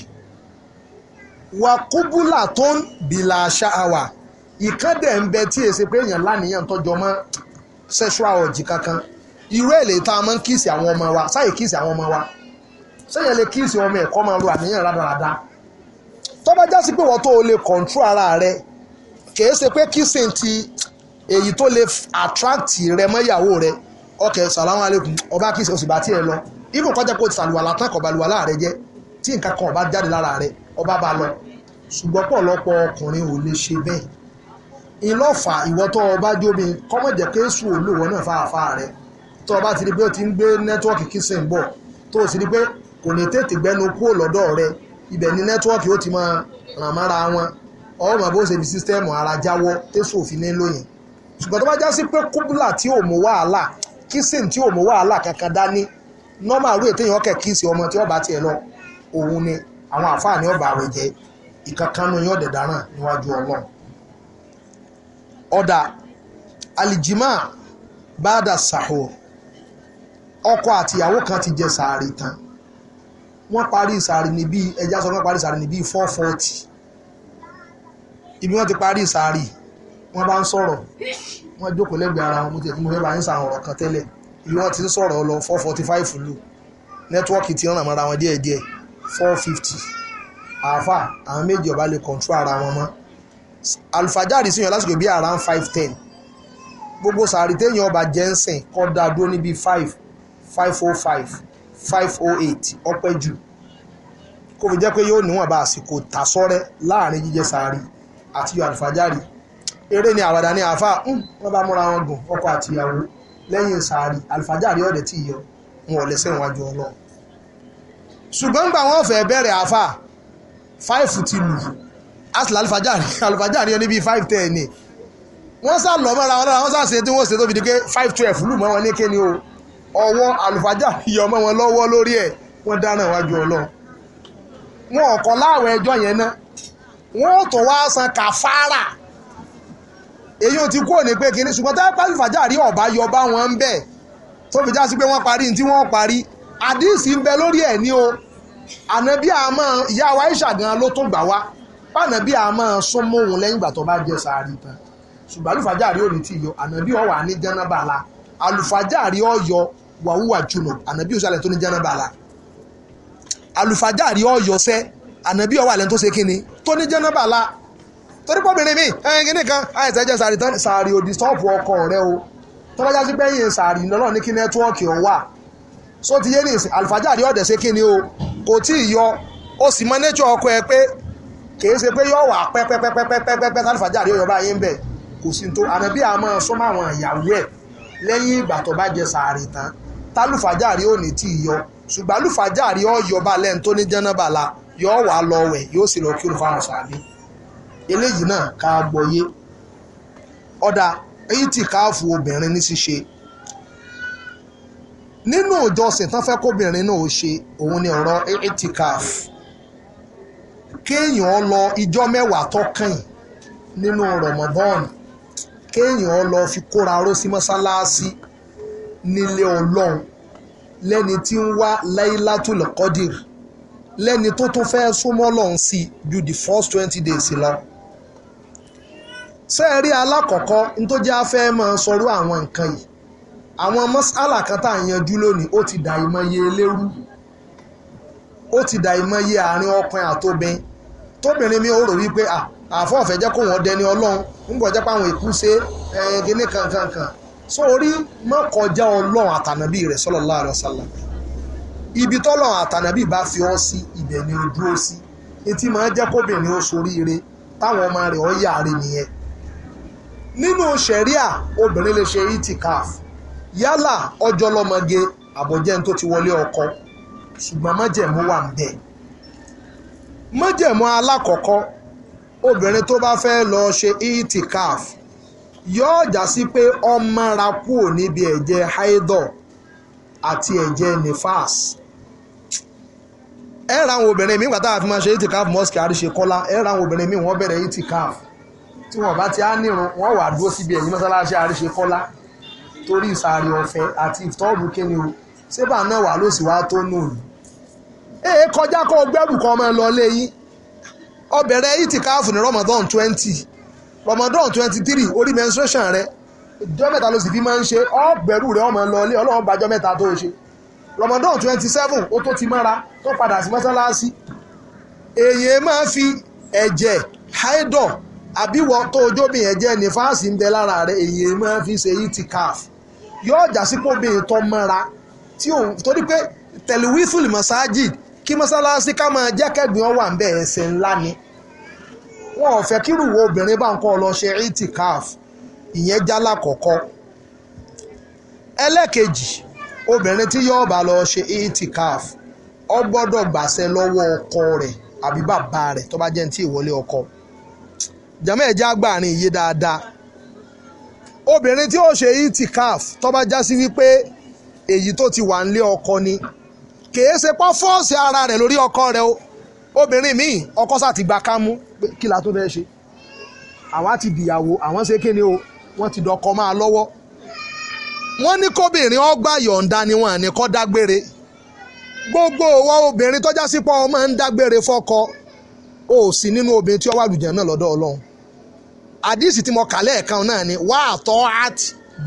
S1: wàkúbúlà tó ń bìlà ṣáàwà ìkádẹ̀ ń bẹ tí èsì pé èèyàn tọ́jọ mọ́ sexual ọ̀jì kankan irú èlé tá a ń ọmọ wa sáyè kíìsì àwọn ọmọ wa sẹ́yìn lè kíìsì ọmọ ẹ̀kọ́ máa lo àníyàn rádaràda já sí o lè ara rẹ ṣe pé kíìsì ti èyí tó lè attract rẹ rẹ ọkẹ salamu aleykum ọba kí o sì bá tiẹ̀ lọ even kọjá kó ti sàlùwàlà tán kọba lùwàlà rẹ jẹ tí nǹkan kan ọba jáde lára rẹ ọba bá lọ ṣùgbọ́n pọ̀lọpọ̀ ọkùnrin ò lè ṣe bẹ́ẹ̀ ìlọ́fà ìwọ tó ọba jóbi kọ́mọ̀ jẹ́ pé èṣù olówó náà fàáfà rẹ tó ọba ti rí pé ó ti ń gbé nẹ́tíwọ́ọ̀kì kí sì ń bọ̀ tó o sì rí pé kò ní tètè gbẹnu kúrò lọ́dọ̀ rẹ ibẹ̀ ni nẹ́tíwọ́ọ̀kì ó ti máa ràn mára wọn ọmọ bó ṣe bí sísítẹ́ẹ̀mù ara jáwọ́ tẹ́sù òfin ní lóyìn ṣùgbọ́n tó bá já sí pé kúbúlà tí ò mú wàhálà kissing tí ò mú wàhálà kankan dání normal rate téèyàn kẹ̀ kiss ọmọ tí ọba tiẹ̀ lọ òun ni àwọn àfáàní ọba rẹ̀ jẹ́ ìkankanu yóò dẹ̀ dáràn níwájú ọlọ́run ọ̀dà alìjìmá báàdà sàhó ọkọ àtìyàwó kan ti jẹ sàárì tán wọ́n parí sàárì níbí ẹja ibi wọ́n ti parí sàárì wọ́n bá wọ́n jókòó lẹ́gbẹ̀ẹ́ ara wọn mo tẹ̀ tí mo fẹ́ bá ń sàwọn ọ̀rọ̀ kan tẹ́lẹ̀ ìlú wọn ti ń sọ̀rọ̀ lọ four forty five lù nẹ́tíwọ́ọ̀kì ti ràn mọ́ra wọn díẹ̀díẹ̀ four fifty àáfà àwọn méjì ọba lè kọ̀ntró ara wọn mọ́ alufajari sì yàn lásìkò bí around five ten gbogbo sàárì téèyàn ọba jensen kọ́ da dúró níbi five five oh five five oh eight ọpẹ́ jù kó fi jẹ́ pé yóò níwọ̀nba àsìkò tàsọ́rẹ́ láàrin jíjẹ sàárì àti yọ alufajari eré ni àwàdà ni àáfà hmm, wọ́n bá múra wọn gùn ọkọ àtìyàwó lẹ́yìn sàárì àlùfájàrí ọ̀dẹ̀ tí yọ wọn ò lẹ́sẹ̀ wájú ọlọ́ ṣùgbọ́n gbà wọ́n fẹ́ bẹ̀rẹ̀ àáfà fáìfù ti lù asìlẹ̀ *laughs* àlùfájàrí àlùfájàrí ọ níbi five ten ni wọ́n sá lọ mọ́ra wọn lára wọ́n sá ṣe tí wọ́n ṣe tó fi di five twelve lù mọ́ wọn ní kéne o ọwọ́ àlùfájàrí yọ mọ́ wọn lọ́wọ́ lórí ẹ̀ wọ́n dáná wájú ọlọ́ wọn ọ̀kọ́ láwọ̀ ẹjọ́ yẹn ná wọ́n tó wá san kàfárà èyí ò ti kúrò ní pé kínní ṣùgbọ́n táwọn pàṣẹ fàjáàrí ọ̀bá yọ bá wọn ń bẹ̀ tó fi já sí pé wọ́n parí ní tí wọ́n parí àdìsí ń bẹ lórí ẹ̀ ní o ànábì àmọ́ ìyá wa ìṣà gan ló tún gbà wá ànábì àmọ́ súnmọ́ òun lẹ́yìn ìgbà tó bá jẹ sàárì tán ṣùgbọ́n àlùfàjáàrí ò ní tí yọ ànábì ó wà ní jẹ́nàbàlà àlùfàjáàrí ó yọ wàhùwà jùlọ ànábì òṣàlẹ̀ tó ní jẹ́nàbàlà àlùfàjáàrí ó yọ sẹ́ ànábì ó wà lẹ́ni tó ṣe kíni tó ní jẹ́nàbàlà torí pọ́bìnrin mi ẹ̀yìn kìíní kan àìsàn jẹ́ sàárì tán sàárì òdì sọ́ọ̀pù ọkọ rẹ o tọ́lájà sí pẹ́yìn sàárì lọ́lọ́ ní kí nẹ́tíwọ́ọ̀kì ọ̀ wà so ti yé ní ìsìn àlùfájàrí ọ̀dẹ̀ ṣe kí ni o kò tí ì yọ ó sì mọ nature ọkọ ẹ pé kìí ṣe pé yọ wà pẹ́pẹ́pẹ́pẹ́pẹ́pẹ́ àlùfájàrí ọ̀yọ́ bá yín bẹ̀ kò sí tó àná bí àmọ́ sọ́mọ́ àwọn ìyàwó ẹ̀ lẹ́yìn ìgbà tó bá jẹ sàárì tán tálùfájàrí ò ní tí ì yọ ṣùgbọ́n àlùfájàrí ọ̀yọ́ bá lẹ́ni tó ní jẹ́nàbàlà yọ wà lọ yóò sì lọ kí olùfàwọn sàbí eléyìí náà ká gbọ́yé ọ̀dà èyí tí káàfù obìnrin ní ṣíṣe nínú ìjọsìn tán fẹ́ kóbìnrin náà ó ṣe òun ni ọ̀rọ̀ etikaf kéèyàn lọ ìjọ mẹ́wàá tó kàn nínú Ramadan kéèyàn lọ fi kóra ró sí mọ́sálásí nílé ọlọ́run lẹ́ni tí ń wá Laylatul Qadr lẹ́ni tó tún fẹ́ súnmọ́ lọ́hún sí ju the first twenty days lọ. Si sẹ́ẹ̀rí alákọ̀ọ́kọ́ ní tó jẹ́ afẹ́ máa sọrú àwọn nǹkan yìí àwọn mọ́sálà kan tá à ń yanjú lónìí ó ti dà ìmọye ó ti dà ìmọye àárín ọkùnrin àtobìn tóbìnrin mi ò rò wípé àfọ́ ọ̀fẹ́ jẹ́ kó wọ́n dẹni ọlọ́run nígbà jẹ́ so orí ọlọ́run àtànàbí rẹ̀ ibi tọ́lọ́run àtànàbí bá fi ọ́ sí ibẹ̀ ni ó sí etí máa jẹ́ kóbìnrin ó soríire táwọn ọmọ rẹ̀ ọ́ nìyẹn nínú ṣẹ̀ríà obìnrin lè ṣe itikaf yálà ọjọ́ lọ́mọge àbọ̀jẹ́ tó ti wọlé ọkọ ṣùgbọ́n májẹ̀mú wà ń bẹ̀. májẹ̀mú alákọ̀ọ́kọ́ obìnrin tó bá fẹ́ lọ ṣe itikaf yóò já sí pé ọmọ ra kúò níbi ẹ̀jẹ̀ haidọ̀ àti ẹ̀jẹ̀ nifas ẹ ra àwọn obìnrin mi nígbà tá a fi máa ṣe itikaf mosque àríṣekọ́lá ẹ ra àwọn obìnrin mi wọ́n bẹ̀rẹ̀ itikaf tí wọ́n bá ti á nírun wọ́n wà dúró síbi ẹ̀yìn mọ́sálásí àríṣe kọ́lá torí ìsàárè ọ̀fẹ́ àti ìtọ́ọ̀bù kíni o sébà náà wà ló sì wá tó nù ní. ee kọjá kó o gbẹ́rù kan ọmọ ẹ lọ lé yín ó bẹ̀rẹ̀ ìtìkáàfù ní Ramadan twenty Ramadan twenty three orí menstruation rẹ ìjọ mẹ́ta ló sì fi máa ń ṣe ó bẹ̀rù rẹ ọmọ ẹ lọ lé ọlọ́run gbàjọ mẹ́ta tó ṣe Ramadan twenty seven ó tó ti mọ́ra tó padà sí mọ́sálásí èèyàn máa fi ẹ̀jẹ̀ haidọ̀ àbí wọ́n tó ojóbìn yẹn jẹ́ ní fáàsì ń bẹ lára rẹ̀ èyí máa fi ṣe yìí ti caf yóò já sí pòbìn tó mọ́ra tí òun torí pé tẹ̀lifífìlì mọ́sáájì kí mọ́sálásí ká máa jẹ́ kẹ́gbìn ọ̀wà ń bẹ ẹ̀ṣẹ̀ ńlá ni wọn ò fẹ́ kírù wo obìnrin bá ń kọ́ lọ ṣe yìí ti caf ìyẹn jálá kọ̀ọ̀kọ́ ẹlẹ́kejì obìnrin tí yóò bá lọ ṣe yìí ti caf ó gbọ́dọ̀ gbàṣẹ lọ́wọ́ ọkọ rẹ̀ àbí bàbá rẹ̀ tó bá jẹ́ ní tí ìwọlé ọkọ rẹ̀ jàmọ́ ẹ̀jẹ̀ agbáàrin iye dáadáa obìnrin tí ó ṣe itikaf tó bá já sí wípé èyí tó ti wà nílé ọkọ ni kìí ṣe pọ́ fọ́ọ̀sì ara rẹ̀ lórí ọkọ rẹ̀ o obìnrin míì ọkọ sá ti gba kámú kí la tó fẹ́ ṣe àwa ti dìyàwó àwọn ṣe kí ni o wọ́n ti dọkọ máa lọ́wọ́ wọ́n ní kóbìnrin ọgbà yọ̀ǹda ni wọ́n àní kọ́ dágbére gbogbo wọn obìnrin tọ́já sí pọ́ ọmọ ń dágbére fọ́kọ o si nínú obìnrin tí ó wà lùjẹ́ náà lọ́dọ̀ ọlọ́run àdìsí tí mo kà lẹ́ẹ̀kan náà ni wà á tọ́ at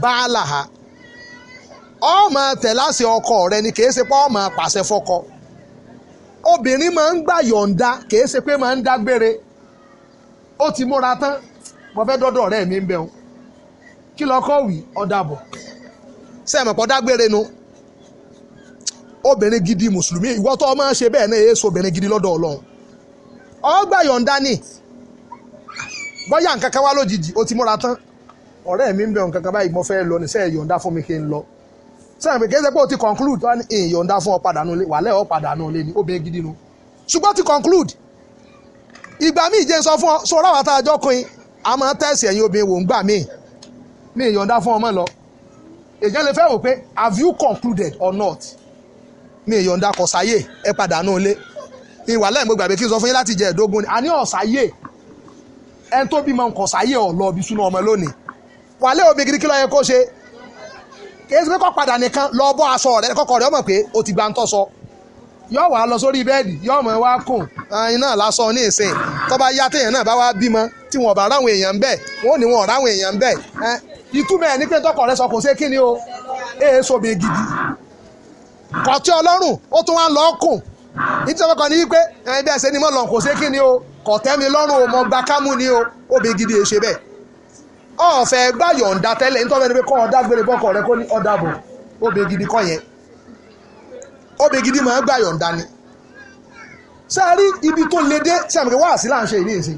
S1: báàlà ha ọ máa tẹ̀ láti ọkọ rẹ ni kìí ṣe pé ọ máa pàṣẹ fọkọ obìnrin máa ń gbà yọ̀ǹda kìí ṣe pé máa ń dágbére ó ti múra tán mo fẹ́ dọ́dọ̀ ọ̀rẹ́ mi ń bẹ̀rù kí lọ́kọ́ wì ó dàbọ̀ sẹ́ẹ̀mọ̀pọ̀ dágbére nu obìnrin gidi mùsùlùmí ìwọ tó máa ṣe bẹ́ẹ̀ náà èé obìnrin gidi lọ́dọ̀ ọlọ́run ọgbà yọ̀ǹda ni bọ́yá nǹkan wá lójijì o ti múra tán ọ̀rẹ́ mi ń bẹ̀ nǹkan báyìí fẹ́ lọ ní yọ̀ǹda fún mi kí n lọ sẹ́yìn pé kí ti conclude wá ní fún ọ padà wàlẹ́ ọ padà nulẹ̀ ni obìnrin gidi fún ọ sọ ọ́rọ́ kan a máa tẹ̀sí ẹ̀yin obìnrin wò ń fún ọmọ lọ ìwà lẹ́yìn mo gbàgbé kí n sọ fún yín láti jẹ ẹ̀dógún ni a ní ọ̀sáyè ẹn tó bímọ nǹkan sáyè ọ̀lọ́ bí súná ọmọ lónìí wàlẹ́ òbí gidi kí ló yẹ kó ṣe kìí ṣe pé kó padà nìkan lọ bọ́ aṣọ rẹ kọ́kọ́ rẹ ọmọ pé o ti gba ń tọ́ sọ yọ wàá lọ sórí bẹ́ẹ̀dì yọ ọmọ wa kùn ẹyin náà lásọ ní ìsìn tó bá yá téèyàn náà bá wá bímọ tí wọn bá ráwọn èèyàn ń wọn ò ní wọn ráwọn èèyàn ń bẹ ìtumọ̀ ní pé tọkọ rẹ sọ kò ṣe kí o èèso mi gidi kọ̀tí ọlọ́run ó tún wá lọ́ọ́ kùn ìtọ́wọ́ kan ní wípé ẹni bí ẹsẹ̀ ni mọ́ lọ kò sé kí ni o kò tẹ́ mi lọ́rùn o mo gba kámú ni o obì gidi è ṣe bẹ́ẹ̀ ọ̀fẹ́ gbà yọ̀ǹda tẹ́lẹ̀ nítorí ẹni pé kọ́ ọ̀dà gbére bọ́kọ̀ rẹ kó ní ọ̀dà bò obì gidi kọ́ yẹn obì gidi máa ń gbà yọ̀ǹda ni sáré ibi tó le dé sàmì kí wá sí là ń ṣe ìdíyèsí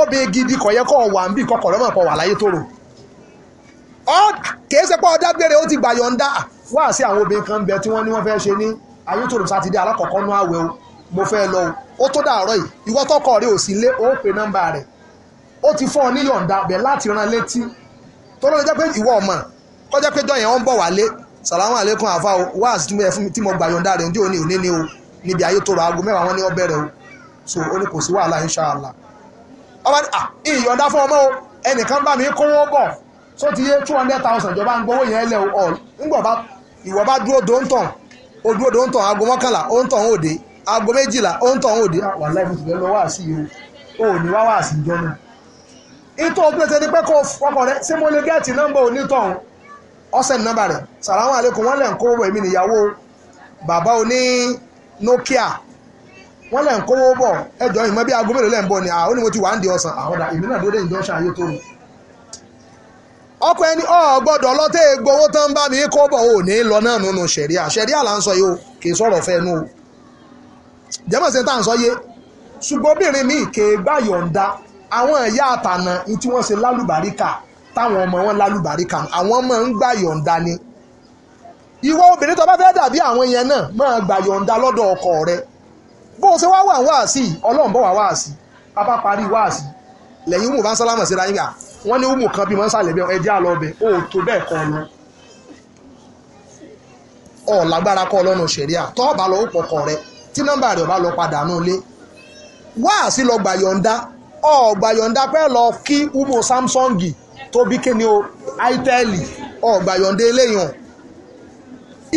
S1: obì gidi kọ̀ yẹ kọ́ wà ń bì kọ́kọ̀ rẹ mọ̀ pọ̀ wà láyé tó rò ọ kèé ṣe pé ọ̀dà gbére ó ti gbà yọ̀ǹda wá sí àwọn obìnrin kan bẹ ayétòrò sátidé alákọ̀ọ́kọ́ nú àwẹ̀ o mo fẹ́ lọ o ó tó dàárọ̀ yìí ìwọ tọkọ rẹ ò sí lé ó pe nọ́mbà rẹ̀ ó ti fọ́ ọ níyọ̀ǹda bẹ̀ láti ran létí tó ló jẹ́ pé ìwọ ọmọ kọjá pé dọ́yìn wọn ń bọ̀ wálé sàlámù àlékún àfa o wáàsí tí mo gbà yọ̀ǹda rẹ̀ ń dí òní òní ni o níbi ayétòrò aago mẹ́wàá wọn ni wọ́n bẹ̀rẹ̀ o so ó ní kò sí wàhálà inṣàlá ọba ní ìyọ̀ǹda fún ọmọ o ẹnìkan bá mi kó wọn bọ̀ só ti yé two hundred thousand ìjọba ń gbowó yẹn lẹ́ o ọ̀ ńgbọ̀ bá ìwọ bá dúró dóńtàn odúodò ń tàn aago mọ́kànlá ó ń tàn òde aago méjìlá ó ń tàn òde wàhálà ìfún ti bẹ́ẹ̀ lọ wá sí o ò ní wá wá sí ìjọ náà. ètò òpèsè ni pé kó ọkọ̀ rẹ ṣé mo lè gẹ́ẹ̀tì nọ́mbà onítọ̀hún ọ̀sẹ̀ nọ́mbà rẹ̀ sàlámù àlékún wọ́n lẹ̀ ń kówó bọ̀ èmi nìyàwó bàbá oní Nokia wọ́n lẹ̀ ń kówó bọ̀ ẹjọ́ ìmọ̀ bí aago mélòó lẹ̀ ń bọ̀ ni ọkọ ẹni ọ gbọ́dọ̀ lọtẹ gbowó tán bá mi kó bọ ò ní lọ náà nínú sẹríà sẹríà là ń sọ yìí o kì í sọ̀rọ̀ fẹnu o jẹmọsẹ tá à ń sọ yé ṣùgbọ́n obìnrin mi kè é gbà yọ̀ǹda àwọn ẹ̀yà àtànà ní tí wọ́n ṣe lálùbáríkà táwọn ọmọ wọn lálùbáríkà àwọn ọmọ ń gbà yọ̀ǹda ni ìwọ obìnrin tó bá fẹ́ dàbí àwọn yẹn náà máa gbà yọ̀ǹda lọ́dọ̀ ọkọ rẹ bó o ṣe wá wà wá sí ọlọ́run bọ̀ wá wá sí pápá parí wá lẹ́yìn mú bá ń sálámà síra yín gbà wọ́n ní umu kan bí wọ́n sàlẹ̀ bẹ́ẹ̀ ẹjẹ́ àlọ́bẹ̀ ó tó bẹ́ẹ̀ kọ́ lọ ọ̀ lágbára kọ́ lọ́nà ṣẹ̀ríà tọ́ ọ̀bá lọ ó pọ̀kọ̀ rẹ tí nọ́mbà rẹ̀ ọ̀bá lọ padà nù lé wá sí lọ gbà yọ̀ǹda ọ̀ gbà yọ̀ǹda pẹ́ lọ kí umu Samsung tó bí kíni o itel ọ̀ gbà yọ̀ǹda eléyàn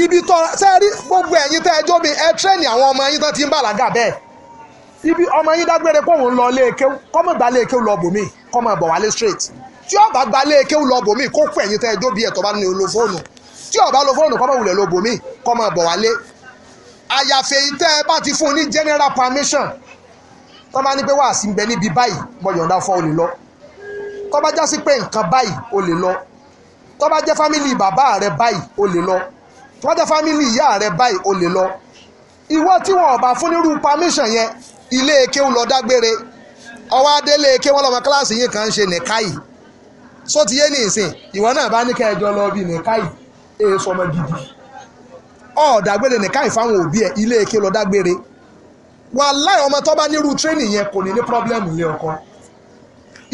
S1: ibi tọ́ sẹ́rí gbogbo ẹ̀yin tẹ́ ẹjọ́ mi ẹ tírẹ́nì àwọn ọmọ yín tán ti ń bàlágà bẹ́ẹ̀ ibi ọmọ yín dágbére pọ̀ òun lọ lé eke kọ́mọ̀gbá lé eke lọ bòmíì kọ́ máa bọ̀ wálé straight tí ọba gbalẹ̀ kéwù lọ bòmí kó kú ẹ̀yìn tẹ́ ẹjọ́ bí ẹ̀ tó bá ní lo fóònù tí ọba lo fóònù kọ́ máa wulẹ̀ lo bòmí kọ́ máa bọ̀ wálé àyàfẹ́ yìí tẹ́ ẹ bá ti fún un ní general permission tó bá ní pé wàá sí ń bẹ níbi báyìí mo yọ̀ǹda fún ọ lè lọ tó bá já sí pé nǹkan báyìí o lè lọ tó bá jẹ́ fámìlì bàbá rẹ báyìí o lè lọ tó bá jẹ́ fámìlì ìyá rẹ báyìí o lè lọ ìwọ tí wọn ò bá fún nírú permission yẹn ilé eke ń lọ dágbére ọwọ́ adélé ké wọ́n lọ́mọ kíláàsì yìí kan ṣe nìkáyì só ti yé ní ìsìn ìwọ náà bá ní kẹjọ lọ bí nìkáyì èè sọmọ gidi ọ dágbére nìkáyì fáwọn òbí ẹ ilé ké lọ dágbére wàláì ọmọ tó bá nírú tírénì yẹn kò ní ní pọ́blẹ́mù ilé ọkọ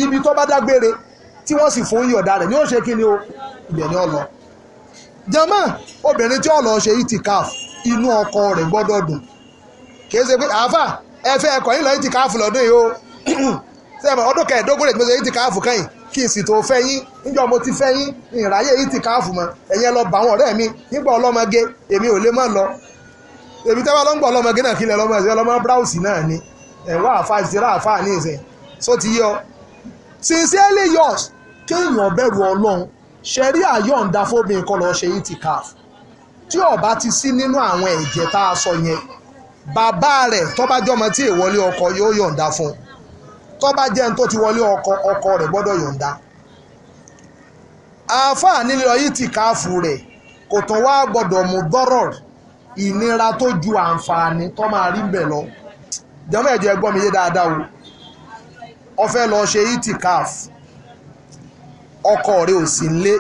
S1: ibi tó bá dágbére tí wọ́n sì fún yọ̀dá rẹ̀ ni ó ṣe kí ni o ibẹ̀ ni ó lọ jama obìnrin tí ó lọ ṣe itikaf inú ọkọ rẹ̀ gbọ́dọ̀ dùn kì í ṣe pé àáfà ẹ fẹ́ ẹkọ yìí lọ itikaf lọ́dún yìí o sẹ́mi ọdún kẹẹ̀ẹ́dógún rẹ̀ tí mo ṣe ìtìkáàfù kẹ́yìn kí n sì tó fẹ́ yín níjọ́ mo ti fẹ́ yín ìráyè ìtìkáàfù mọ́ ẹ̀yẹn lọ bá àwọn ọ̀rẹ́ mi nígbà ọlọ́mọge èmi ò lè má lọ èmi tẹ́wọ́ lọ́ngbà ọlọ́mọge náà kí lẹ́ lọ́mọ ẹ̀sìn ọlọ́mọ bráùsì náà ni ẹ̀wọ́ àfa ìṣẹ́ra àfa ní ìsìn so ti yọ. sincerely yours kéèyàn bẹ̀rù ọlọ́run ṣẹ̀rí àyọ̀ǹda fóbìnrin kọ́ lọ ṣe ìtìkáàfù tí ọba ti sí nínú àwọn ẹ̀jẹ̀ tá a sọ yẹn bàbá rẹ̀ tọ́bájọ́mọ tí èwọlé ọkọ yóò yọ̀ǹda fún un tó bá jẹ́ ní tó ti wọlé ọkọ ọkọ rẹ̀ gbọ́dọ̀ yọ̀ǹda àáfàá nílò yìí ti káàfù rẹ̀ kò tán wá gbọ́dọ̀ mú dọ́rọ̀ ìnira tó ju àǹfààní tó máa rí bẹ̀ lọ jẹ́mọ́ ẹ̀jẹ̀ ẹgbọ́n mi yé dáadáa o ó fẹ́ lọ ṣe yìí káàfù ọkọ rẹ̀ ò sí nílé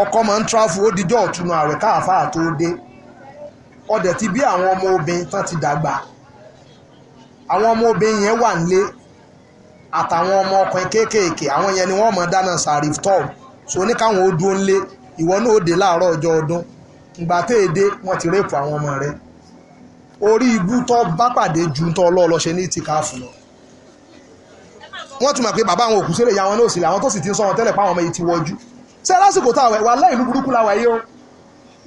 S1: ọkọ máa ń tráfù ó dijọ́ ọ̀túnú ààrẹ káàfáà tó dé ọdẹ ti bí àwọn ọmọ obìnrin tán ti dàgbà àwọn ọmọ obìnrin yẹn wà nílé àtàwọn ọmọ ọkùnrin kéékèèké àwọn yẹn ni wọ́n mọ̀ dáná sàríf tọ́ọ̀ so ní káwọn ó dúró nílé ìwọ náà ó dé láàárọ̀ ọjọ́ ọdún ìgbà tó èdè e wọ́n ti rẹ́pù àwọn ọmọ rẹ̀ orí ibú tó bá pàdé ju tó ọlọ́ọ̀lọ́ ṣe ní ìtìkáàfù lọ wọ́n ti mọ̀ pé bàbá àwọn òkú sílẹ̀ ìyá wọn náà sílẹ̀ àwọn tó sì ti ń sọ wọn tẹ́lẹ̀ páwọn ọmọ yìí ti wọjú ṣé lásìkò táwọn ẹ̀wà láìlú burúkú láwàá yìí o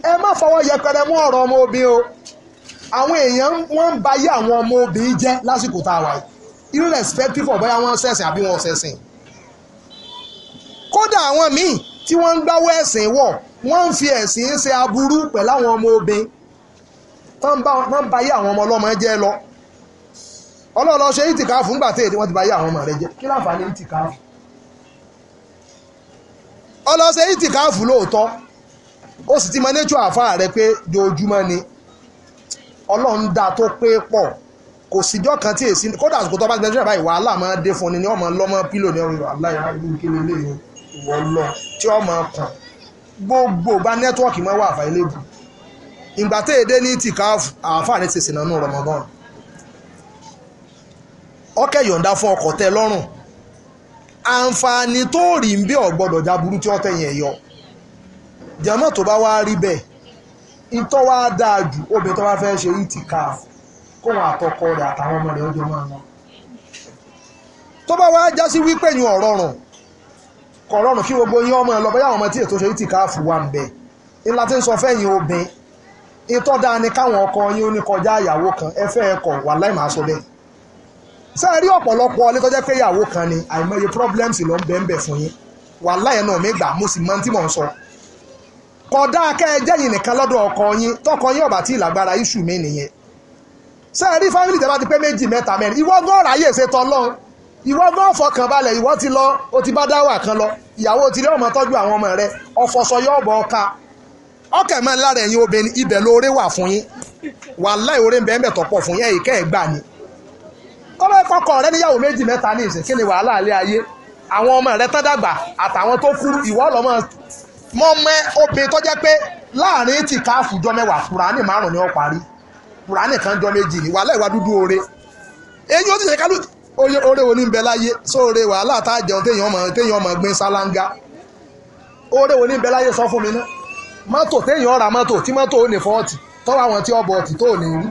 S1: ẹ má fọwọ́ yẹpẹrẹ mú ọ̀rọ̀ ọmọ obìnrin o àwọn èèyàn wọ́n ń bayé àwọn ọmọ obìnrin jẹ́ lásìkò tá a wà yìí irrespective of bóyá wọ́n ṣẹ̀sìn àbí wọ́n ṣẹ̀sìn kódà àwọn míì tí wọ́n ń gbáwọ́ ẹ̀sìn wọ̀ wọ́n ń fi ẹ̀sìn ṣe aburú pẹ̀lú àwọn ọmọ obìnrin tán ń bayé àwọn ọmọ ọlọ́mọ jẹ́ lọ ọlọ́ọ̀lọ́ ṣe ìtìkáfù ńgbà tí èdè wọ́n ti bayé àwọn ọmọ rẹ jẹ́ kí láǹfààní ìtìkáfù ọlọ́ọ̀ṣe ìtìkáfù lóòótọ́ ó sì ti mọ nature àfa rẹ pé jojúmọ́ ni ọlọ́run dá tó pé pọ̀ kò síjọ́ kan tí èsì kódà àsìkò tó bá gbẹ́jú rẹ̀ báyìí wàhálà máa dé fún ni ni ọmọ lọ́mọ pílò ní ọrùn wàhálà ìlú kíni ilé ìwọ lọ tí ọmọ kàn gbogbo bá nẹ́tíwọ́ọ̀kì máa wà àfàìlébù ìgbà tó èdè ní tìkáàfù àáfà rẹ̀ ṣèṣìn nánú rọmọdán ọkẹ́ yọ̀ǹda fún ọkọ̀ tẹ lọ́rùn àǹfààní tó rí bí ọ̀gbọ́dọ̀ já burú tí tó bá wá rí bẹ́ẹ̀ ìtọ́ wa dáa jù obìnrin tó bá fẹ́ ṣe yìí ti ká kóun àtọkọ rẹ̀ àtàwọn ọmọ rẹ̀ ọjọ́ máa lọ. tó bá wá já sí wípé ní ọ̀rọ̀ rùn kọ̀ rọrùn kí gbogbo yín ọmọ ẹ lọ bóyá àwọn ọmọ tí ètò ṣe yìí ti ká fún wa ń bẹ ńlá tí ń sọ fẹ́yìn obìnrin ìtọ́ dáa ni káwọn ọkọ yín ní kọjá ìyàwó kan ẹ fẹ́ ẹ kọ̀ wà láì máa sọ bẹ́ẹ̀ sẹ́ẹ̀rí ọ̀pọ̀lọpọ̀ ọlẹ́ tó jẹ́ pé ìyàwó kan ni àìmọye problems ló ń bẹ́ẹ̀ bẹ̀ fún yín wà láyé náà mi gbà mo sì mọ tí mò ń sọ kódà kẹ́ ẹ jẹ́yìn nìkan lọ́dọ̀ ọkọ yín tọkọ yín ọ̀bà tí ìlàgbára iṣu mi nìyẹn ṣé ẹ rí fámìlì tẹ́ bá ti pé méjì mẹ́ta mẹ́rin ìwọ gan ráyè ṣe tọ́lọ́ ìwọ gan fọkàn balẹ̀ ìwọ ti lọ o ti bá dáwà kan lọ ìyàwó ti rí ọmọ tọ́jú àwọn ọmọ rẹ ọfọṣọ yọ̀bọ̀ ọka ọkẹ́ mọ́ lára ẹ̀yin obìnrin ibẹ̀ lóore wà fún yín wàláì oore ń bẹ́ẹ̀ mẹ́tọ̀ pọ̀ fún yín ẹ̀yìn kẹ́ ẹ̀ gbà ni kọ́lọ́ ìkọkọ̀ rẹ níyàwó méjì mẹ́ta ní ìsìn kí ni wàhálà alẹ́ ayé àwọn ọmọ rẹ tán dàgbà àtàwọn tó kúrú ìwọ lọ́mọ mọ mẹ́ obìnrin tó jẹ́ pé láàrin tí káàfù jọ mẹ́wàá kùránì márùn-ún ni ó parí kùránì kan jọ méjì ni wàhálà ìwà dúdú oore èyí ó ti ṣe kálù oore wo ní bẹ láyé sóore wàhálà tá a jẹun téèyàn ọmọ téèyàn ọmọ gbin sálángá ore wo ní bẹ láyé sọ fún mi ná mọ́tò téèyàn ra mọ́tò tí mọ́tò ò ní fọ́ọ̀tì tọ́wọ́ àwọn tí ọbọ̀ ọ̀tì tó ní rí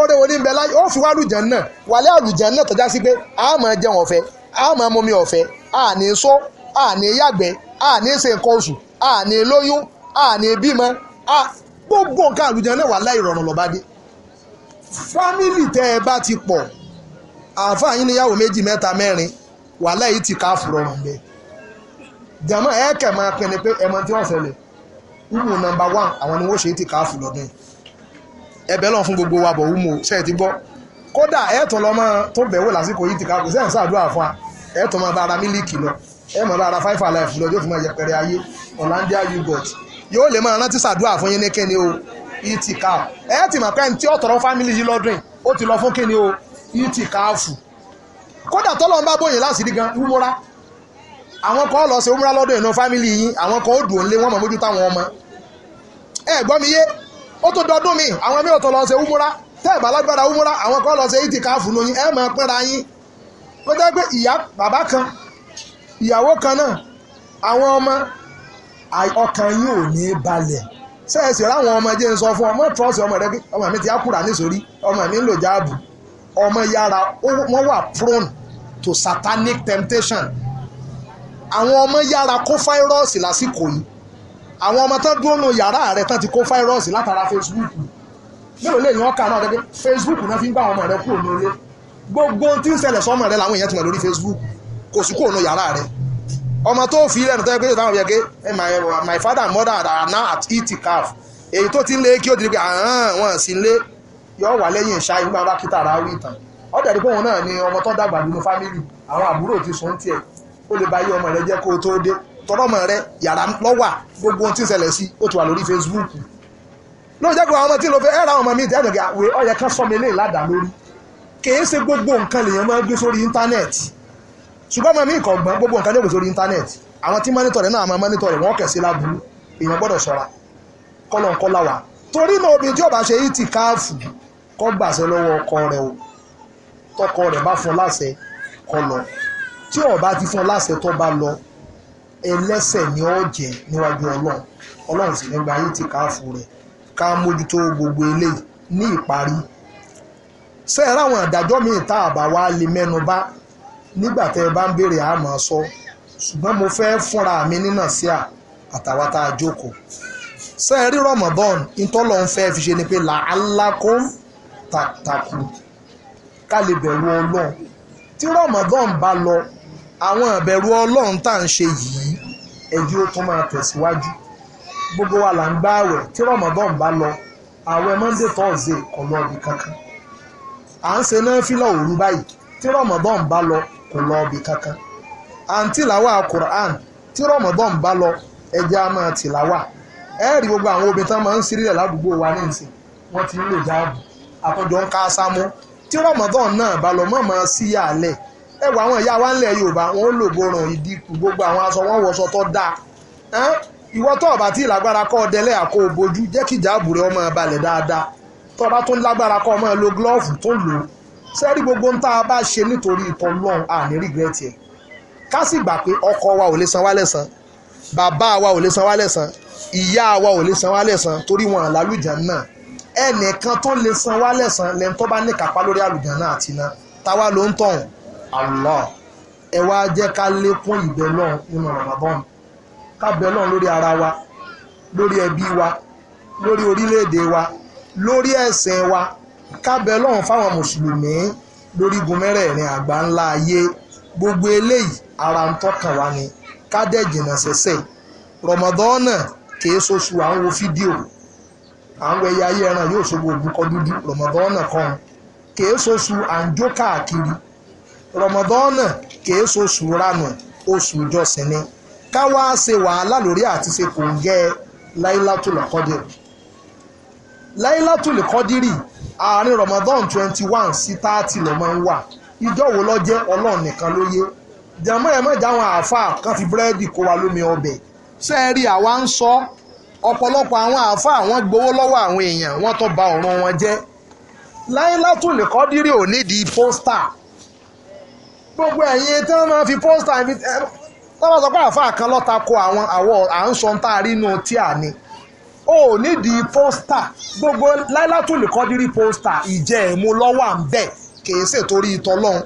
S1: ore wo ní bẹ láyé ó fi wá lùjàn náà wàhálà lùjàn náà tọ́já sí pé a máa jẹun ọ̀fẹ́ a máa mumi ọ̀fẹ́ sọ a ní àní ṣe nǹkan oṣù àní lóyún àní bímọ gbogbo nǹkan àlùjá náà wà láì rọrùn lọ́ba dé fámìlì tẹ́ ẹ bá ti pọ̀ àáfàá yín níyàwó méjì mẹ́ta mẹ́rin wà láì tì ká fúrọ̀rùn bẹ́ẹ̀ jàmọ́ ẹ kẹ̀ máa pinni pé ẹ mọ tí wọ́n ṣẹlẹ̀ umu nọ́mbà one àwọn ni wọ́n ṣe tì ká fúrọ̀rùn ẹ̀bẹ̀ lọ́n fún gbogbo wa bọ̀ umu ṣe é ti gbọ́ kódà ẹ̀ tó lọ́ mọ́ tó bẹ̀wò lásìkò yìí tì ká kò sẹ́yìn sáàdúrà fún wa ẹ̀ tó máa bá ara mílíkì lọ ẹ mọ̀ lára five alive lọ́jọ́ fún ẹ̀yẹpẹrẹ ayé Hollandia yogurt yóò lè máa rántí sàdúrà fún yín ní kíni o itikaf ẹ ti mọ̀ pé ẹni tí ó tọrọ fámìlì yìí lọ́dún ó ti lọ fún kíni o itikafu kódà tọ́lọ́n bá bóyin láṣìírí gan wúmúra àwọn kan lọ sí wúmúra lọ́dún ìnáwó fámìlì yín àwọn kan ó dùn lé wọn mọ̀ mójú táwọn ọmọ ẹ gbọ́ mi yé ó tó dọdún mi àwọn mi ò tó lọ sí wúmúra tẹ́ ẹ̀ bá lágbára wúmúra àwọn kan lọ sí itikafu lóyún ẹ máa pínra yín ó jẹ́ pé ìyá bàbá kan ìyàwó kan náà àwọn ọmọ ọkàn yín ò ní balẹ̀ sẹ́ẹ̀sì ráwọn ọmọ jẹ́ ń sọ fún ọmọ trọ́ọ̀sì ọmọ rẹ pé ọmọ mi ti ákùrà nísòrí ọmọ mi ń lò jáàbù ọmọ yára wọ́n wà prone to satanic temptation àwọn ọmọ yára kó fáírọ́ọ̀sì lásìkò yìí àwọn ọmọ tán dúró nù yàrá rẹ tán ti kó fáírọ́ọ̀sì látara Facebook mélòó lè yàn ọ́ kà náà rẹ pé Facebook náà fi ń gbà àwọn ọmọ rẹ kúrò ní ilé gbogbo ohun tí ń ṣẹlẹ̀ sọ́mọ rẹ làwọn èèyàn ti mọ̀ lórí Facebook kò sí kúrò yàrá rẹ ọmọ tó fi ilẹ̀ nù pé yóò eh, my father and mother are now at itikaf e èyí tó ti ń lé kí ó di pé wọn sì ń lé yọ wà ara rí ìtàn òun náà ni ọmọ tó dàgbà nínú fámìlì àwọn àbúrò ti sùn tiẹ̀ ó lè ba ayé ọmọ rẹ jẹ́ kó o tó dé tọ́lọ́mọ rẹ yàrá lọ́wà gbogbo ohun tí ṣùgbọ́n mọ̀ mí ìkọ̀gbọ́n gbogbo nǹkan lè wò sórí íńtánẹ́ẹ̀tì àwọn tí mọ́nítọ̀ rẹ̀ náà máa mọ́nítọ̀ rẹ̀ wọ́n kẹ̀sí láburú èèyàn gbọ́dọ̀ ṣọ́ra kọ́lọ̀ ńkọ́ láwà torí náà obìnrin tí ó bá ṣe yìí ti káàfù kọ́ gbàṣẹ lọ́wọ́ ọkọ rẹ̀ o tọkọ rẹ̀ bá fún láṣẹ kọ́ lọ tí ó bá ti fún láṣẹ tó bá lọ ẹlẹ́ṣẹ̀ ni ó jẹ́ níwájú ọlọ́run ọlọ́run sì nígbà yìí ti káàfù rẹ̀ ká mójútó gbogbo eléyìí ní ìparí sẹ́ẹ̀rẹ́ àwọn nígbà tẹ́ ẹ bá ń béèrè a máa sọ ṣùgbọ́n mo fẹ́ fúnra mi nínà sí à àtàwọn tá a jókòó ṣe é rí Ramadan ìtọ́lọ̀ ń fẹ́ fi ṣe ni pé làálàkùn tàkù ká lè bẹ̀rù Ọlọ́run tí Ramadan bá lọ àwọn ìbẹ̀rù Ọlọ́run tá à ń ṣe yìí ẹ̀jú ó tún máa tẹ̀síwájú gbogbo wa là ń gbá àwẹ̀ tí Ramadan bá lọ àwẹ̀ Monday Thursday kọ̀ lọ́ọ̀bì kankan à ń ṣe náà fílọ̀ òru báyìí tí Ramadan bá lọ kò lọ ibì kankan Quran tí Ramadan bá lọ ẹjẹ́ a máa tì láwà ẹ rí gbogbo àwọn obìnrin tán máa ń sírílẹ̀ ládùúgbò wa ní ìsìn wọ́n ti ń lò jáàbù àtọ́jọ́ ń ká sámú tí Ramadan náà bá lọ mọ́ máa sí yàlẹ̀ ẹ wọ àwọn ìyá wa ńlẹ̀ Yorùbá wọn ó lò borùn ìdínkù gbogbo àwọn aṣọ wọn wọṣọ tó dáa ìwọ tó ọba tí ìlágbára kọ́ ọdẹlẹ́ àkó bojú jẹ́ kí ìjáàbù rẹ ọmọ balẹ̀ dáadáa tó ọba tó ń lágbára kọ́ ọmọ lo glove tó lò ó sẹ́rí gbogbo ń tá a bá ṣe nítorí ìtọ́lọ́run à ní rìgírẹ́tì ẹ̀ ká sì gbà pé ọkọ wa ò lè san wá lẹ́san bàbá wa ò lè san wá lẹ́san ìyá wa ò lè san wá lẹ́san torí wọn àlálùjá náà ẹnìkan tó lè san wá lẹ́san lẹ́ni tó bá ní kápá lórí àlùjá náà àti iná táwa ló ń tọ̀hún Allah ẹ wá jẹ́ ká lékún ìbẹ̀ lọ́hùn nínú Ramadan ká bẹ̀ lọ́hùn lórí ara wa lórí ẹbí wa lórí orílẹ̀-èdè wa lórí ẹ̀sìn wa kábẹ́ ọlọ́run fáwọn mùsùlùmí lórígun mẹ́rẹ̀ẹ̀rin àgbà ńlá ayé gbogbo eléyìí ara ń tọkàn wá ni kádẹ́ jìnnà sẹ́sẹ̀ rọmọdọ́nà kìí ṣoṣù à ń wo fídíò à ń wẹ̀yẹ ayé ẹran yóò ṣogbo òbúkọ dúdú rọmọdọ́nà kan kìí ṣoṣù à ń jó káàkiri rọmọdọ́nà kìí ṣoṣù ranù oṣù ìjọsìn ni ká wá ṣe wàhálà lórí àti ṣe kò ń gẹ́ láìlátùlù kọ́dìrì láìlátùlù kọ́dìrì àárín Ramadan twenty one sí thirty ló máa ń wà ìjọ wo ló jẹ́ ọlọ́run nìkan ló yé jẹ̀mọ́ ẹ̀ mọ̀jà àwọn àáfàá kan fi búrẹ́dì kó wa lómi ọbẹ̀ ṣé ẹ rí àwa ń sọ ọ̀pọ̀lọpọ̀ àwọn àáfàá wọn gbowó lọ́wọ́ àwọn èèyàn wọ́n tó ba ọ̀run wọn jẹ́ láyélátún lè kọ́ dírì ò nídìí pósítà gbogbo ẹ̀yin tí wọ́n máa fi pósítà ẹ̀ tọ́wọ́ sọ pé àáfàá kan lọ́ta ko àwọn àwọ̀ à ń sọ ń tá a rí inú tíà ni o ò nídìí pósítà gbogbo láìlátòlè kọ́dírí pósítà ìjẹ́ ẹ̀mú lọ́wọ́ à ń bẹ̀ kìí ṣe torí ìtọ́lọ́hún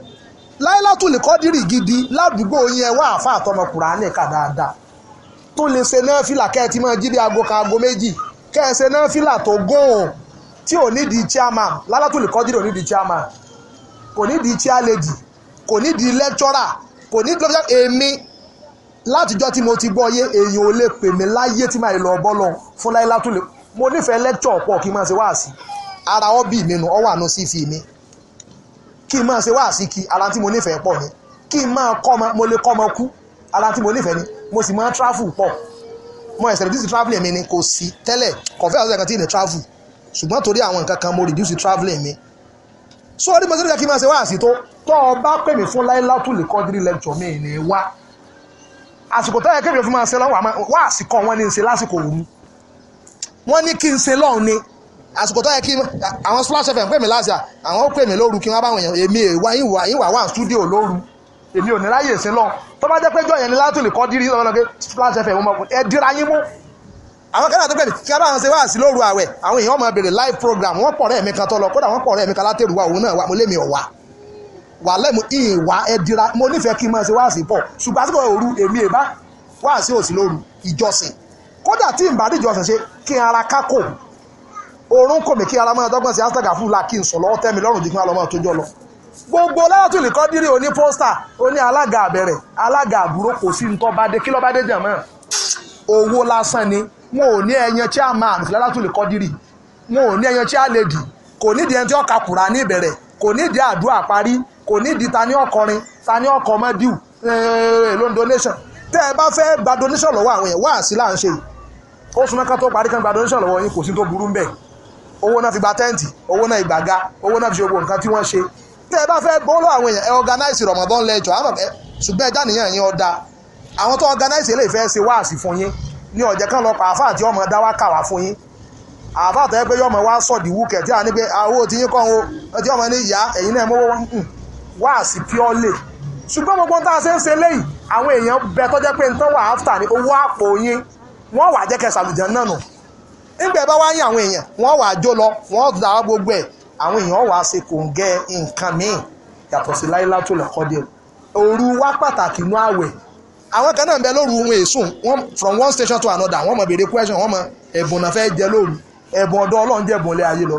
S1: láìlátòlè kọ́dírí gidi ládùúgbò yẹn wà àfa àtọmọkùnrin àánẹ̀ kà dáadáa tó lè ṣe náà fìlà kẹ́ ẹ ti máa jí bí aago ka aago méjì kẹ́ ẹ ṣe náà fìlà tó gùn tí ò nídìí chairman láìlátòlè kọ́dírí ò nídìí chairman kò nídìí chairlady kò nídìí lecturer kò nídìí èmi látijọ́ tí mo ti gbọ́ yé èèyàn ò lè pè mí láyé tí màá lọ bọ́ lọ fún láyélá tó lè mo nífẹ̀ẹ́ lẹ́kṣọ̀ pọ̀ kí n máa ṣe wáàsí ara ọ́bì mi nù ọwọ́ àánú sí fi mi kí n máa ṣe wáàsí kí ara tí mo nífẹ̀ẹ́ pọ̀ ni kí n máa kọ́ ọmọ mo lè kọ́ ọmọ kú ara tí mo nífẹ̀ẹ́ ni mo sì máa travel pọ̀ mo ẹ̀sẹ̀ reduce travelling mi ni kò sí tẹ́lẹ̀ kọ̀fẹ́ ọ̀sẹ̀ kan tí ìní travel ṣùgbọ́n torí àwọn nǹkan kan mo reduce travelling mi so orí mo sì ní kí n máa ṣe wáàsí tó tọ́ ọ bá pè mí fún láyé látùlẹ̀ kọ́dírí lecture mi ní wá àsìkò tó yẹ kébì fún máa ṣe lọ́wọ́ wá àsìkò wọn ni ń ṣe lásìkò òru wọ́n ní kí n ṣe lọ́hùn ni àsìkò tó yẹ kí àwọn splash fm pè mí láti àwọn ó pè mí lóru kí wọ́n bá wọn yàn èmi èèwà ìwà ìwà wà studio lóru èmi ò ní ráyè ṣe lọ́hùn tó bá jẹ́ pé jọ̀yẹn ni látòlè kọ́ dírí lọ́wọ́ splash fm ẹ dira yín mú àwọn kẹ́lá tó pẹ̀lú kí a bá wọn ṣe wá sí lóru àwẹ̀ àwọn èèyàn máa live program wọ́n pọ̀ rẹ́ mi kan tó lọ kódà wọ́n pọ̀ rẹ́ mi kan látẹ̀rù wa òun náà wà mo ọ̀wà wà lẹ́mu ìwà ẹ̀dira mo nífẹ̀ẹ́ kí n máa ṣe wáàsí pọ̀ ṣùgbọ́n àsìkò òru èmi èbá wáàsí òsì lóru ìjọsìn kódà tí n bá dé ìjọsìn ṣe kí n ara kákò òórùn kò mí kí ara máa dọ́gbọ́n sí hashtag àfúlà kí n sọ lọ́wọ́ tẹ́mi lọ́rùn jí kí n wá lọ́mọ tó jọ lọ. gbogbo láyàtò lè kọ́ dírí oní pósítà oní alága àbẹ̀rẹ̀ alága àbúrò kò sí ní tọ́ba dé kí lọ́ba dé jàmọ́ owó lásán ni wọn ò ní ẹyẹn chairman láyàtò lè kọ́ dírí wọn ò ní ẹyẹn chairlady kò nídìí ẹni tí ọkà kùrà ní ìbẹ̀rẹ̀ kò nídìí àdúrà parí kò nídìí ta ní ọkọrin ta ní ọkọ ọmọ díù eh, eh, eh, ló ń donation tẹ́ ẹ bá fẹ́ gba donation lọ́wọ́ àwọn yẹn wá sí là ń ṣe yìí ó sún mẹ́ka tó parí kan gba donation lọ́wọ́ yín kò sí tó burú ńbẹ̀ owó náà fi gba tẹ́ǹtì owó náà ìgbàga owó náà fi ṣe gbogbo nǹkan tí wọ́n ṣe tẹ́ ẹ bá fẹ́ bọ́ọ̀lọ́ àwọn yẹn ẹ organize Ramadan lecture àmọ́ ṣùgbọ́n ẹja nìyẹn yín ọ̀dà àwọn tó organize eléyìí fẹ́ ṣe wáàsí fún yín ní ọ̀jẹ̀ kan lọ́pàá àfáà tí ọmọ dá wá kà wá fún yín àfáà tó yẹ pé yọmọ wá sọ̀dí wúkẹ̀ tí a ní pé ah, owó tí yín kọ́ ń wo tí ọmọ ní ìyá ẹ̀yin náà mọ́wọ́ wọn wáàsí píọ́lè ṣùgbọ́n gbogbo tá a ṣe ń ṣe léyìí àwọn èèyàn bẹ tọ́jẹ́ pé nǹkan wà áfítà ní owó àpò yín wọ́n wà jẹ́ kẹsàlùjẹ́ náà nù nígbà bá wá yín àwọn èèyàn wọ́n wà jó lọ wọ́n dà gbogbo ẹ̀ àwọn èèyàn wà á ṣe kò ń gẹ nǹkan míì yàtọ̀ sí láyé látò lẹ́kọ́ dé òru wá pàtàkì inú àwẹ̀ àwọn kan náà ń bẹ lóru ohun èsùn from one station to another wọ́n mọ̀ béèrè question wọ́n mọ̀ ẹ̀bùn náà fẹ́ jẹ lóru ẹ̀bùn ọ̀dọ́ ọlọ́run jẹ̀bùn lé ayé lọ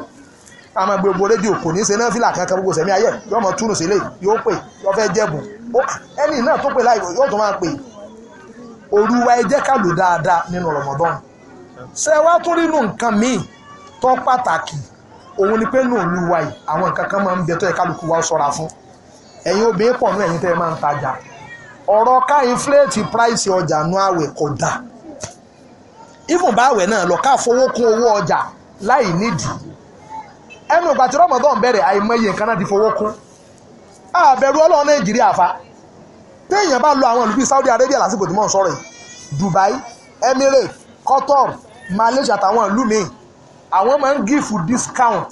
S1: a máa gbogbo rédíò kò ní í ṣe náà fìlà kankan gbogbo sẹ̀mí ayé yóò mọ̀ túnú sílé yóò pè yóò fẹ́ ẹni náà tó pè láì yóò tó máa pè òru wa ká lò dáadáa nínú wá tún rínú nǹkan míì tó pàtàkì òun ni pé àwọn nǹkan kan máa ń bẹ tó yẹ kálukú fún ẹ̀yin obìnrin pọ̀ ẹ̀yin tẹ́ ẹ máa ń ọ̀rọ̀ ká ẹnu ìgbà tí rọmọdún bẹ̀rẹ̀ àìmọye nǹkan náà ti fowó kún àbẹ̀rù ọlọ́run nàìjíríà fa téèyàn bá lọ àwọn ìlú bíi Saudi Arabia lásìkò tí mò ń sọ̀rọ̀ yìí Dubai Emirates Qatar Malaysia àtàwọn ìlú míì àwọn máa ń gífù discount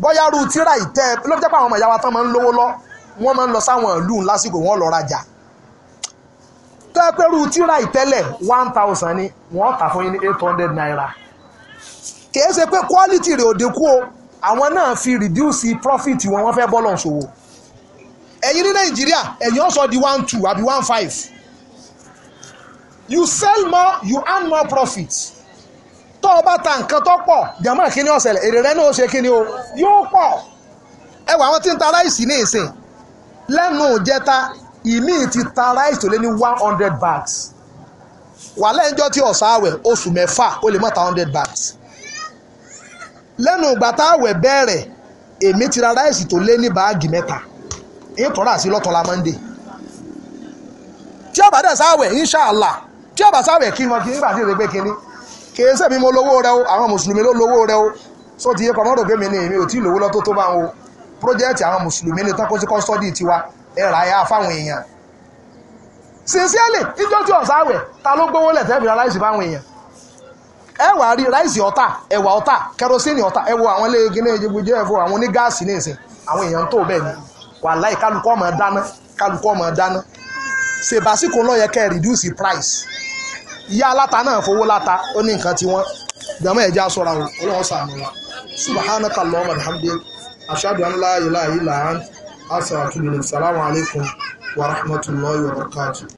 S1: bóyá rú tíra ìtẹ́ ló fi jẹ́ pé àwọn ọmọ ìyá wa tán máa ń lówó lọ wọ́n máa ń lọ sáwọn ìlú lásìkò wọ́n lọ rajà tó ẹ pé rú tíra ìtẹ́lẹ̀ one thousand ni wọ́n tà fún yín ní eight hundred naira kìí ṣe pé quality rẹ̀ ò dínkù o àwọn náà fi reduce profit wọn wọ́n fẹ́ bọ́lọ̀ ṣòwò ẹ̀yin ní nàìjíríà ẹ̀yin ọ̀sọ̀ di one two àbí one five you sell more you earn more profit tó o bá ta nǹkan tó pọ̀ jàmọ́ kíní ọ̀sẹ̀lẹ̀ èrè rẹ náà ṣe kíní o yóò pọ̀ ẹ wà àwọn tí ń ta ráìsì ní ìsìn lẹ́nu ìjẹta ìmí ti ta ráìsì tó lé ní one hundred bags wà lẹ́yìn jọ́ tí ọ̀sán àwẹ̀ oṣù mẹ́fà ó lè mọ́ta hundred bags lẹ́nu ìgbà táwẹ̀ bẹ̀rẹ̀ èmi ti ra ráìsì tó lé ní báàgì mẹ́ta èyí tọ́ra sí lọ́tọ́la monday tí ọba dẹ̀ sáwẹ̀ inṣàlá tí ọba sáwẹ̀ kí wọn kí nígbà tí ìrẹ́gbẹ́ kínní kìí sẹ́mi mo lówó rẹ o àwọn mùsùlùmí ló lówó rẹ o só ti yẹ kọ́ mọ́rò gbẹ́mi ni èmi ò tí ì lówó lọ́tọ́ tó bá wọn o pírójẹ́ẹ̀tì àwọn mùsùlùmí ni tọ́kọ́ sí kọ́sítọ́dì tiwa ẹ̀rà ya fáwọn èèyàn sincerely ìjọ tí ọ̀sáwẹ̀ ta ló gbówó lẹ̀ tẹ́ẹ̀fì aláìsí fáwọn èèyàn ẹ wàá rí ráìsì ọ̀tà ẹ̀wà ọ̀tà kẹrosínì ọ̀tà ẹ wo àwọn ilé gíní ìjẹgbẹjẹ ẹ wo àwọn onígáàsì ní ìsìn àwọn èèyàn tó bẹ́ẹ̀ ni wàláì kálukọ́ máa dáná kálukọ́ máa dáná ṣèbásíkò lọ́yẹ kẹ́ reduce price ìyá aláta náà fowó láta ó ní nǹkan tí wọ́n gbẹ̀mọ́ ẹ̀já sọ̀rọ̀ àwọn ọlọ́run sàánú wa subhanaka allahumma alhamdulilayi ashadu an la ilaha illa